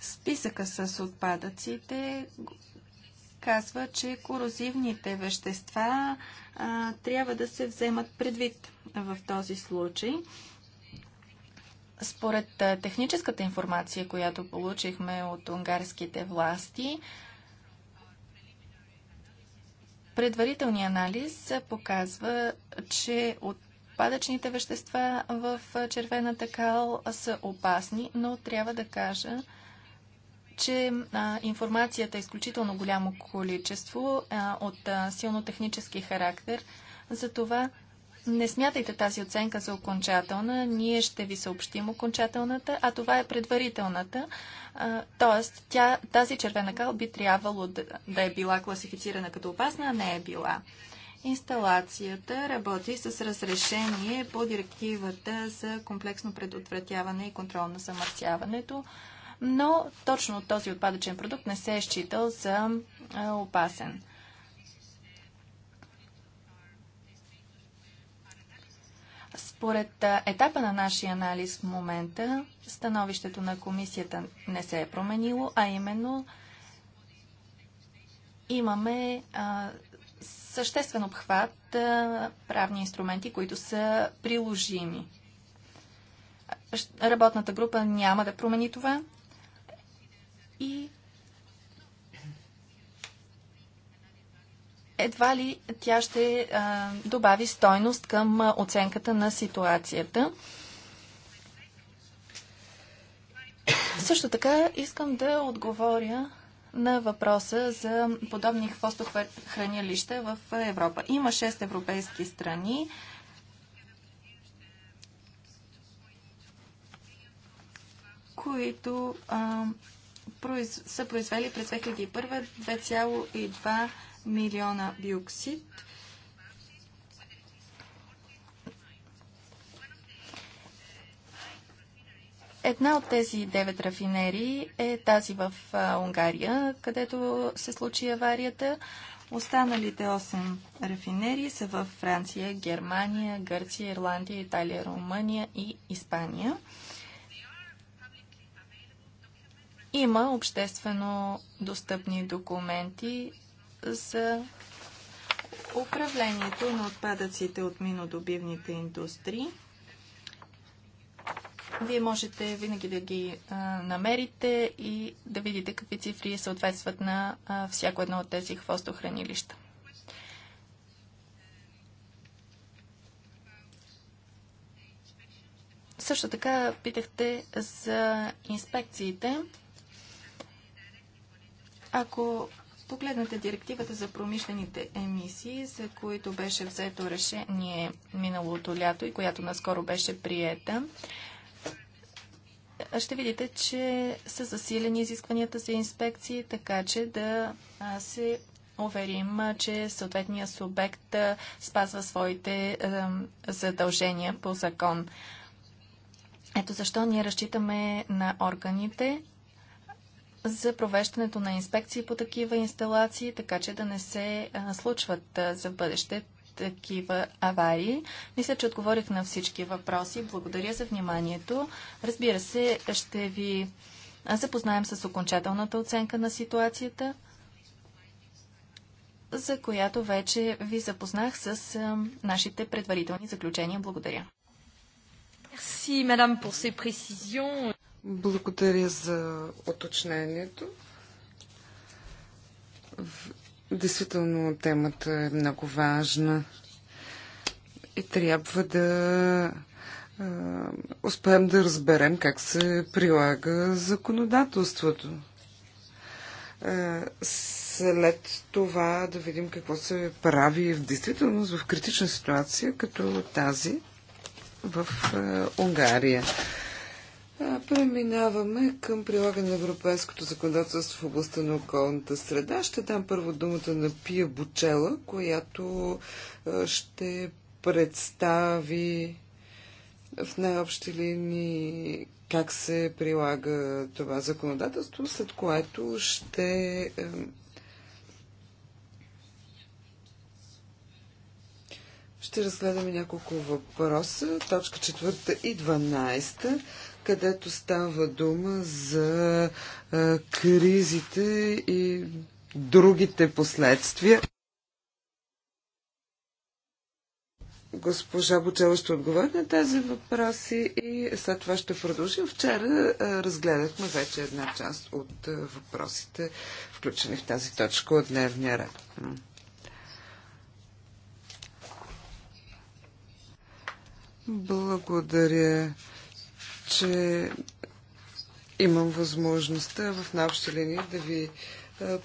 Списъка с отпадъците казва, че корозивните вещества а, трябва да се вземат предвид в този случай. Според техническата информация, която получихме от унгарските власти, Предварителният анализ показва, че отпадъчните вещества в червената кал са опасни, но трябва да кажа, че а, информацията е изключително голямо количество а, от а, силно технически характер. Затова не смятайте тази оценка за окончателна. Ние ще ви съобщим окончателната, а това е предварителната. Тоест, тя, тази червена кал би трябвало да, да е била класифицирана като опасна, а не е била. Инсталацията работи с разрешение по директивата за комплексно предотвратяване и контрол на замърсяването, но точно този отпадъчен продукт не се е считал за опасен. Според етапа на нашия анализ в момента, становището на комисията не се е променило, а именно имаме съществен обхват правни инструменти, които са приложими. Работната група няма да промени това и едва ли тя ще а, добави стойност към оценката на ситуацията. Също така искам да отговоря на въпроса за подобни хвостохранилища в Европа. Има 6 европейски страни. които а, произ... са произвели през 2001 2,2 милиона биоксид. Една от тези девет рафинерии е тази в Унгария, където се случи аварията. Останалите 8 рафинерии са във Франция, Германия, Гърция, Ирландия, Италия, Румъния и Испания. Има обществено достъпни документи за управлението на отпадъците от минодобивните индустрии. Вие можете винаги да ги а, намерите и да видите какви цифри съответстват на а, всяко едно от тези хвостохранилища. Също така питахте за инспекциите. Ако Погледнете директивата за промишлените емисии, за които беше взето решение миналото лято и която наскоро беше приета. Ще видите, че са засилени изискванията за инспекции, така че да се уверим, че съответният субект спазва своите задължения по закон. Ето защо ние разчитаме на органите за провеждането на инспекции по такива инсталации, така че да не се случват за бъдеще такива аварии. Мисля, че отговорих на всички въпроси. Благодаря за вниманието. Разбира се, ще ви запознаем с окончателната оценка на ситуацията, за която вече ви запознах с нашите предварителни заключения. Благодаря. Merci, madame, pour ces précisions. Благодаря за оточнението. Действително темата е много важна и трябва да е, успеем да разберем как се прилага законодателството. Е, след това да видим какво се прави в действителност в критична ситуация, като тази в е, Унгария. Преминаваме към прилагане на европейското законодателство в областта на околната среда. Ще дам първо думата на Пия Бучела, която ще представи в най-общи линии как се прилага това законодателство, след което ще ще разгледаме няколко въпроса. Точка 4 и 12 където става дума за а, кризите и другите последствия. Госпожа Бочева ще отговори на тези въпроси и след това ще продължим. Вчера разгледахме вече една част от въпросите, включени в тази точка от дневния ред. Благодаря че имам възможността в наобщи линия да ви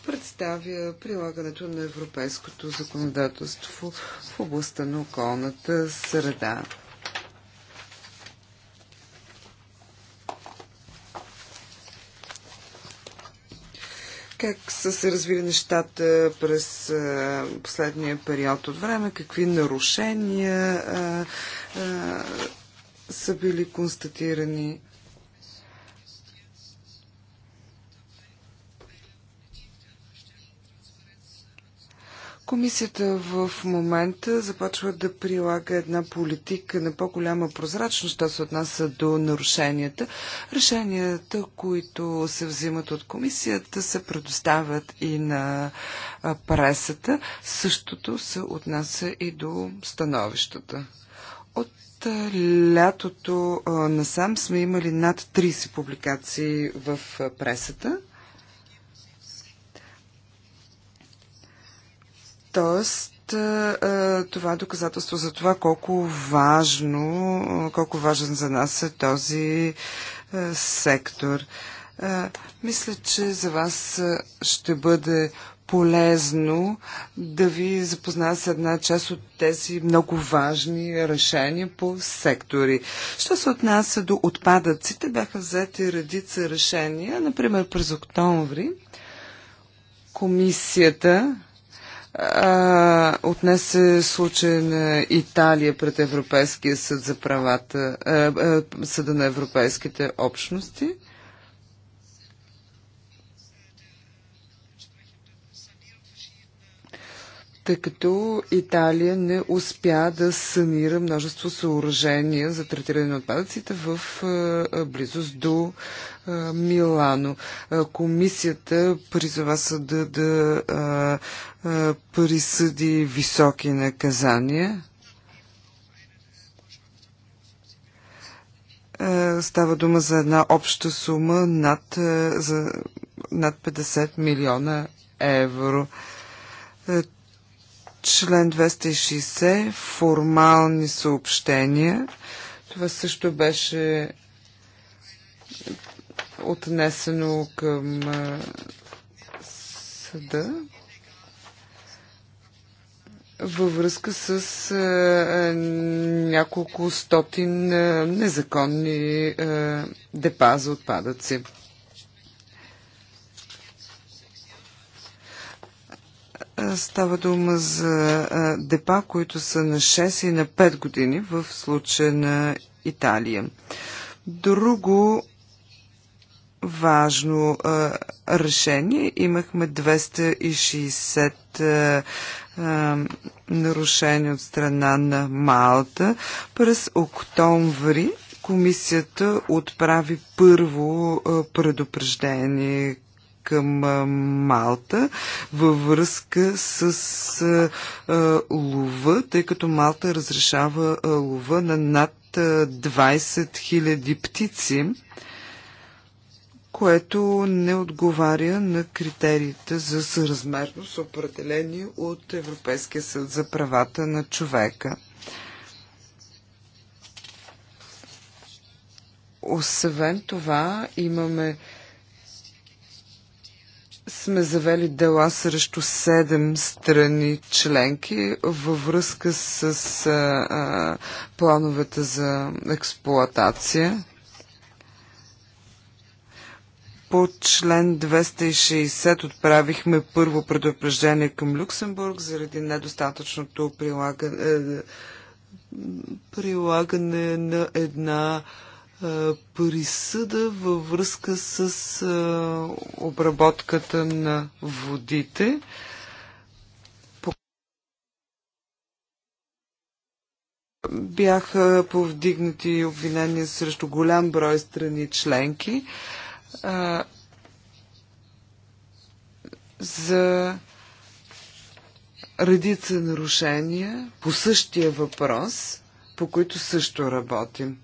представя прилагането на европейското законодателство в областта на околната среда. как са се развили нещата през последния период от време, какви нарушения са били констатирани. Комисията в момента започва да прилага една политика на по-голяма прозрачност, що се отнася до нарушенията. Решенията, които се взимат от комисията, се предоставят и на пресата. Същото се отнася и до становищата. От Лятото лятото насам сме имали над 30 публикации в пресата. Тоест, това е доказателство за това колко важно, колко важен за нас е този сектор. Мисля, че за вас ще бъде полезно да ви запозная с една част от тези много важни решения по сектори. Що се отнася до отпадъците, бяха взети редица решения. Например, през октомври комисията а, отнесе случай на Италия пред Европейския съд за правата, а, а, съда на европейските общности – тъй като Италия не успя да санира множество съоръжения за третиране на отпадъците в близост до Милано. Комисията призова съда да присъди високи наказания. Става дума за една обща сума над, за, над 50 милиона евро Член 260 формални съобщения. Това също беше отнесено към съда във връзка с е, няколко стотин е, незаконни е, депа за отпадъци. Е, става дума за е, депа, които са на 6 и на 5 години в случая на Италия. Друго важно е, решение. Имахме 260 нарушения от страна на Малта. През октомври комисията отправи първо предупреждение към Малта във връзка с лова, тъй като Малта разрешава лова на над 20 000 птици което не отговаря на критериите за съразмерност, определени от Европейския съд за правата на човека. Освен това, имаме сме завели дела срещу седем страни членки във връзка с а, а, плановете за експлоатация по член 260 отправихме първо предупреждение към Люксембург заради недостатъчното прилагане, прилагане на една присъда във връзка с обработката на водите. Бяха повдигнати обвинения срещу голям брой страни членки за редица нарушения по същия въпрос, по които също работим.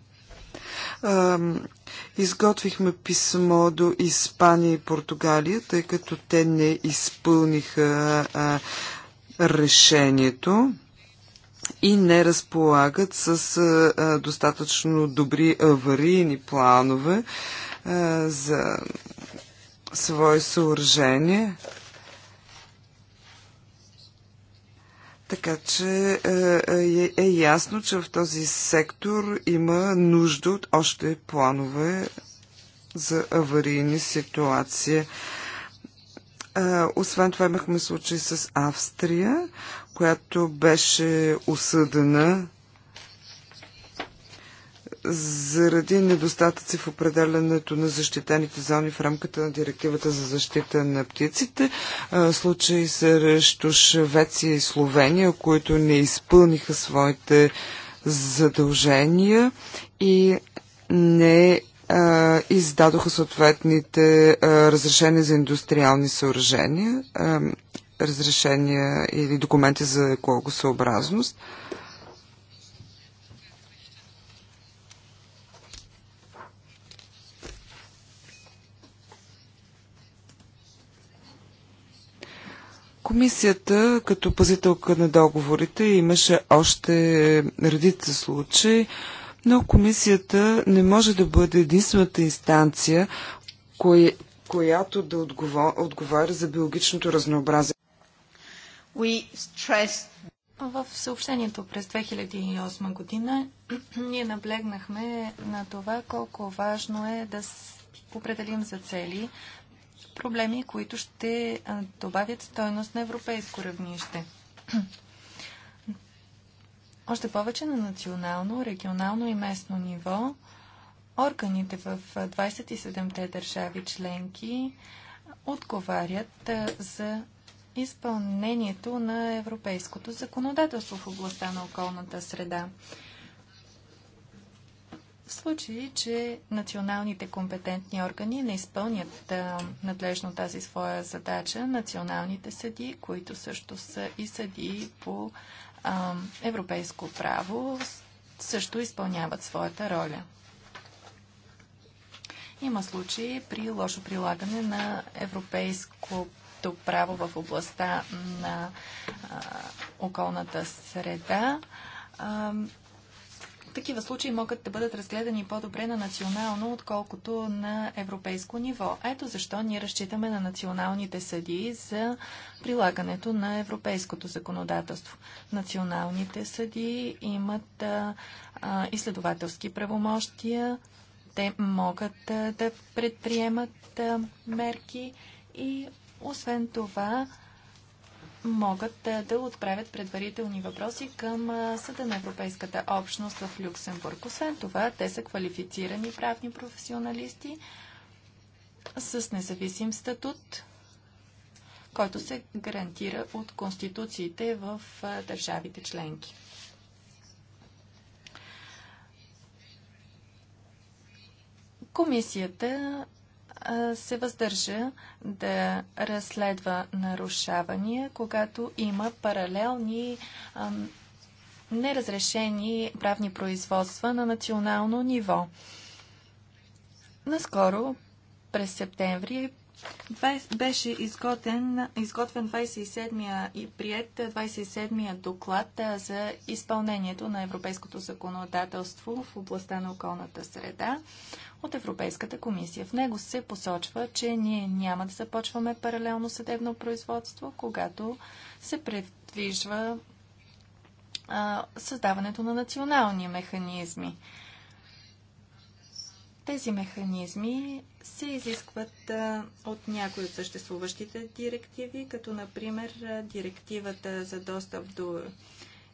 Изготвихме писмо до Испания и Португалия, тъй като те не изпълниха а, решението и не разполагат с а, достатъчно добри аварийни планове а, за свое съоръжение. Така че е, е, е ясно, че в този сектор има нужда от още планове за аварийни ситуации. Е, освен това имахме случай с Австрия, която беше осъдена заради недостатъци в определенето на защитените зони в рамката на директивата за защита на птиците. Случаи срещу Швеция и Словения, които не изпълниха своите задължения и не а, издадоха съответните а, разрешения за индустриални съоръжения, а, разрешения или документи за екологосъобразност. Комисията, като пазителка на договорите, имаше още редица случаи, но комисията не може да бъде единствената инстанция, кое, която да отговор, отговаря за биологичното разнообразие. Stress... В съобщението през 2008 година ние наблегнахме на това колко важно е да определим за цели проблеми, които ще добавят стойност на европейско равнище. Още повече на национално, регионално и местно ниво органите в 27-те държави членки отговарят за изпълнението на европейското законодателство в областта на околната среда. В случай, че националните компетентни органи не изпълнят надлежно тази своя задача, националните съди, които също са и съди по а, европейско право, също изпълняват своята роля. Има случаи при лошо прилагане на европейското право в областта на а, околната среда. А, такива случаи могат да бъдат разгледани по-добре на национално, отколкото на европейско ниво. Ето защо ние разчитаме на националните съдии за прилагането на европейското законодателство. Националните съдии имат а, а, изследователски правомощия, те могат а, да предприемат а, мерки и освен това могат е, да отправят предварителни въпроси към е, Съда на Европейската общност в Люксембург. Освен това, те са квалифицирани правни професионалисти с независим статут, който се гарантира от конституциите в е, държавите членки. Комисията се въздържа да разследва нарушавания, когато има паралелни неразрешени правни производства на национално ниво. Наскоро, през септември, беше изготвен, изготвен 27-я и прият 27-я доклад за изпълнението на европейското законодателство в областта на околната среда от Европейската комисия. В него се посочва, че ние няма да започваме паралелно съдебно производство, когато се предвижва а, създаването на национални механизми. Тези механизми се изискват от някои от съществуващите директиви, като например директивата за достъп до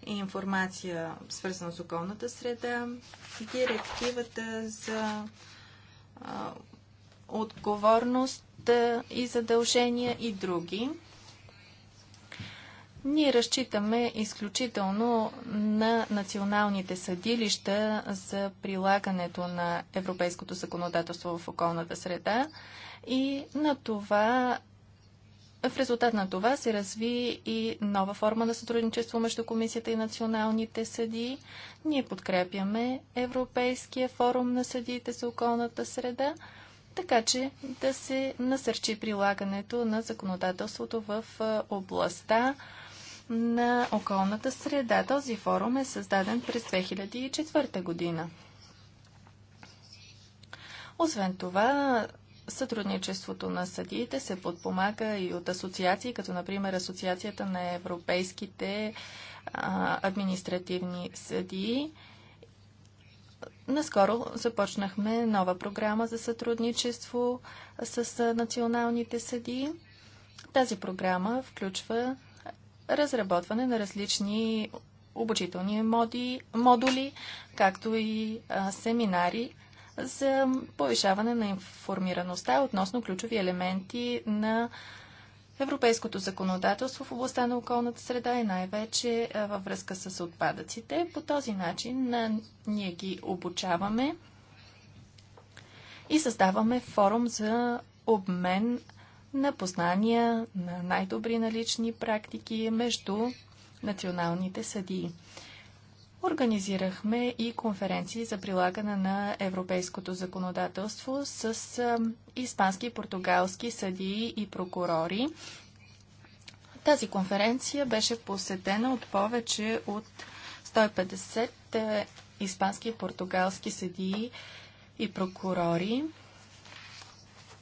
информация, свързана с околната среда, директивата за отговорност и задължения и други. Ние разчитаме изключително на националните съдилища за прилагането на европейското законодателство в околната среда и на това в резултат на това се разви и нова форма на сътрудничество между комисията и националните съдии. Ние подкрепяме Европейския форум на съдиите за околната среда, така че да се насърчи прилагането на законодателството в областта на околната среда. Този форум е създаден през 2004 година. Освен това, сътрудничеството на съдиите се подпомага и от асоциации, като например Асоциацията на европейските административни съдии. Наскоро започнахме нова програма за сътрудничество с националните съдии. Тази програма включва разработване на различни обучителни моди, модули, както и а, семинари за повишаване на информираността относно ключови елементи на европейското законодателство в областта на околната среда и най-вече във връзка с отпадъците. По този начин а, ние ги обучаваме и създаваме форум за обмен на познания на най-добри налични практики между националните съдии. Организирахме и конференции за прилагане на европейското законодателство с испански и португалски съдии и прокурори. Тази конференция беше посетена от повече от 150 е, испански и португалски съдии и прокурори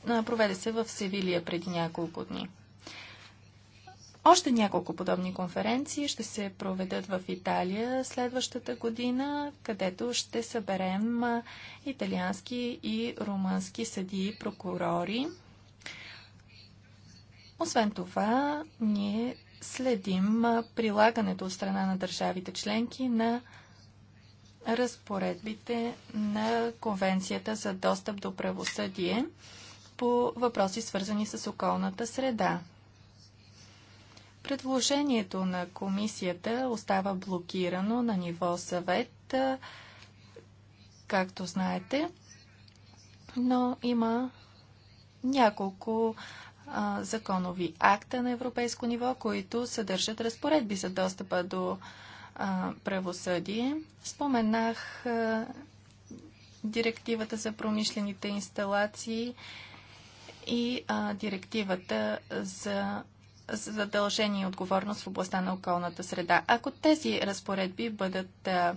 проведе се в Севилия преди няколко дни. Още няколко подобни конференции ще се проведат в Италия следващата година, където ще съберем италиански и румънски съдии и прокурори. Освен това, ние следим прилагането от страна на държавите членки на разпоредбите на Конвенцията за достъп до правосъдие по въпроси свързани с околната среда. Предложението на комисията остава блокирано на ниво съвет, както знаете, но има няколко законови акта на европейско ниво, които съдържат разпоредби за достъпа до правосъдие. Споменах директивата за промишлените инсталации и а, директивата за задължение и отговорност в областта на околната среда. Ако тези разпоредби бъдат а,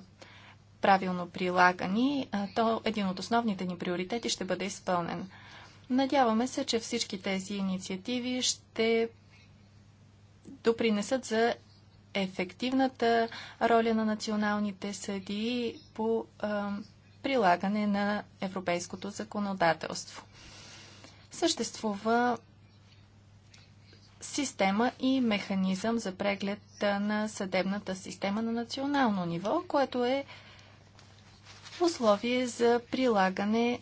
правилно прилагани, а, то един от основните ни приоритети ще бъде изпълнен. Надяваме се, че всички тези инициативи ще допринесат за ефективната роля на националните съдии по а, прилагане на европейското законодателство съществува система и механизъм за преглед на съдебната система на национално ниво, което е условие за прилагане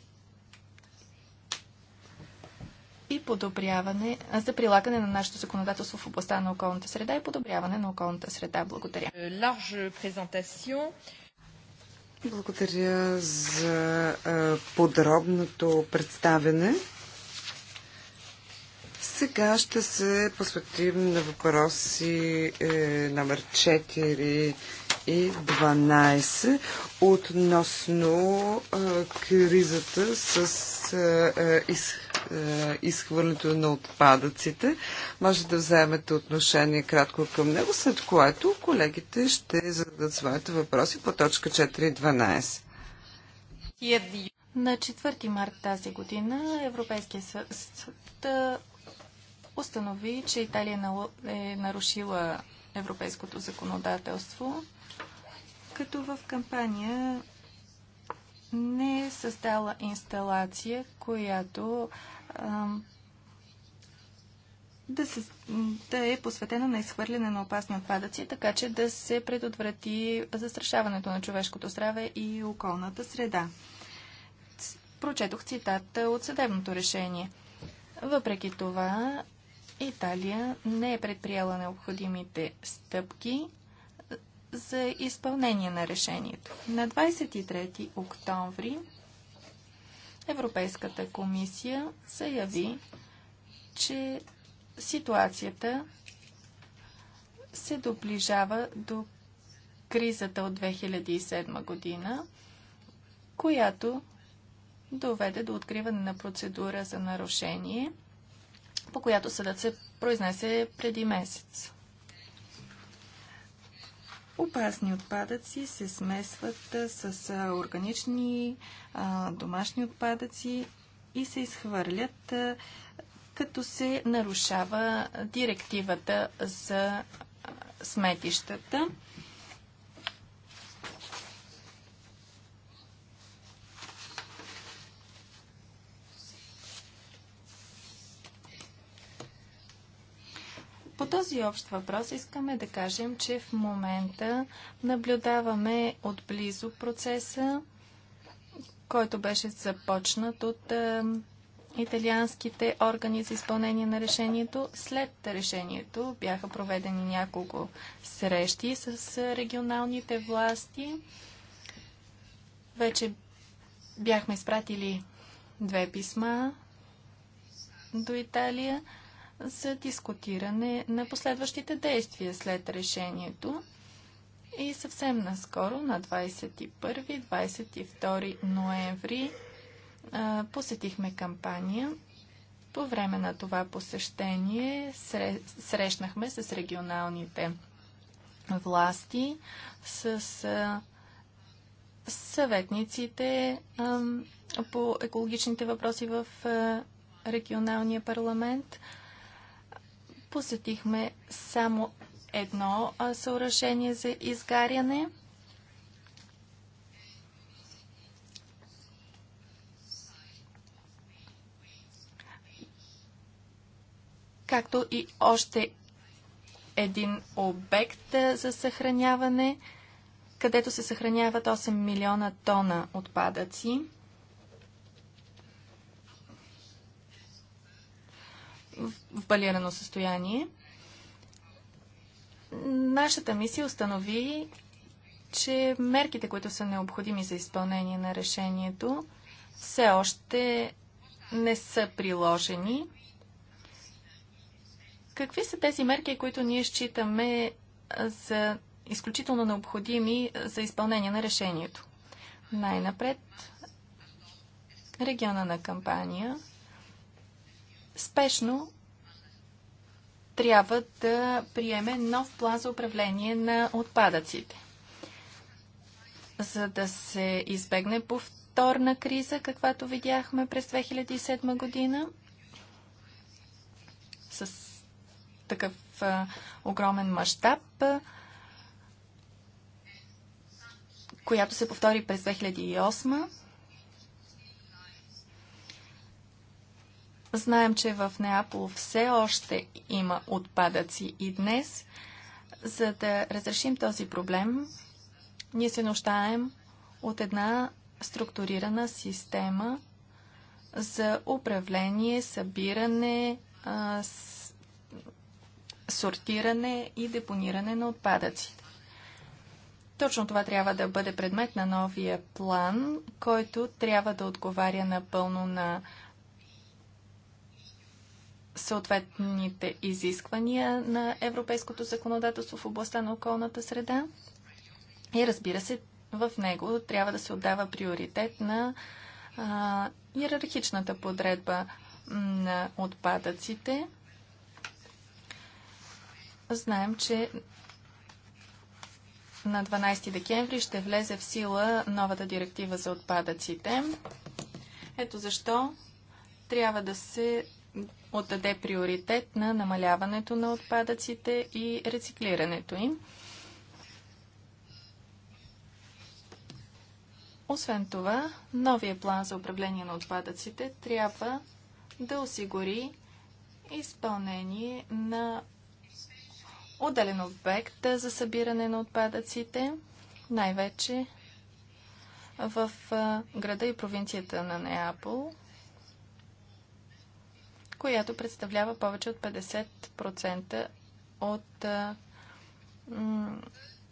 и подобряване, за прилагане на нашето законодателство в областта на околната среда и подобряване на околната среда. Благодаря. Благодаря за подробното представене. Сега ще се посветим на въпроси е, номер 4 и 12 относно е, кризата с е, е, из, е, изхвърлянето на отпадъците. Може да вземете отношение кратко към него, след което колегите ще зададат своите въпроси по точка 4 и 12. На 4 март тази година Европейския съд установи, че Италия е, е нарушила европейското законодателство, като в кампания не е създала инсталация, която а, да, се, да е посветена на изхвърляне на опасни отпадъци, така че да се предотврати застрашаването на човешкото здраве и околната среда. Прочетох цитата от съдебното решение. Въпреки това, Италия не е предприела необходимите стъпки за изпълнение на решението. На 23 октомври Европейската комисия заяви, че ситуацията се доближава до кризата от 2007 година, която доведе до откриване на процедура за нарушение – по която съдът се произнесе преди месец. Опасни отпадъци се смесват с органични домашни отпадъци и се изхвърлят, като се нарушава директивата за сметищата. По този общ въпрос искаме да кажем, че в момента наблюдаваме отблизо процеса, който беше започнат от италианските органи за изпълнение на решението. След решението бяха проведени няколко срещи с регионалните власти. Вече бяхме изпратили две писма до Италия за дискутиране на последващите действия след решението. И съвсем наскоро, на 21-22 ноември, посетихме кампания. По време на това посещение срещнахме с регионалните власти, с съветниците по екологичните въпроси в регионалния парламент – посетихме само едно съоръжение за изгаряне. както и още един обект за съхраняване, където се съхраняват 8 милиона тона отпадъци. в балирано състояние. Нашата мисия установи, че мерките, които са необходими за изпълнение на решението, все още не са приложени. Какви са тези мерки, които ние считаме за изключително необходими за изпълнение на решението? Най-напред региона на кампания – спешно трябва да приеме нов план за управление на отпадъците. За да се избегне повторна криза, каквато видяхме през 2007 година, с такъв а, огромен мащаб, която се повтори през 2008 Знаем, че в Неапол все още има отпадъци и днес. За да разрешим този проблем, ние се нуждаем от една структурирана система за управление, събиране, сортиране и депониране на отпадъци. Точно това трябва да бъде предмет на новия план, който трябва да отговаря напълно на съответните изисквания на европейското законодателство в областта на околната среда. И разбира се, в него трябва да се отдава приоритет на а, иерархичната подредба на отпадъците. Знаем, че на 12 декември ще влезе в сила новата директива за отпадъците. Ето защо трябва да се отдаде приоритет на намаляването на отпадъците и рециклирането им. Освен това, новия план за управление на отпадъците трябва да осигури изпълнение на отделен обект за събиране на отпадъците, най-вече в града и провинцията на Неапол, която представлява повече от 50% от а,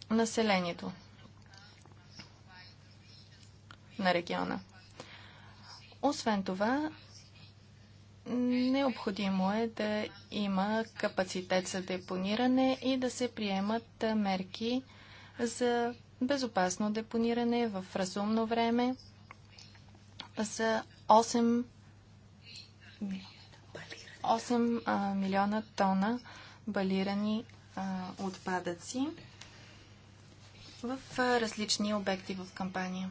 населението на региона. Освен това, необходимо е да има капацитет за депониране и да се приемат мерки за безопасно депониране в разумно време за 8 8 милиона тона балирани отпадъци в различни обекти в кампания.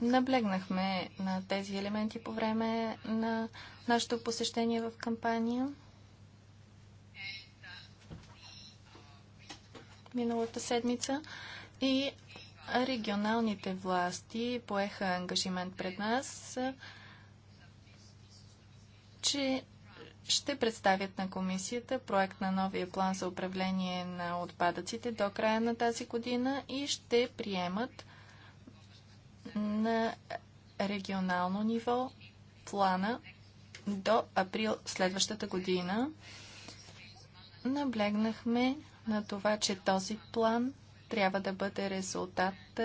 Наблегнахме на тези елементи по време на нашето посещение в кампания. Миналата седмица и регионалните власти поеха ангажимент пред нас че ще представят на комисията проект на новия план за управление на отпадъците до края на тази година и ще приемат на регионално ниво плана до април следващата година. Наблегнахме на това, че този план трябва да бъде резултат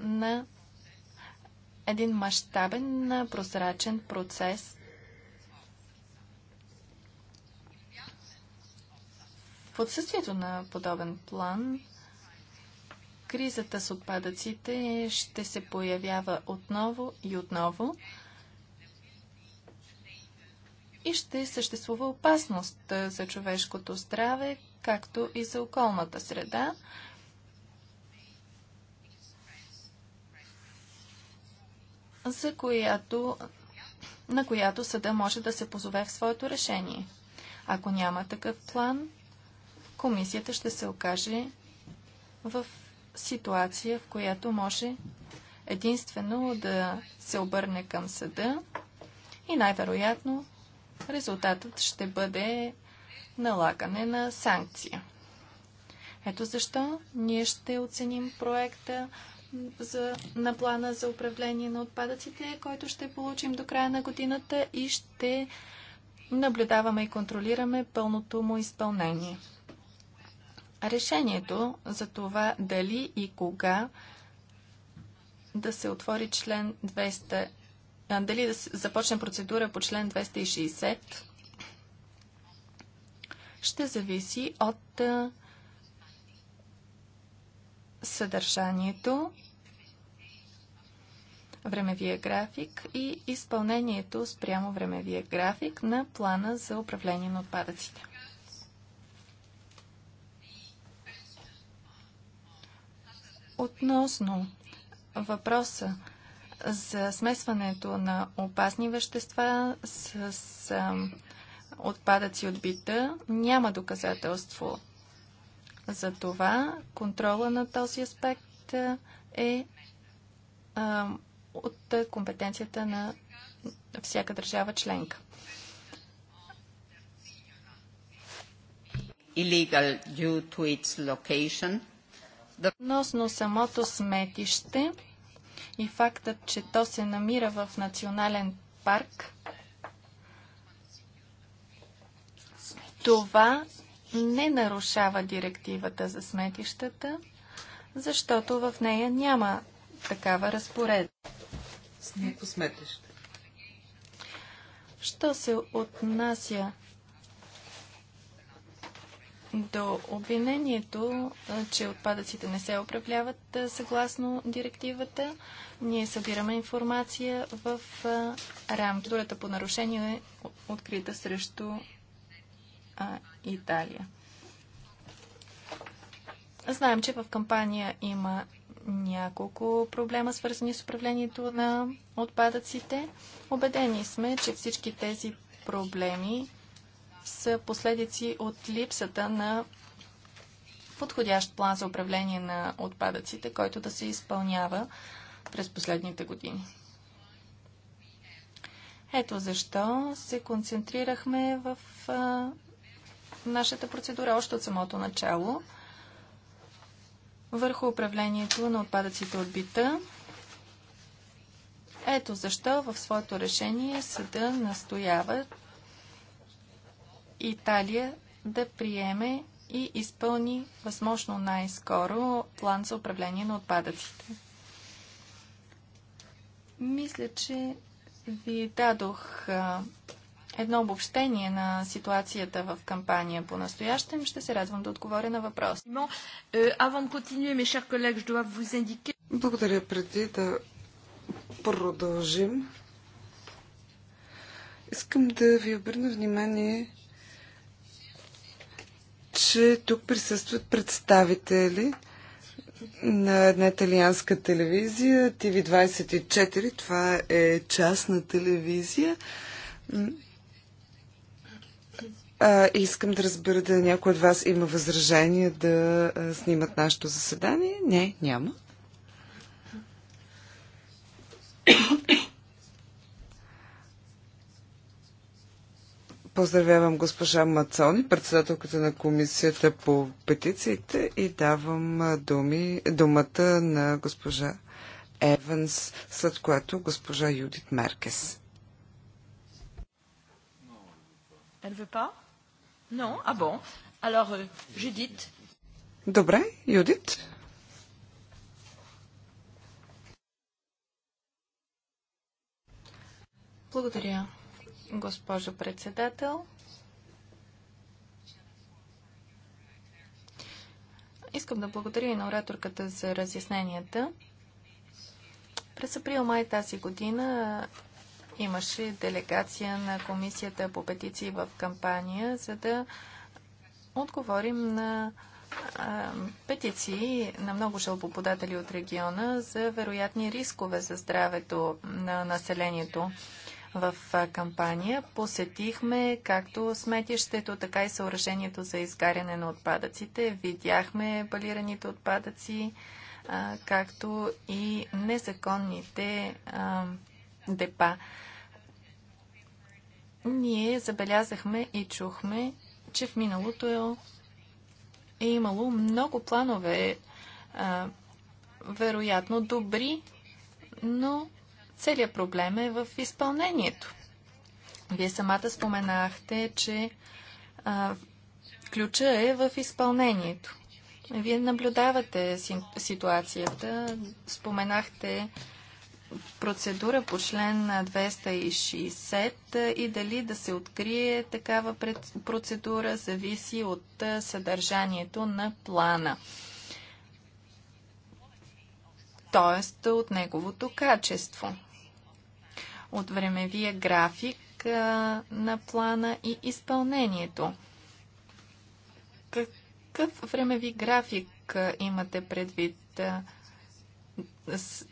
на един мащабен прозрачен процес В отсъствието на подобен план, кризата с отпадъците ще се появява отново и отново и ще съществува опасност за човешкото здраве, както и за околната среда. за която, на която съда може да се позове в своето решение. Ако няма такъв план, комисията ще се окаже в ситуация, в която може единствено да се обърне към съда и най-вероятно резултатът ще бъде налагане на санкция. Ето защо ние ще оценим проекта за, на плана за управление на отпадъците, който ще получим до края на годината и ще наблюдаваме и контролираме пълното му изпълнение. Решението за това дали и кога да се отвори член 200, дали да започне процедура по член 260, ще зависи от съдържанието, времевия график и изпълнението спрямо времевия график на плана за управление на отпадъците. Относно въпроса за смесването на опасни вещества с, с отпадъци от бита, няма доказателство за това. Контрола на този аспект е а, от компетенцията на всяка държава членка. Illegal due to its location. Относно самото сметище и фактът, че то се намира в национален парк, това не нарушава директивата за сметищата, защото в нея няма такава разпоредба. Сметище. Що се отнася до обвинението, че отпадъците не се управляват съгласно директивата. Ние събираме информация в рамките. Дурата по нарушение е открита срещу Италия. Знаем, че в кампания има няколко проблема, свързани с управлението на отпадъците. Обедени сме, че всички тези проблеми са последици от липсата на подходящ план за управление на отпадъците, който да се изпълнява през последните години. Ето защо се концентрирахме в нашата процедура още от самото начало върху управлението на отпадъците от бита. Ето защо в своето решение съда настоява, Италия да приеме и изпълни възможно най-скоро план за управление на отпадъците. Мисля, че ви дадох едно обобщение на ситуацията в кампания по настоящем. Ще се радвам да отговоря на въпрос. Благодаря преди да продължим. Искам да ви обърна внимание че тук присъстват представители на една италианска телевизия, TV24, това е частна телевизия. А, искам да разбера да някой от вас има възражение да а, снимат нашето заседание. Не, няма. Поздравявам госпожа Мацони, председателката на комисията по петициите и давам думи, думата на госпожа Еванс, след което госпожа Юдит Меркес. Ah euh, Добре, Юдит. Благодаря госпожо председател. Искам да благодаря и на ораторката за разясненията. През април-май тази година имаше делегация на Комисията по петиции в кампания, за да отговорим на петиции на много жалбоподатели от региона за вероятни рискове за здравето на населението в кампания посетихме както сметището, така и съоръжението за изгаряне на отпадъците. Видяхме балираните отпадъци, както и незаконните депа. Ние забелязахме и чухме, че в миналото е, е имало много планове, вероятно добри, но Целият проблем е в изпълнението. Вие самата споменахте, че а, ключа е в изпълнението. Вие наблюдавате ситуацията, споменахте процедура по член 260 и дали да се открие такава процедура зависи от съдържанието на плана. Тоест от неговото качество от времевия график а, на плана и изпълнението. Какъв времеви график а, имате предвид?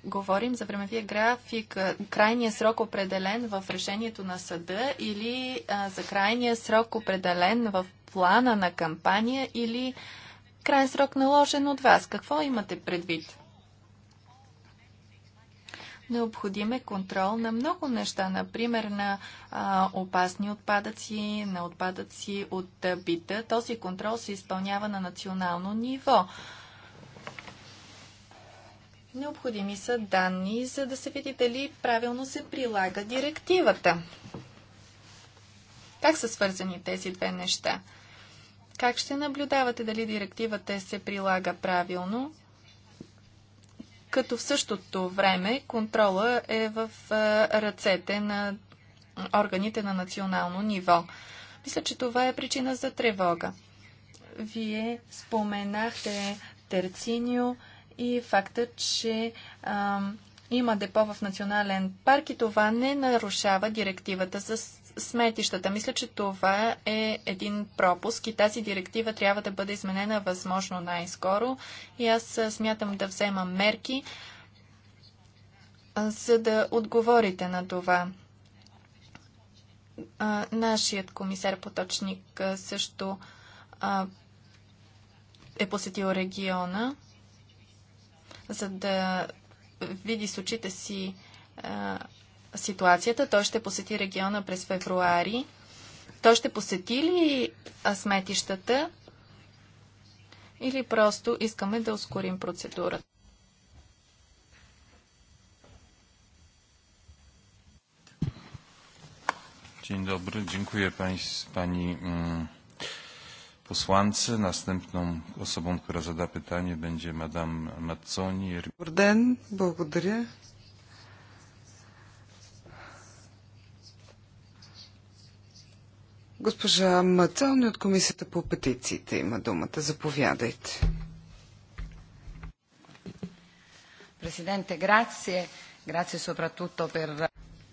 говорим за времевия график, крайния срок определен в решението на съда или за крайния срок определен в плана на кампания или крайен срок наложен от вас. Какво имате предвид? необходим е контрол на много неща, например на а, опасни отпадъци, на отпадъци от бита. Този контрол се изпълнява на национално ниво. Необходими са данни, за да се види дали правилно се прилага директивата. Как са свързани тези две неща? Как ще наблюдавате дали директивата се прилага правилно? като в същото време контрола е в ръцете на органите на национално ниво. Мисля, че това е причина за тревога. Вие споменахте Терцинио и факта, че а, има депо в национален парк и това не нарушава директивата за сметищата. Мисля, че това е един пропуск и тази директива трябва да бъде изменена възможно най-скоро. И аз смятам да взема мерки, за да отговорите на това. нашият комисар Поточник също е посетил региона, за да види с очите си ситуацията. Той ще посети региона през февруари. Той ще посети ли сметищата или просто искаме да ускорим процедурата? Dzień dobry, dziękuję pani mm, posłance. Następną osobą, która zada pytanie będzie madame Mazzoni. Dzień dobry, dziękuję. Госпожа Мацални от Комисията по петициите има думата. Заповядайте. Президенте, грация. Грация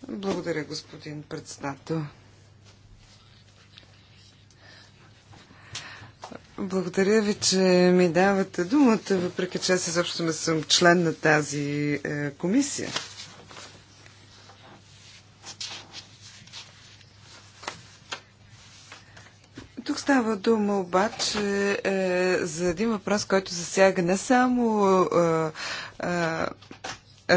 Благодаря, господин председател. Благодаря ви, че ми давате думата, въпреки че аз изобщо не съм член на тази е, комисия. Тук става дума обаче е, за един въпрос, който засяга не само е, е,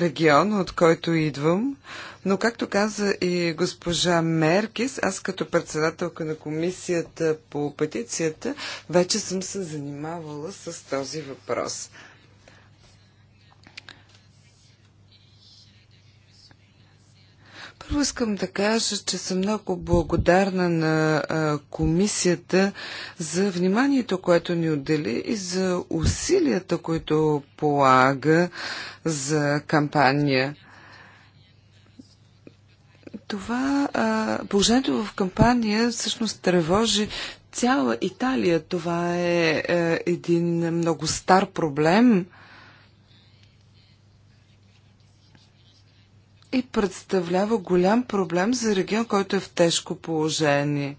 регион, от който идвам, но както каза и госпожа Меркис, аз като председателка на комисията по петицията вече съм се занимавала с този въпрос. Първо искам да кажа, че съм много благодарна на комисията за вниманието, което ни отдели и за усилията, които полага за кампания. Това положението в кампания всъщност тревожи цяла Италия. Това е, е един много стар проблем. и представлява голям проблем за регион, който е в тежко положение.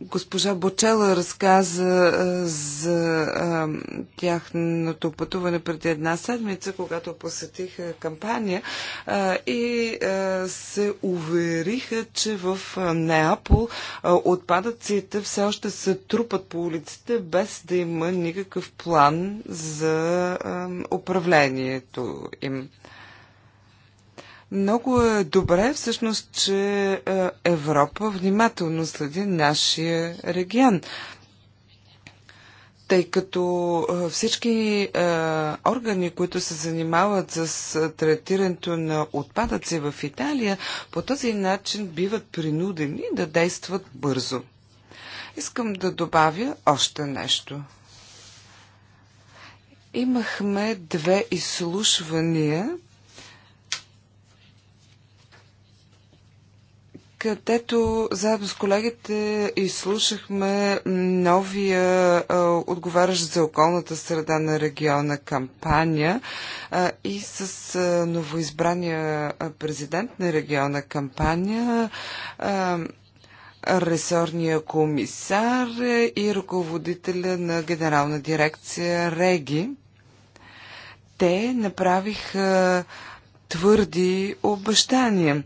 Госпожа Бочела разказа за а, тяхното пътуване преди една седмица, когато посетиха кампания а, и а, се увериха, че в Неапол а, отпадъците все още се трупат по улиците, без да има никакъв план за а, управлението им. Много е добре всъщност, че е, Европа внимателно следи нашия регион тъй като е, всички е, органи, които се занимават с е, третирането на отпадъци в Италия, по този начин биват принудени да действат бързо. Искам да добавя още нещо. Имахме две изслушвания където заедно с колегите изслушахме новия отговарящ за околната среда на региона кампания и с новоизбрания президент на региона кампания а, ресорния комисар и ръководителя на генерална дирекция Реги. Те направиха твърди обещания.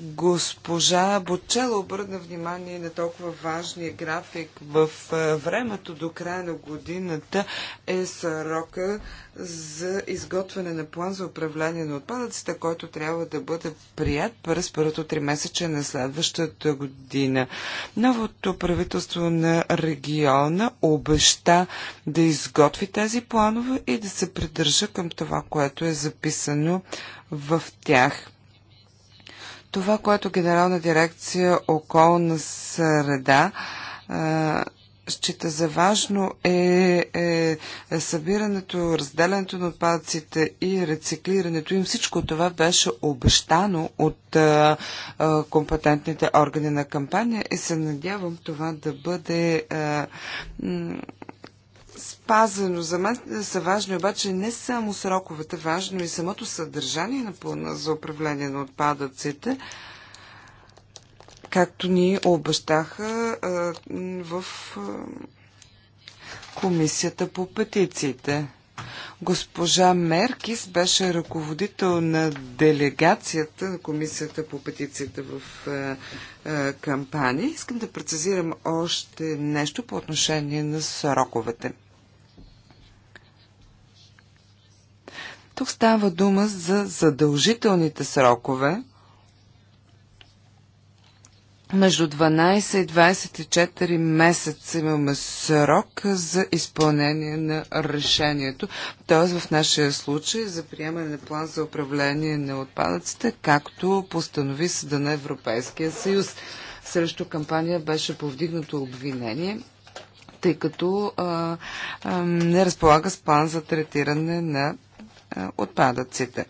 Госпожа Бочела обърна внимание на толкова важния график. В е, времето до края на годината е срока за изготвяне на план за управление на отпадъците, който трябва да бъде прият през първото три месече на следващата година. Новото правителство на региона обеща да изготви тези планове и да се придържа към това, което е записано в тях. Това, което Генерална дирекция околна среда счита за важно е, е, е събирането, разделянето на отпадците и рециклирането им. Всичко това беше обещано от е, е, компетентните органи на кампания и се надявам това да бъде е, спазено. За мен са важни обаче не само сроковете, важно е и самото съдържание на плана за управление на отпадъците, както ни обещаха а, в а, комисията по петициите. Госпожа Меркис беше ръководител на делегацията на Комисията по петицията в е, е, кампания. Искам да прецизирам още нещо по отношение на сроковете. Тук става дума за задължителните срокове между 12 и 24 месеца имаме срок за изпълнение на решението. Т.е. в нашия случай за приемане на план за управление на отпадъците, както постанови Съда на Европейския съюз. Срещу кампания беше повдигнато обвинение тъй като а, а, не разполага с план за третиране на отпадъците.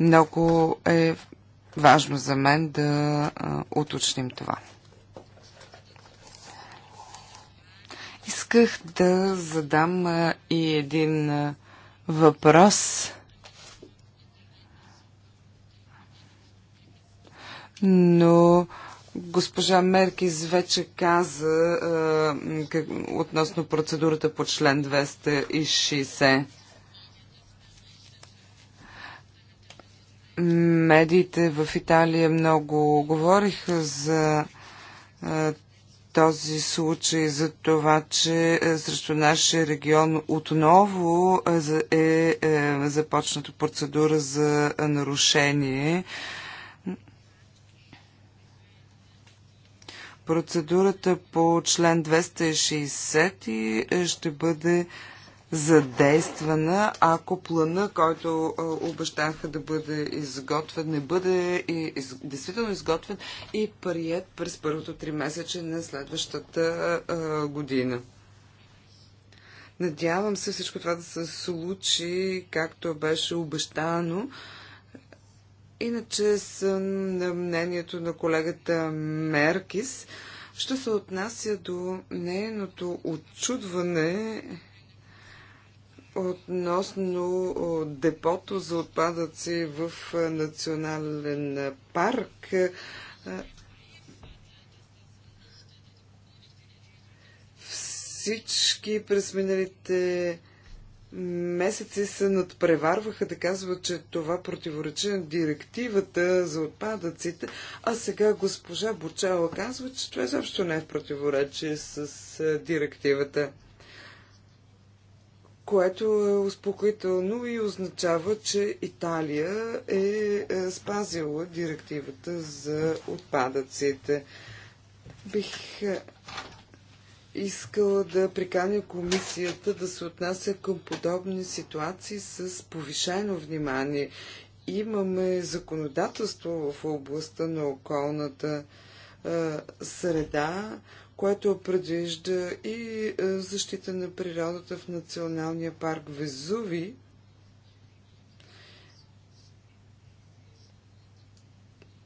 Много е важно за мен да уточним това. Исках да задам и един въпрос. Но госпожа Меркис вече каза е, как, относно процедурата по член 260. Медиите в Италия много говориха за този случай за това, че срещу нашия регион отново е, е започната процедура за нарушение. Процедурата по член 260 е, ще бъде задействана, ако плана, който обещаха да бъде изготвен, не бъде и, из, действително изготвен и прият през първото три месече на следващата а, година. Надявам се всичко това да се случи, както беше обещано. Иначе съм на мнението на колегата Меркис. Що се отнася до нейното отчудване, относно депото за отпадъци в национален парк. Всички през миналите месеци се надпреварваха да казват, че това противоречи на директивата за отпадъците, а сега госпожа Бочала казва, че това изобщо не е в противоречие с директивата което е успокоително и означава, че Италия е, е спазила директивата за отпадъците. Бих е, искала да приканя комисията да се отнася към подобни ситуации с повишено внимание. Имаме законодателство в областта на околната е, среда, което предвижда и е, защита на природата в националния парк Везуви.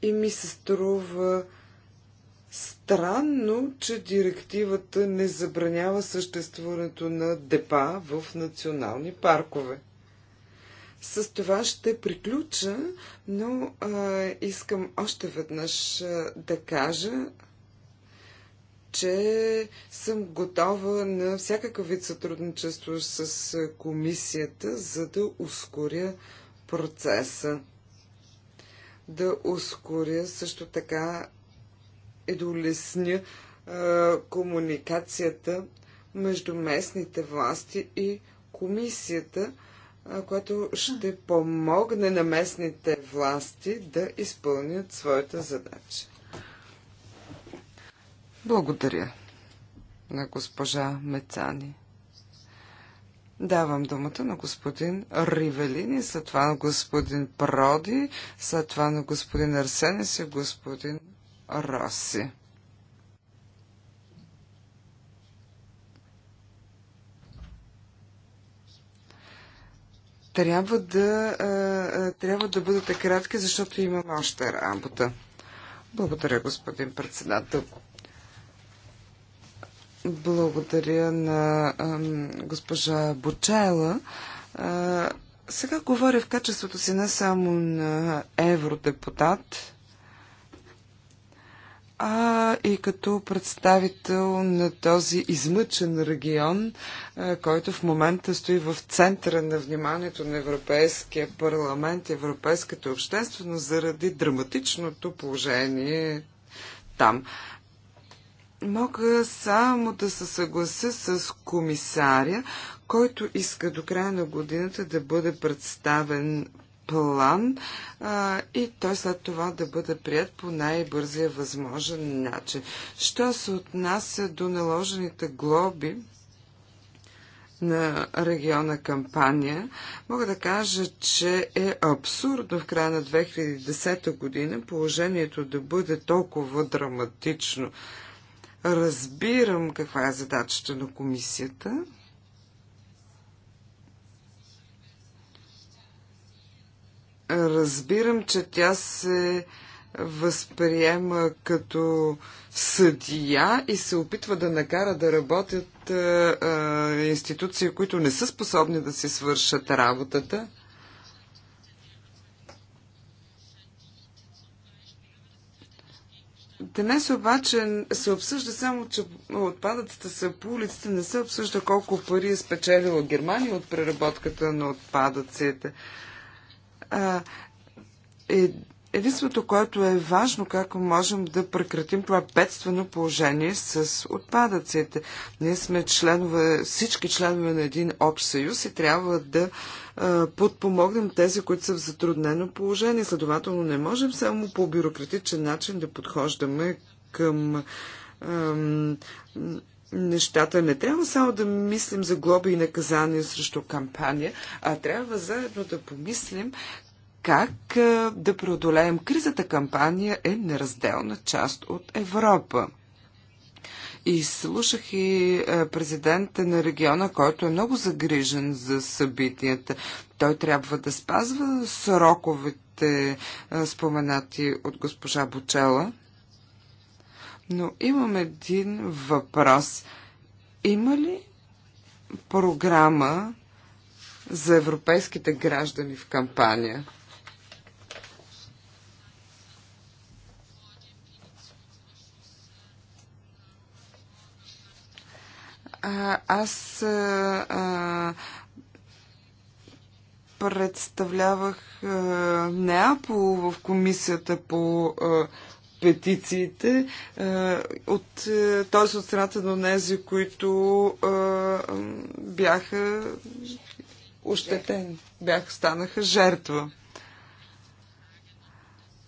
И ми се струва странно, че директивата не забранява съществуването на депа в национални паркове. С това ще приключа, но а, искам още веднъж а, да кажа, че съм готова на всякакъв вид сътрудничество с комисията, за да ускоря процеса. Да ускоря също така и да улесня е, комуникацията между местните власти и комисията, което ще помогне на местните власти да изпълнят своята задача. Благодаря на госпожа Мецани. Давам думата на господин Ривелин и след това на господин Проди, след това на господин Арсенес и господин Роси. Трябва да, трябва да бъдете кратки, защото имам още работа. Благодаря, господин председател. Благодаря на госпожа Бочела. сега говоря в качеството си не само на евродепутат, а и като представител на този измъчен регион, който в момента стои в центъра на вниманието на Европейския парламент и Европейската общественост заради драматичното положение там. Мога само да се съглася с комисаря, който иска до края на годината да бъде представен план а, и той след това да бъде прият по най-бързия възможен начин. Що се отнася до наложените глоби на региона кампания, мога да кажа, че е абсурдно в края на 2010 година положението да бъде толкова драматично. Разбирам каква е задачата на комисията. Разбирам, че тя се възприема като съдия и се опитва да накара да работят а, институции, които не са способни да си свършат работата. Днес обаче се обсъжда само, че отпадъците са по улиците, не се обсъжда колко пари е спечелила Германия от преработката на отпадъците. А, е, Единството, което е важно, как можем да прекратим това бедствено положение с отпадъците. Ние сме членове, всички членове на един общ съюз и трябва да а, подпомогнем тези, които са в затруднено положение. Следователно не можем само по бюрократичен начин да подхождаме към нещата. Не трябва само да мислим за глоби и наказания срещу кампания, а трябва заедно да помислим как да преодолеем кризата кампания е неразделна част от Европа. И слушах и президента на региона, който е много загрижен за събитията. Той трябва да спазва сроковете, споменати от госпожа Бочела. Но имам един въпрос. Има ли програма за европейските граждани в кампания? аз а, а, представлявах а, Неапол в комисията по а, петициите, а, от, т.е. от страната на нези, които а, бяха ощетени, бяха, станаха жертва.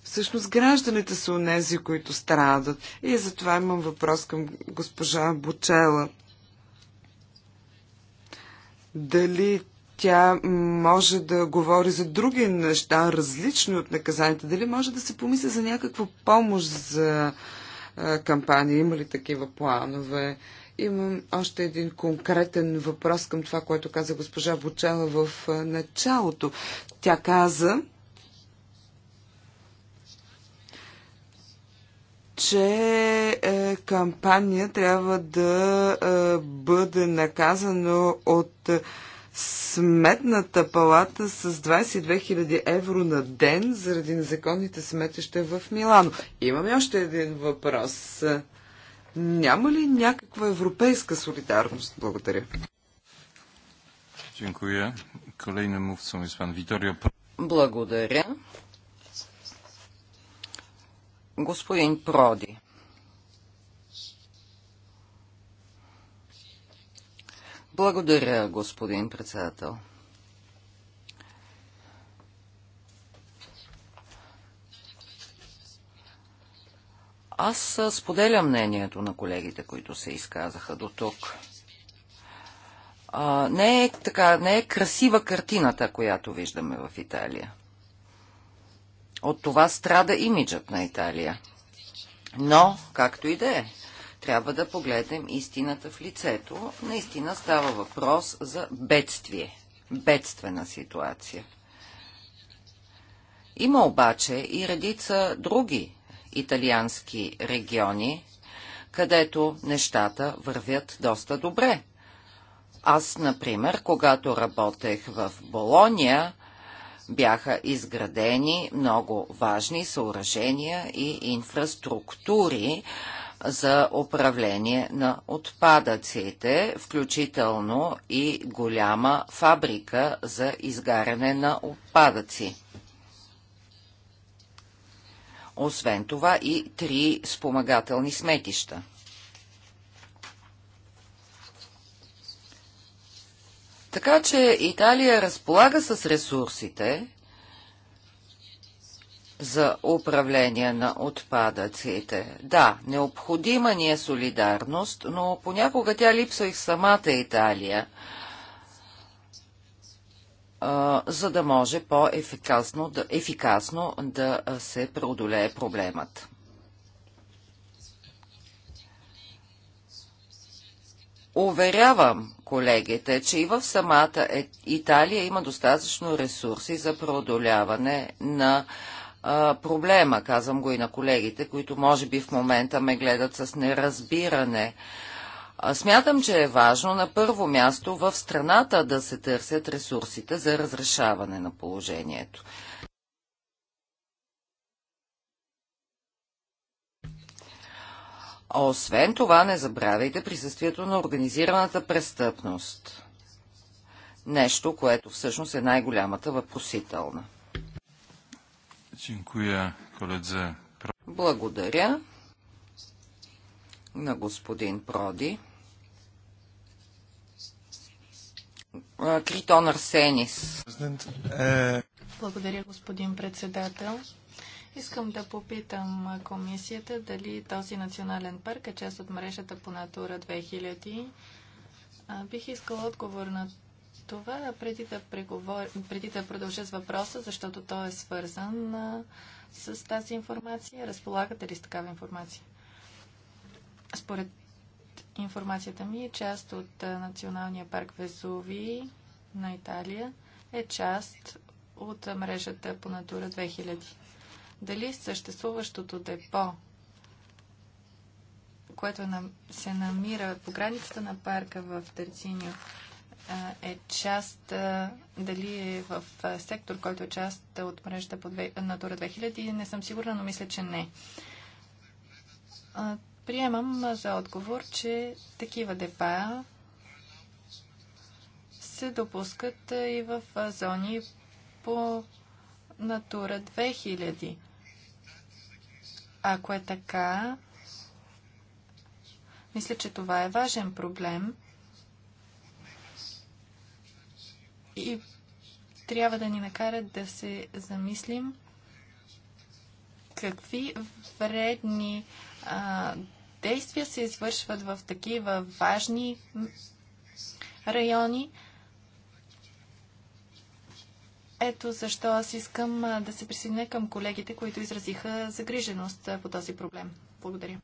Всъщност гражданите са онези, които страдат. И затова имам въпрос към госпожа Бочела дали тя може да говори за други неща, различни от наказанията, дали може да се помисли за някаква помощ за кампания, има ли такива планове? Имам още един конкретен въпрос към това, което каза госпожа Бочела в началото. Тя каза, че е, кампания трябва да е, бъде наказано от сметната палата с 22 000 евро на ден заради незаконните сметища в Милано. Имаме още един въпрос. Няма ли някаква европейска солидарност? Благодаря. Благодаря. Господин Проди. Благодаря, господин председател. Аз споделям мнението на колегите, които се изказаха до тук. А, не е така, не е красива картината, която виждаме в Италия. От това страда имиджът на Италия. Но, както и да е, трябва да погледнем истината в лицето. Наистина става въпрос за бедствие, бедствена ситуация. Има обаче и редица други италиански региони, където нещата вървят доста добре. Аз, например, когато работех в Болония, бяха изградени много важни съоръжения и инфраструктури за управление на отпадъците, включително и голяма фабрика за изгаряне на отпадъци. Освен това и три спомагателни сметища. Така че Италия разполага с ресурсите за управление на отпадъците. Да, необходима ни е солидарност, но понякога тя липсва и в самата Италия, за да може по-ефикасно да, ефикасно да се преодолее проблемът. Уверявам колегите, че и в самата е- Италия има достатъчно ресурси за преодоляване на а, проблема. Казвам го и на колегите, които може би в момента ме гледат с неразбиране. А, смятам, че е важно на първо място в страната да се търсят ресурсите за разрешаване на положението. Освен това, не забравяйте присъствието на организираната престъпност. Нещо, което всъщност е най-голямата въпросителна. Благодаря на господин Проди. Критон Арсенис. Благодаря, господин председател. Искам да попитам комисията дали този национален парк е част от мрежата по Натура 2000. Бих искала отговор на това, преди да, преговор... преди да продължа с въпроса, защото той е свързан с тази информация. Разполагате ли с такава информация? Според информацията ми част от Националния парк Везуви на Италия, е част от мрежата по Натура 2000 дали съществуващото депо, което се намира по границата на парка в Терциньо, е част, дали е в сектор, който е част от мрежата по Натура 2000, не съм сигурна, но мисля, че не. Приемам за отговор, че такива депа се допускат и в зони по Натура 2000. Ако е така, мисля, че това е важен проблем и трябва да ни накарат да се замислим какви вредни а, действия се извършват в такива важни райони ето защо аз искам да се присъединя към колегите, които изразиха загриженост по този проблем. Благодаря.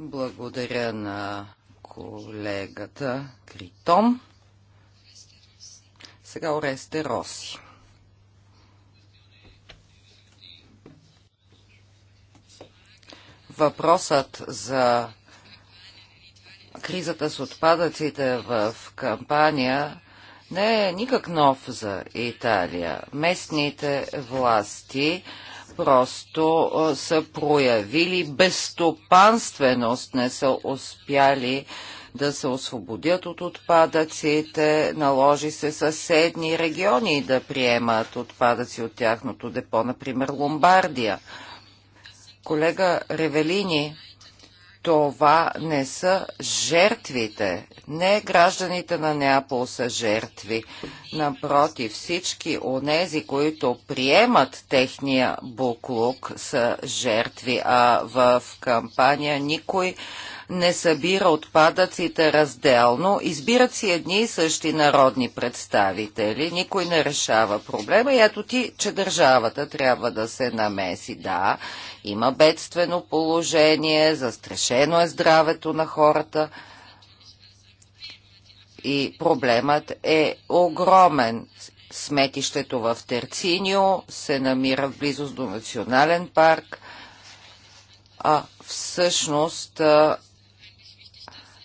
Благодаря на колегата Критон. Сега Оресте Роси. Въпросът за кризата с отпадъците в кампания не е никак нов за Италия. Местните власти просто са проявили безстопанственост, не са успяли да се освободят от отпадъците, наложи се съседни региони да приемат отпадъци от тяхното депо, например Ломбардия. Колега Ревелини това не са жертвите. Не гражданите на Неапол са жертви. Напротив, всички онези, които приемат техния буклук, са жертви. А в кампания никой не събира отпадъците разделно. Избират си едни и същи народни представители. Никой не решава проблема. И ето ти, че държавата трябва да се намеси. Да, има бедствено положение, застрашено е здравето на хората и проблемът е огромен. Сметището в Терцинио се намира в близост до национален парк, а всъщност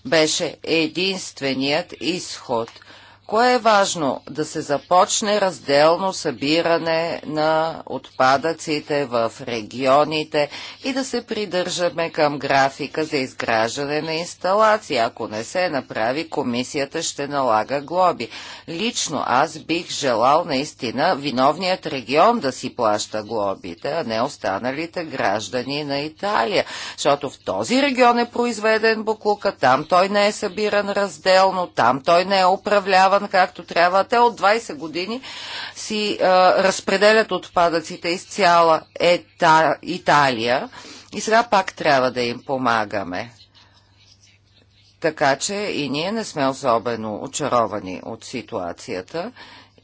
беше единственият изход – Кое е важно? Да се започне разделно събиране на отпадъците в регионите и да се придържаме към графика за изграждане на инсталации. Ако не се направи, комисията ще налага глоби. Лично аз бих желал наистина виновният регион да си плаща глобите, а не останалите граждани на Италия. Защото в този регион е произведен буклука, там той не е събиран разделно, там той не е управляван изразходван както трябва. Те от 20 години си а, разпределят отпадъците из цяла Ета, Италия и сега пак трябва да им помагаме. Така че и ние не сме особено очаровани от ситуацията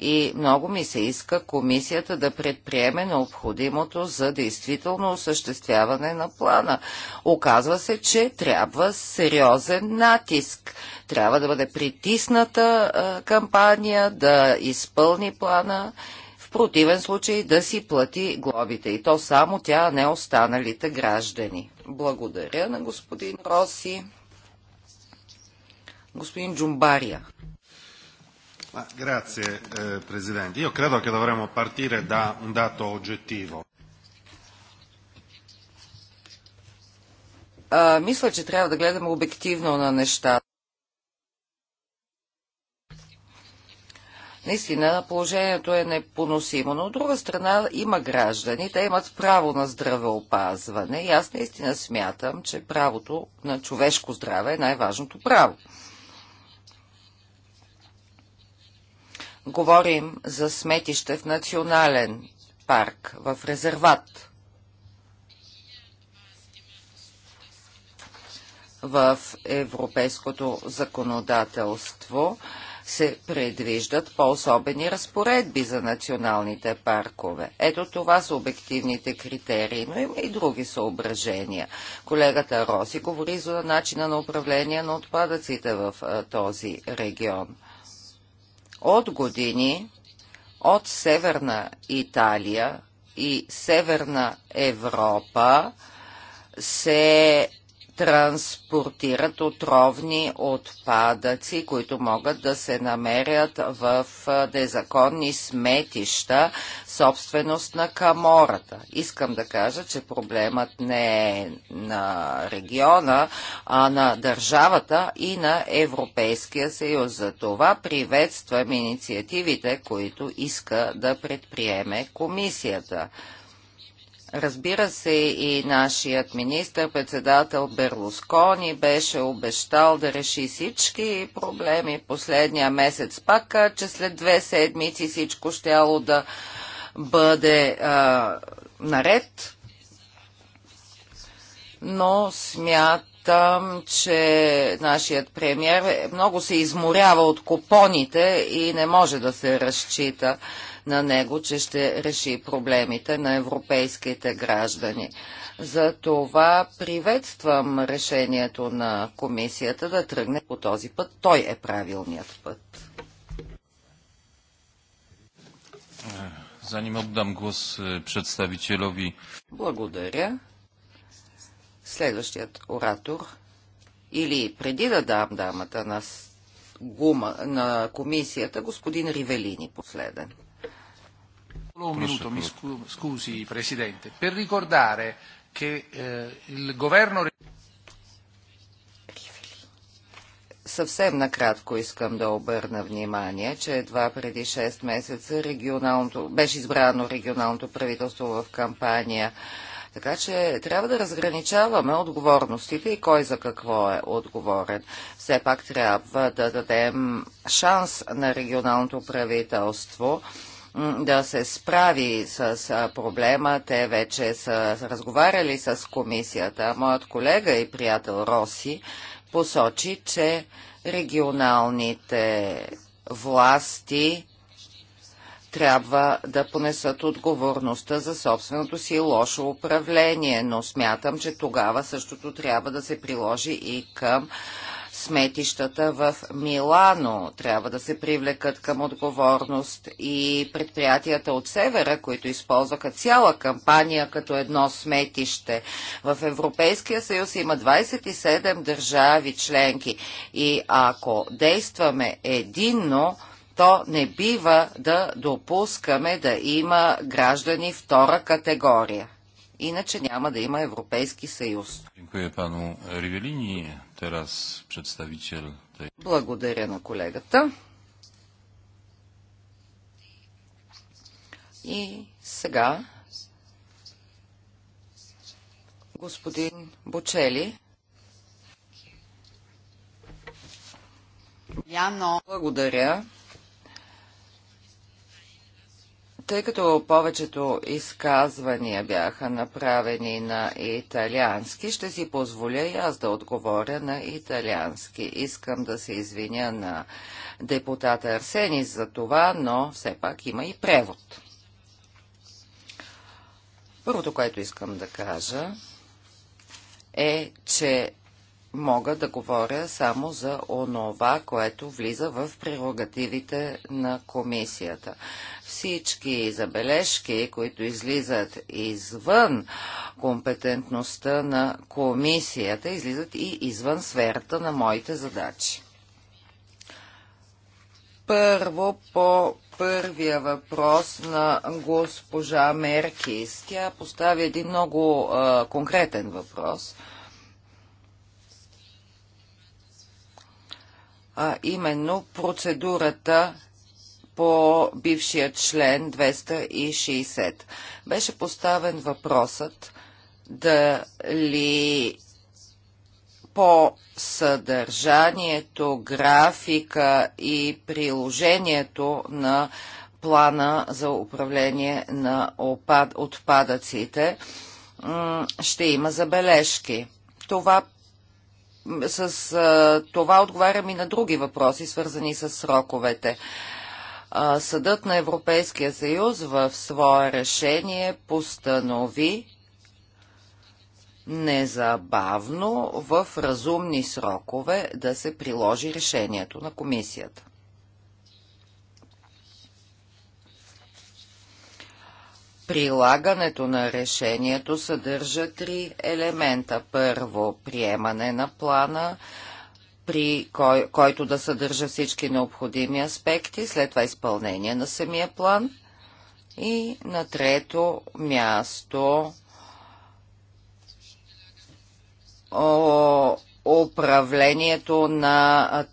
и много ми се иска комисията да предприеме необходимото за действително осъществяване на плана. Оказва се, че трябва сериозен натиск. Трябва да бъде притисната а, кампания да изпълни плана В противен случай да си плати глобите. И то само тя, а не останалите граждани. Благодаря на господин Роси. Господин Джумбария. Ma, grazie eh, Presidente. Io credo che dovremmo partire da un dato oggettivo. мисля, че трябва да гледаме обективно на нещата. Наистина, положението е непоносимо, но от друга страна има граждани, те имат право на здравеопазване и аз наистина смятам, че правото на човешко здраве е най-важното право. Говорим за сметище в национален парк, в резерват. В европейското законодателство се предвиждат по-особени разпоредби за националните паркове. Ето това са обективните критерии, но има и други съображения. Колегата Роси говори за начина на управление на отпадъците в този регион. От години от Северна Италия и Северна Европа се транспортират отровни отпадъци, които могат да се намерят в незаконни сметища, собственост на камората. Искам да кажа, че проблемът не е на региона, а на държавата и на Европейския съюз. За това приветствам инициативите, които иска да предприеме комисията. Разбира се, и нашият министр-председател Берлускони беше обещал да реши всички проблеми последния месец. Пак, че след две седмици всичко щяло да бъде а, наред. Но смятам, че нашият премьер е много се изморява от купоните и не може да се разчита на него, че ще реши проблемите на европейските граждани. За това приветствам решението на комисията да тръгне по този път. Той е правилният път. Zanim oddam глас przedstawicielowi. Благодаря. Следващият оратор или преди да дам дамата на, гума, на комисията, господин Ривелини последен. Un minuto, mi scusi, Presidente. Per ricordare che eh, il governo... Съвсем накратко искам да обърна внимание, че едва преди 6 месеца регионалното, беше избрано регионалното правителство в кампания. Така че трябва да разграничаваме отговорностите и кой за какво е отговорен. Все пак трябва да дадем шанс на регионалното правителство да се справи с проблема. Те вече са разговаряли с комисията. Моят колега и приятел Роси посочи, че регионалните власти трябва да понесат отговорността за собственото си лошо управление, но смятам, че тогава същото трябва да се приложи и към сметищата в Милано. Трябва да се привлекат към отговорност и предприятията от севера, които използваха цяла кампания като едно сметище. В Европейския съюз има 27 държави членки и ако действаме единно, то не бива да допускаме да има граждани втора категория. Иначе няма да има Европейски съюз. Дякую пану Ривелини. Благодаря на колегата. И сега господин Бочели. Яно. Благодаря. Тъй като повечето изказвания бяха направени на италиански, ще си позволя и аз да отговоря на италиански. Искам да се извиня на депутата Арсенис за това, но все пак има и превод. Първото, което искам да кажа, е, че мога да говоря само за онова, което влиза в прерогативите на комисията. Всички забележки, които излизат извън компетентността на комисията, излизат и извън сферата на моите задачи. Първо по първия въпрос на госпожа Меркис. Тя постави един много а, конкретен въпрос. А именно процедурата по бившия член 260. Беше поставен въпросът дали по съдържанието, графика и приложението на плана за управление на отпадъците ще има забележки. Това, с това отговарям и на други въпроси, свързани с сроковете. Съдът на Европейския съюз в свое решение постанови незабавно в разумни срокове да се приложи решението на комисията. Прилагането на решението съдържа три елемента. Първо, приемане на плана, при кой, който да съдържа всички необходими аспекти, след това изпълнение на самия план и на трето място о, управлението на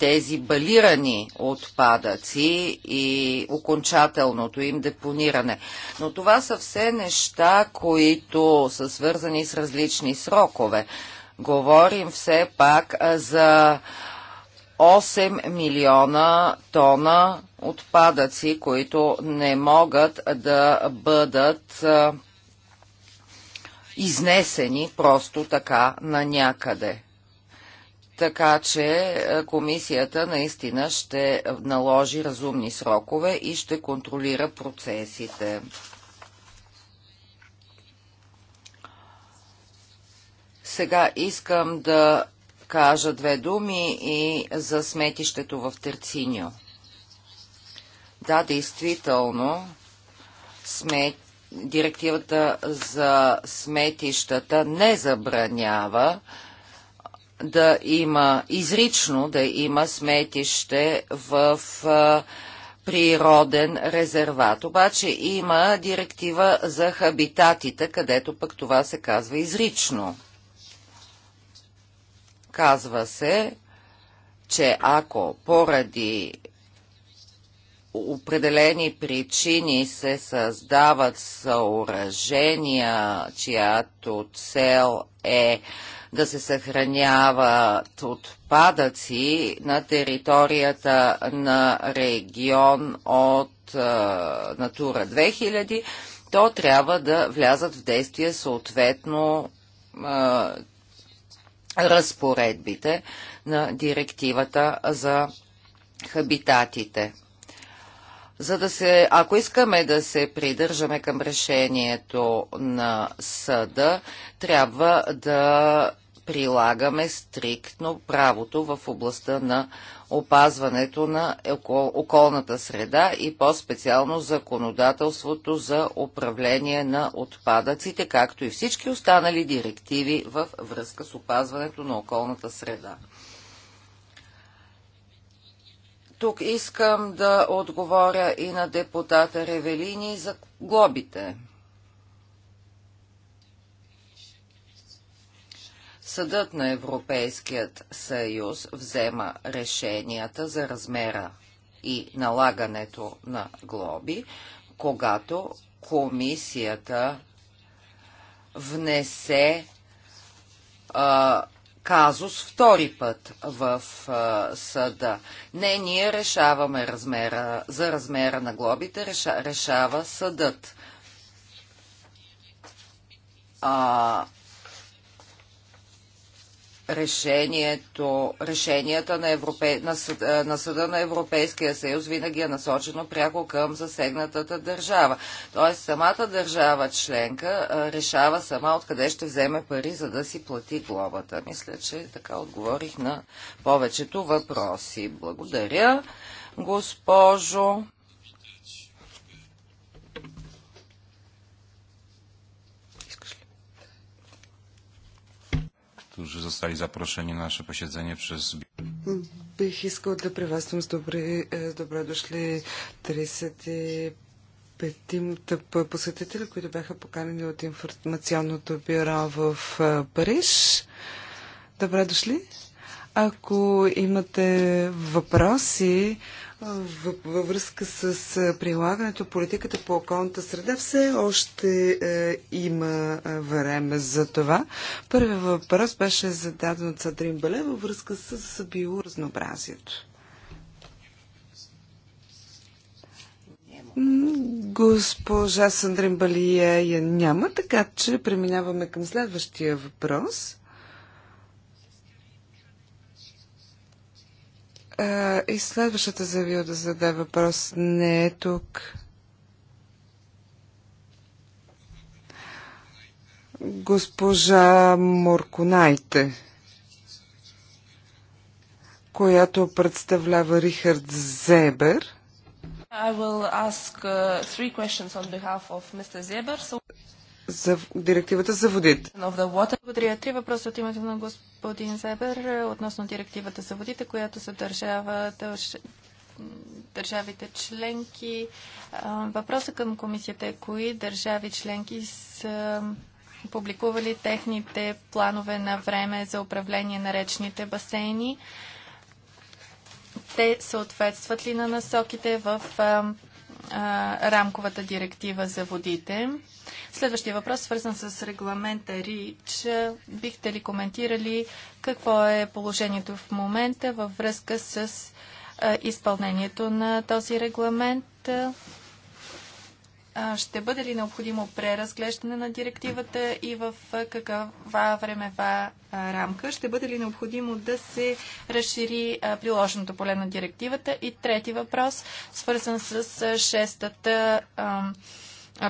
тези балирани отпадъци и окончателното им депониране. Но това са все неща, които са свързани с различни срокове. Говорим все пак за 8 милиона тона отпадъци, които не могат да бъдат изнесени просто така на някъде. Така че комисията наистина ще наложи разумни срокове и ще контролира процесите. Сега искам да кажа две думи и за сметището в Терциньо. Да, действително, смет... директивата за сметищата не забранява да има изрично да има сметище в природен резерват. Обаче има директива за хабитатите, където пък това се казва изрично. Казва се, че ако поради определени причини се създават съоръжения, чиято цел е да се съхраняват отпадъци на територията на регион от е, Натура 2000, то трябва да влязат в действие съответно е, разпоредбите на директивата за хабитатите. За да се, ако искаме да се придържаме към решението на съда, трябва да прилагаме стриктно правото в областта на опазването на окол, околната среда и по-специално законодателството за управление на отпадъците, както и всички останали директиви в връзка с опазването на околната среда. Тук искам да отговоря и на депутата Ревелини за глобите. Съдът на Европейският съюз взема решенията за размера и налагането на глоби, когато комисията внесе а, казус втори път в а, съда. Не, ние решаваме размера, за размера на глобите реша, решава съдът. А, решението, решенията на, Европе, на, съда, е, на Съда на Европейския съюз винаги е насочено пряко към засегнатата държава. Тоест самата държава членка е, решава сама откъде ще вземе пари, за да си плати глобата. Мисля, че така отговорих на повечето въпроси. Благодаря, госпожо. którzy zostali zaproszeni na nasze posiedzenie przez... Бих искал да приветствам с добре, добре дошли 35-та посетители, които бяха поканени от информационното бюро в е, Париж. Добре дошли! Ако имате въпроси, във връзка с прилагането политиката по околната среда все още е, има време за това. Първият въпрос беше зададен от Садрин Бале във връзка с биоразнообразието. Госпожа Сандрин Балия я няма, така че преминаваме към следващия въпрос. А, и следващата заявила да зададе въпрос не е тук. Госпожа Морконайте, която представлява Рихард Зебер. I will ask uh, three questions on behalf of Mr. Zeber. So за директивата за водите. Благодаря. Три въпроса от името на господин Зебер е, относно директивата за водите, която съдържава държавите членки. Въпроса към комисията е кои държави членки са публикували техните планове на време за управление на речните басейни. Те съответстват ли на насоките в рамковата директива за водите. Следващия въпрос, свързан с регламента РИЧ. Бихте ли коментирали какво е положението в момента във връзка с изпълнението на този регламент? ще бъде ли необходимо преразглеждане на директивата и в каква времева рамка? Ще бъде ли необходимо да се разшири приложеното поле на директивата? И трети въпрос, свързан с шестата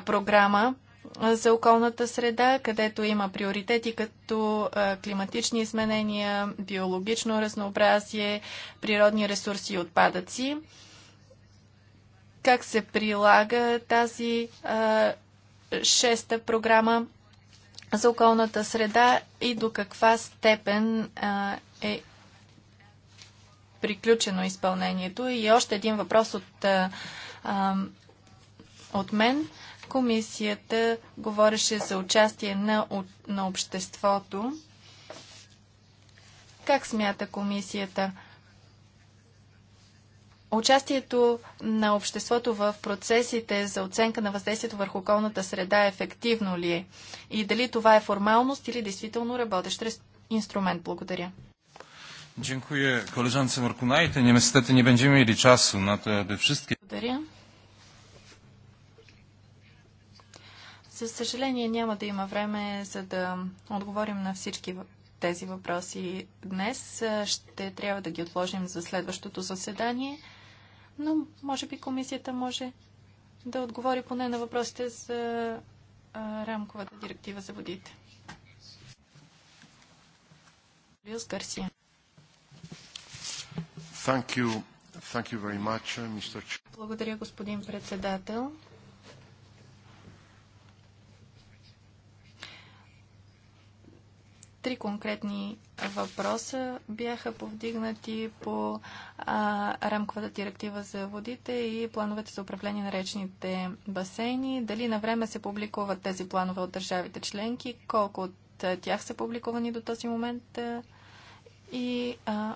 програма за околната среда, където има приоритети като климатични изменения, биологично разнообразие, природни ресурси и отпадъци как се прилага тази а, шеста програма за околната среда и до каква степен а, е приключено изпълнението. И още един въпрос от, а, от мен. Комисията говореше за участие на, на обществото. Как смята комисията? Участието на обществото в процесите за оценка на въздействието върху околната среда е ефективно ли е? И дали това е формалност или действително работещ инструмент? Благодаря. Dziękuję koleżance Morkunajte. Niestety nie będziemy mieli czasu na to, aby wszystkie... Благодаря. За съжаление няма да има време за да отговорим на всички тези въпроси днес. Ще трябва да ги отложим за следващото заседание но може би комисията може да отговори поне на въпросите за рамковата директива за водите. Люс Гарсия. Uh, Благодаря, господин председател. Три конкретни въпроса бяха повдигнати по а, рамковата директива за водите и плановете за управление на речните басейни. Дали на време се публикуват тези планове от държавите членки? Колко от тях са публикувани до този момент? И а,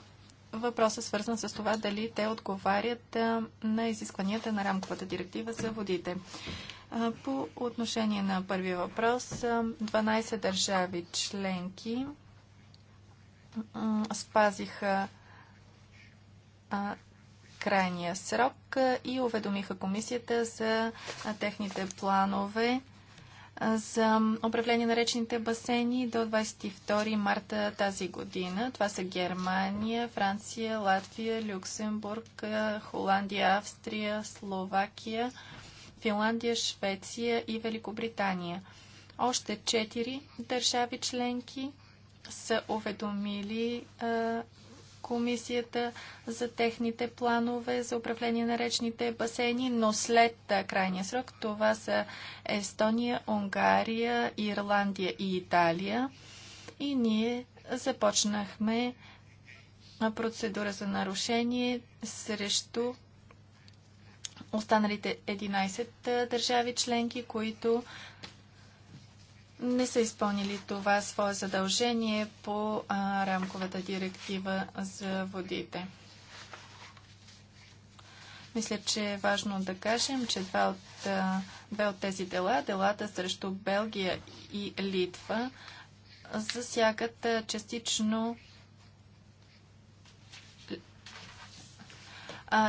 въпросът свързан с това дали те отговарят а, на изискванията на рамковата директива за водите. По отношение на първия въпрос, 12 държави членки спазиха крайния срок и уведомиха комисията за техните планове за управление на речните басейни до 22 марта тази година. Това са Германия, Франция, Латвия, Люксембург, Холандия, Австрия, Словакия, Финландия, Швеция и Великобритания. Още четири държави членки са уведомили а, комисията за техните планове за управление на речните басейни, но след крайния срок това са Естония, Унгария, Ирландия и Италия. И ние започнахме процедура за нарушение срещу останалите 11 държави членки, които не са изпълнили това свое задължение по а, рамковата директива за водите. Мисля, че е важно да кажем, че два от, две от тези дела, делата срещу Белгия и Литва, засягат частично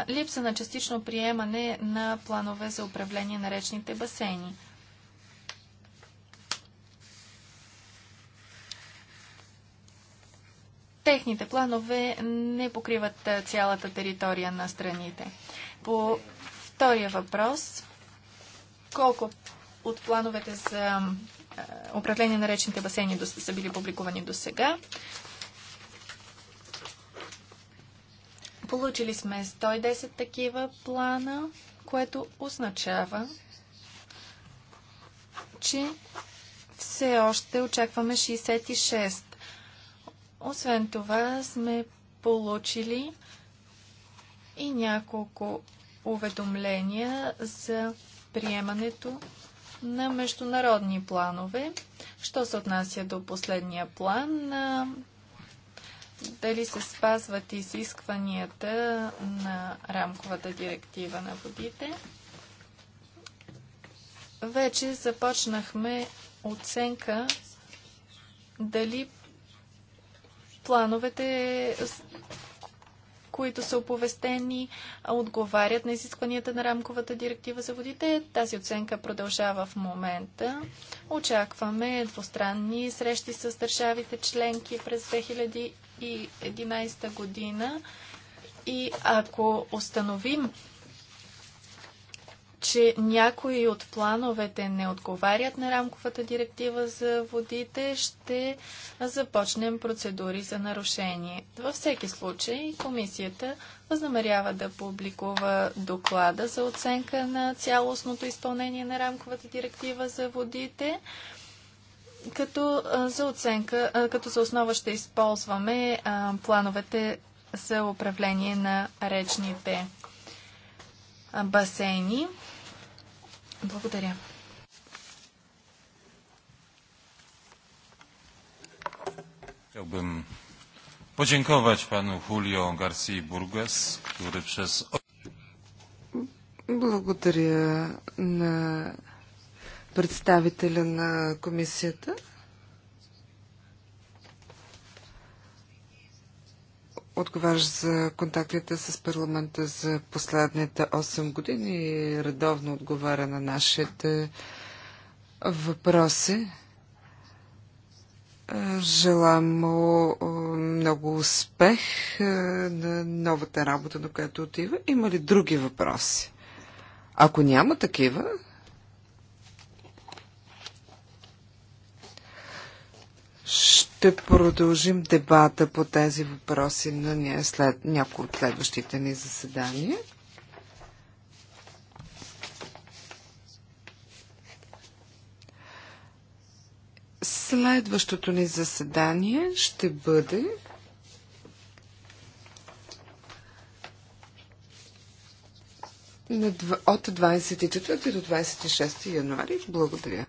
липса на частично приемане на планове за управление на речните басейни. Техните планове не покриват цялата територия на страните. По втория въпрос, колко от плановете за управление на речните басейни са били публикувани до сега. Получили сме 110 такива плана, което означава, че все още очакваме 66. Освен това сме получили и няколко уведомления за приемането на международни планове. Що се отнася до последния план, дали се спазват изискванията на рамковата директива на водите. Вече започнахме оценка дали плановете, които са оповестени, отговарят на изискванията на рамковата директива за водите. Тази оценка продължава в момента. Очакваме двустранни срещи с държавите членки през 2011 година и ако установим, че някои от плановете не отговарят на рамковата директива за водите, ще започнем процедури за нарушение. Във всеки случай комисията възнамерява да публикува доклада за оценка на цялостното изпълнение на рамковата директива за водите като за оценка, като за основа ще използваме плановете за управление на речните басейни. Благодаря. Chciałbym podziękować panu Julio który przez... Благодаря на представителя на комисията. Отговаряш за контактите с парламента за последните 8 години и редовно отговаря на нашите въпроси. Желам му много успех е, на новата работа, на която отива. Има ли други въпроси? Ако няма такива, Ще продължим дебата по тези въпроси на след някои от следващите ни заседания. Следващото ни заседание ще бъде от 24 до 26 януари. Благодаря.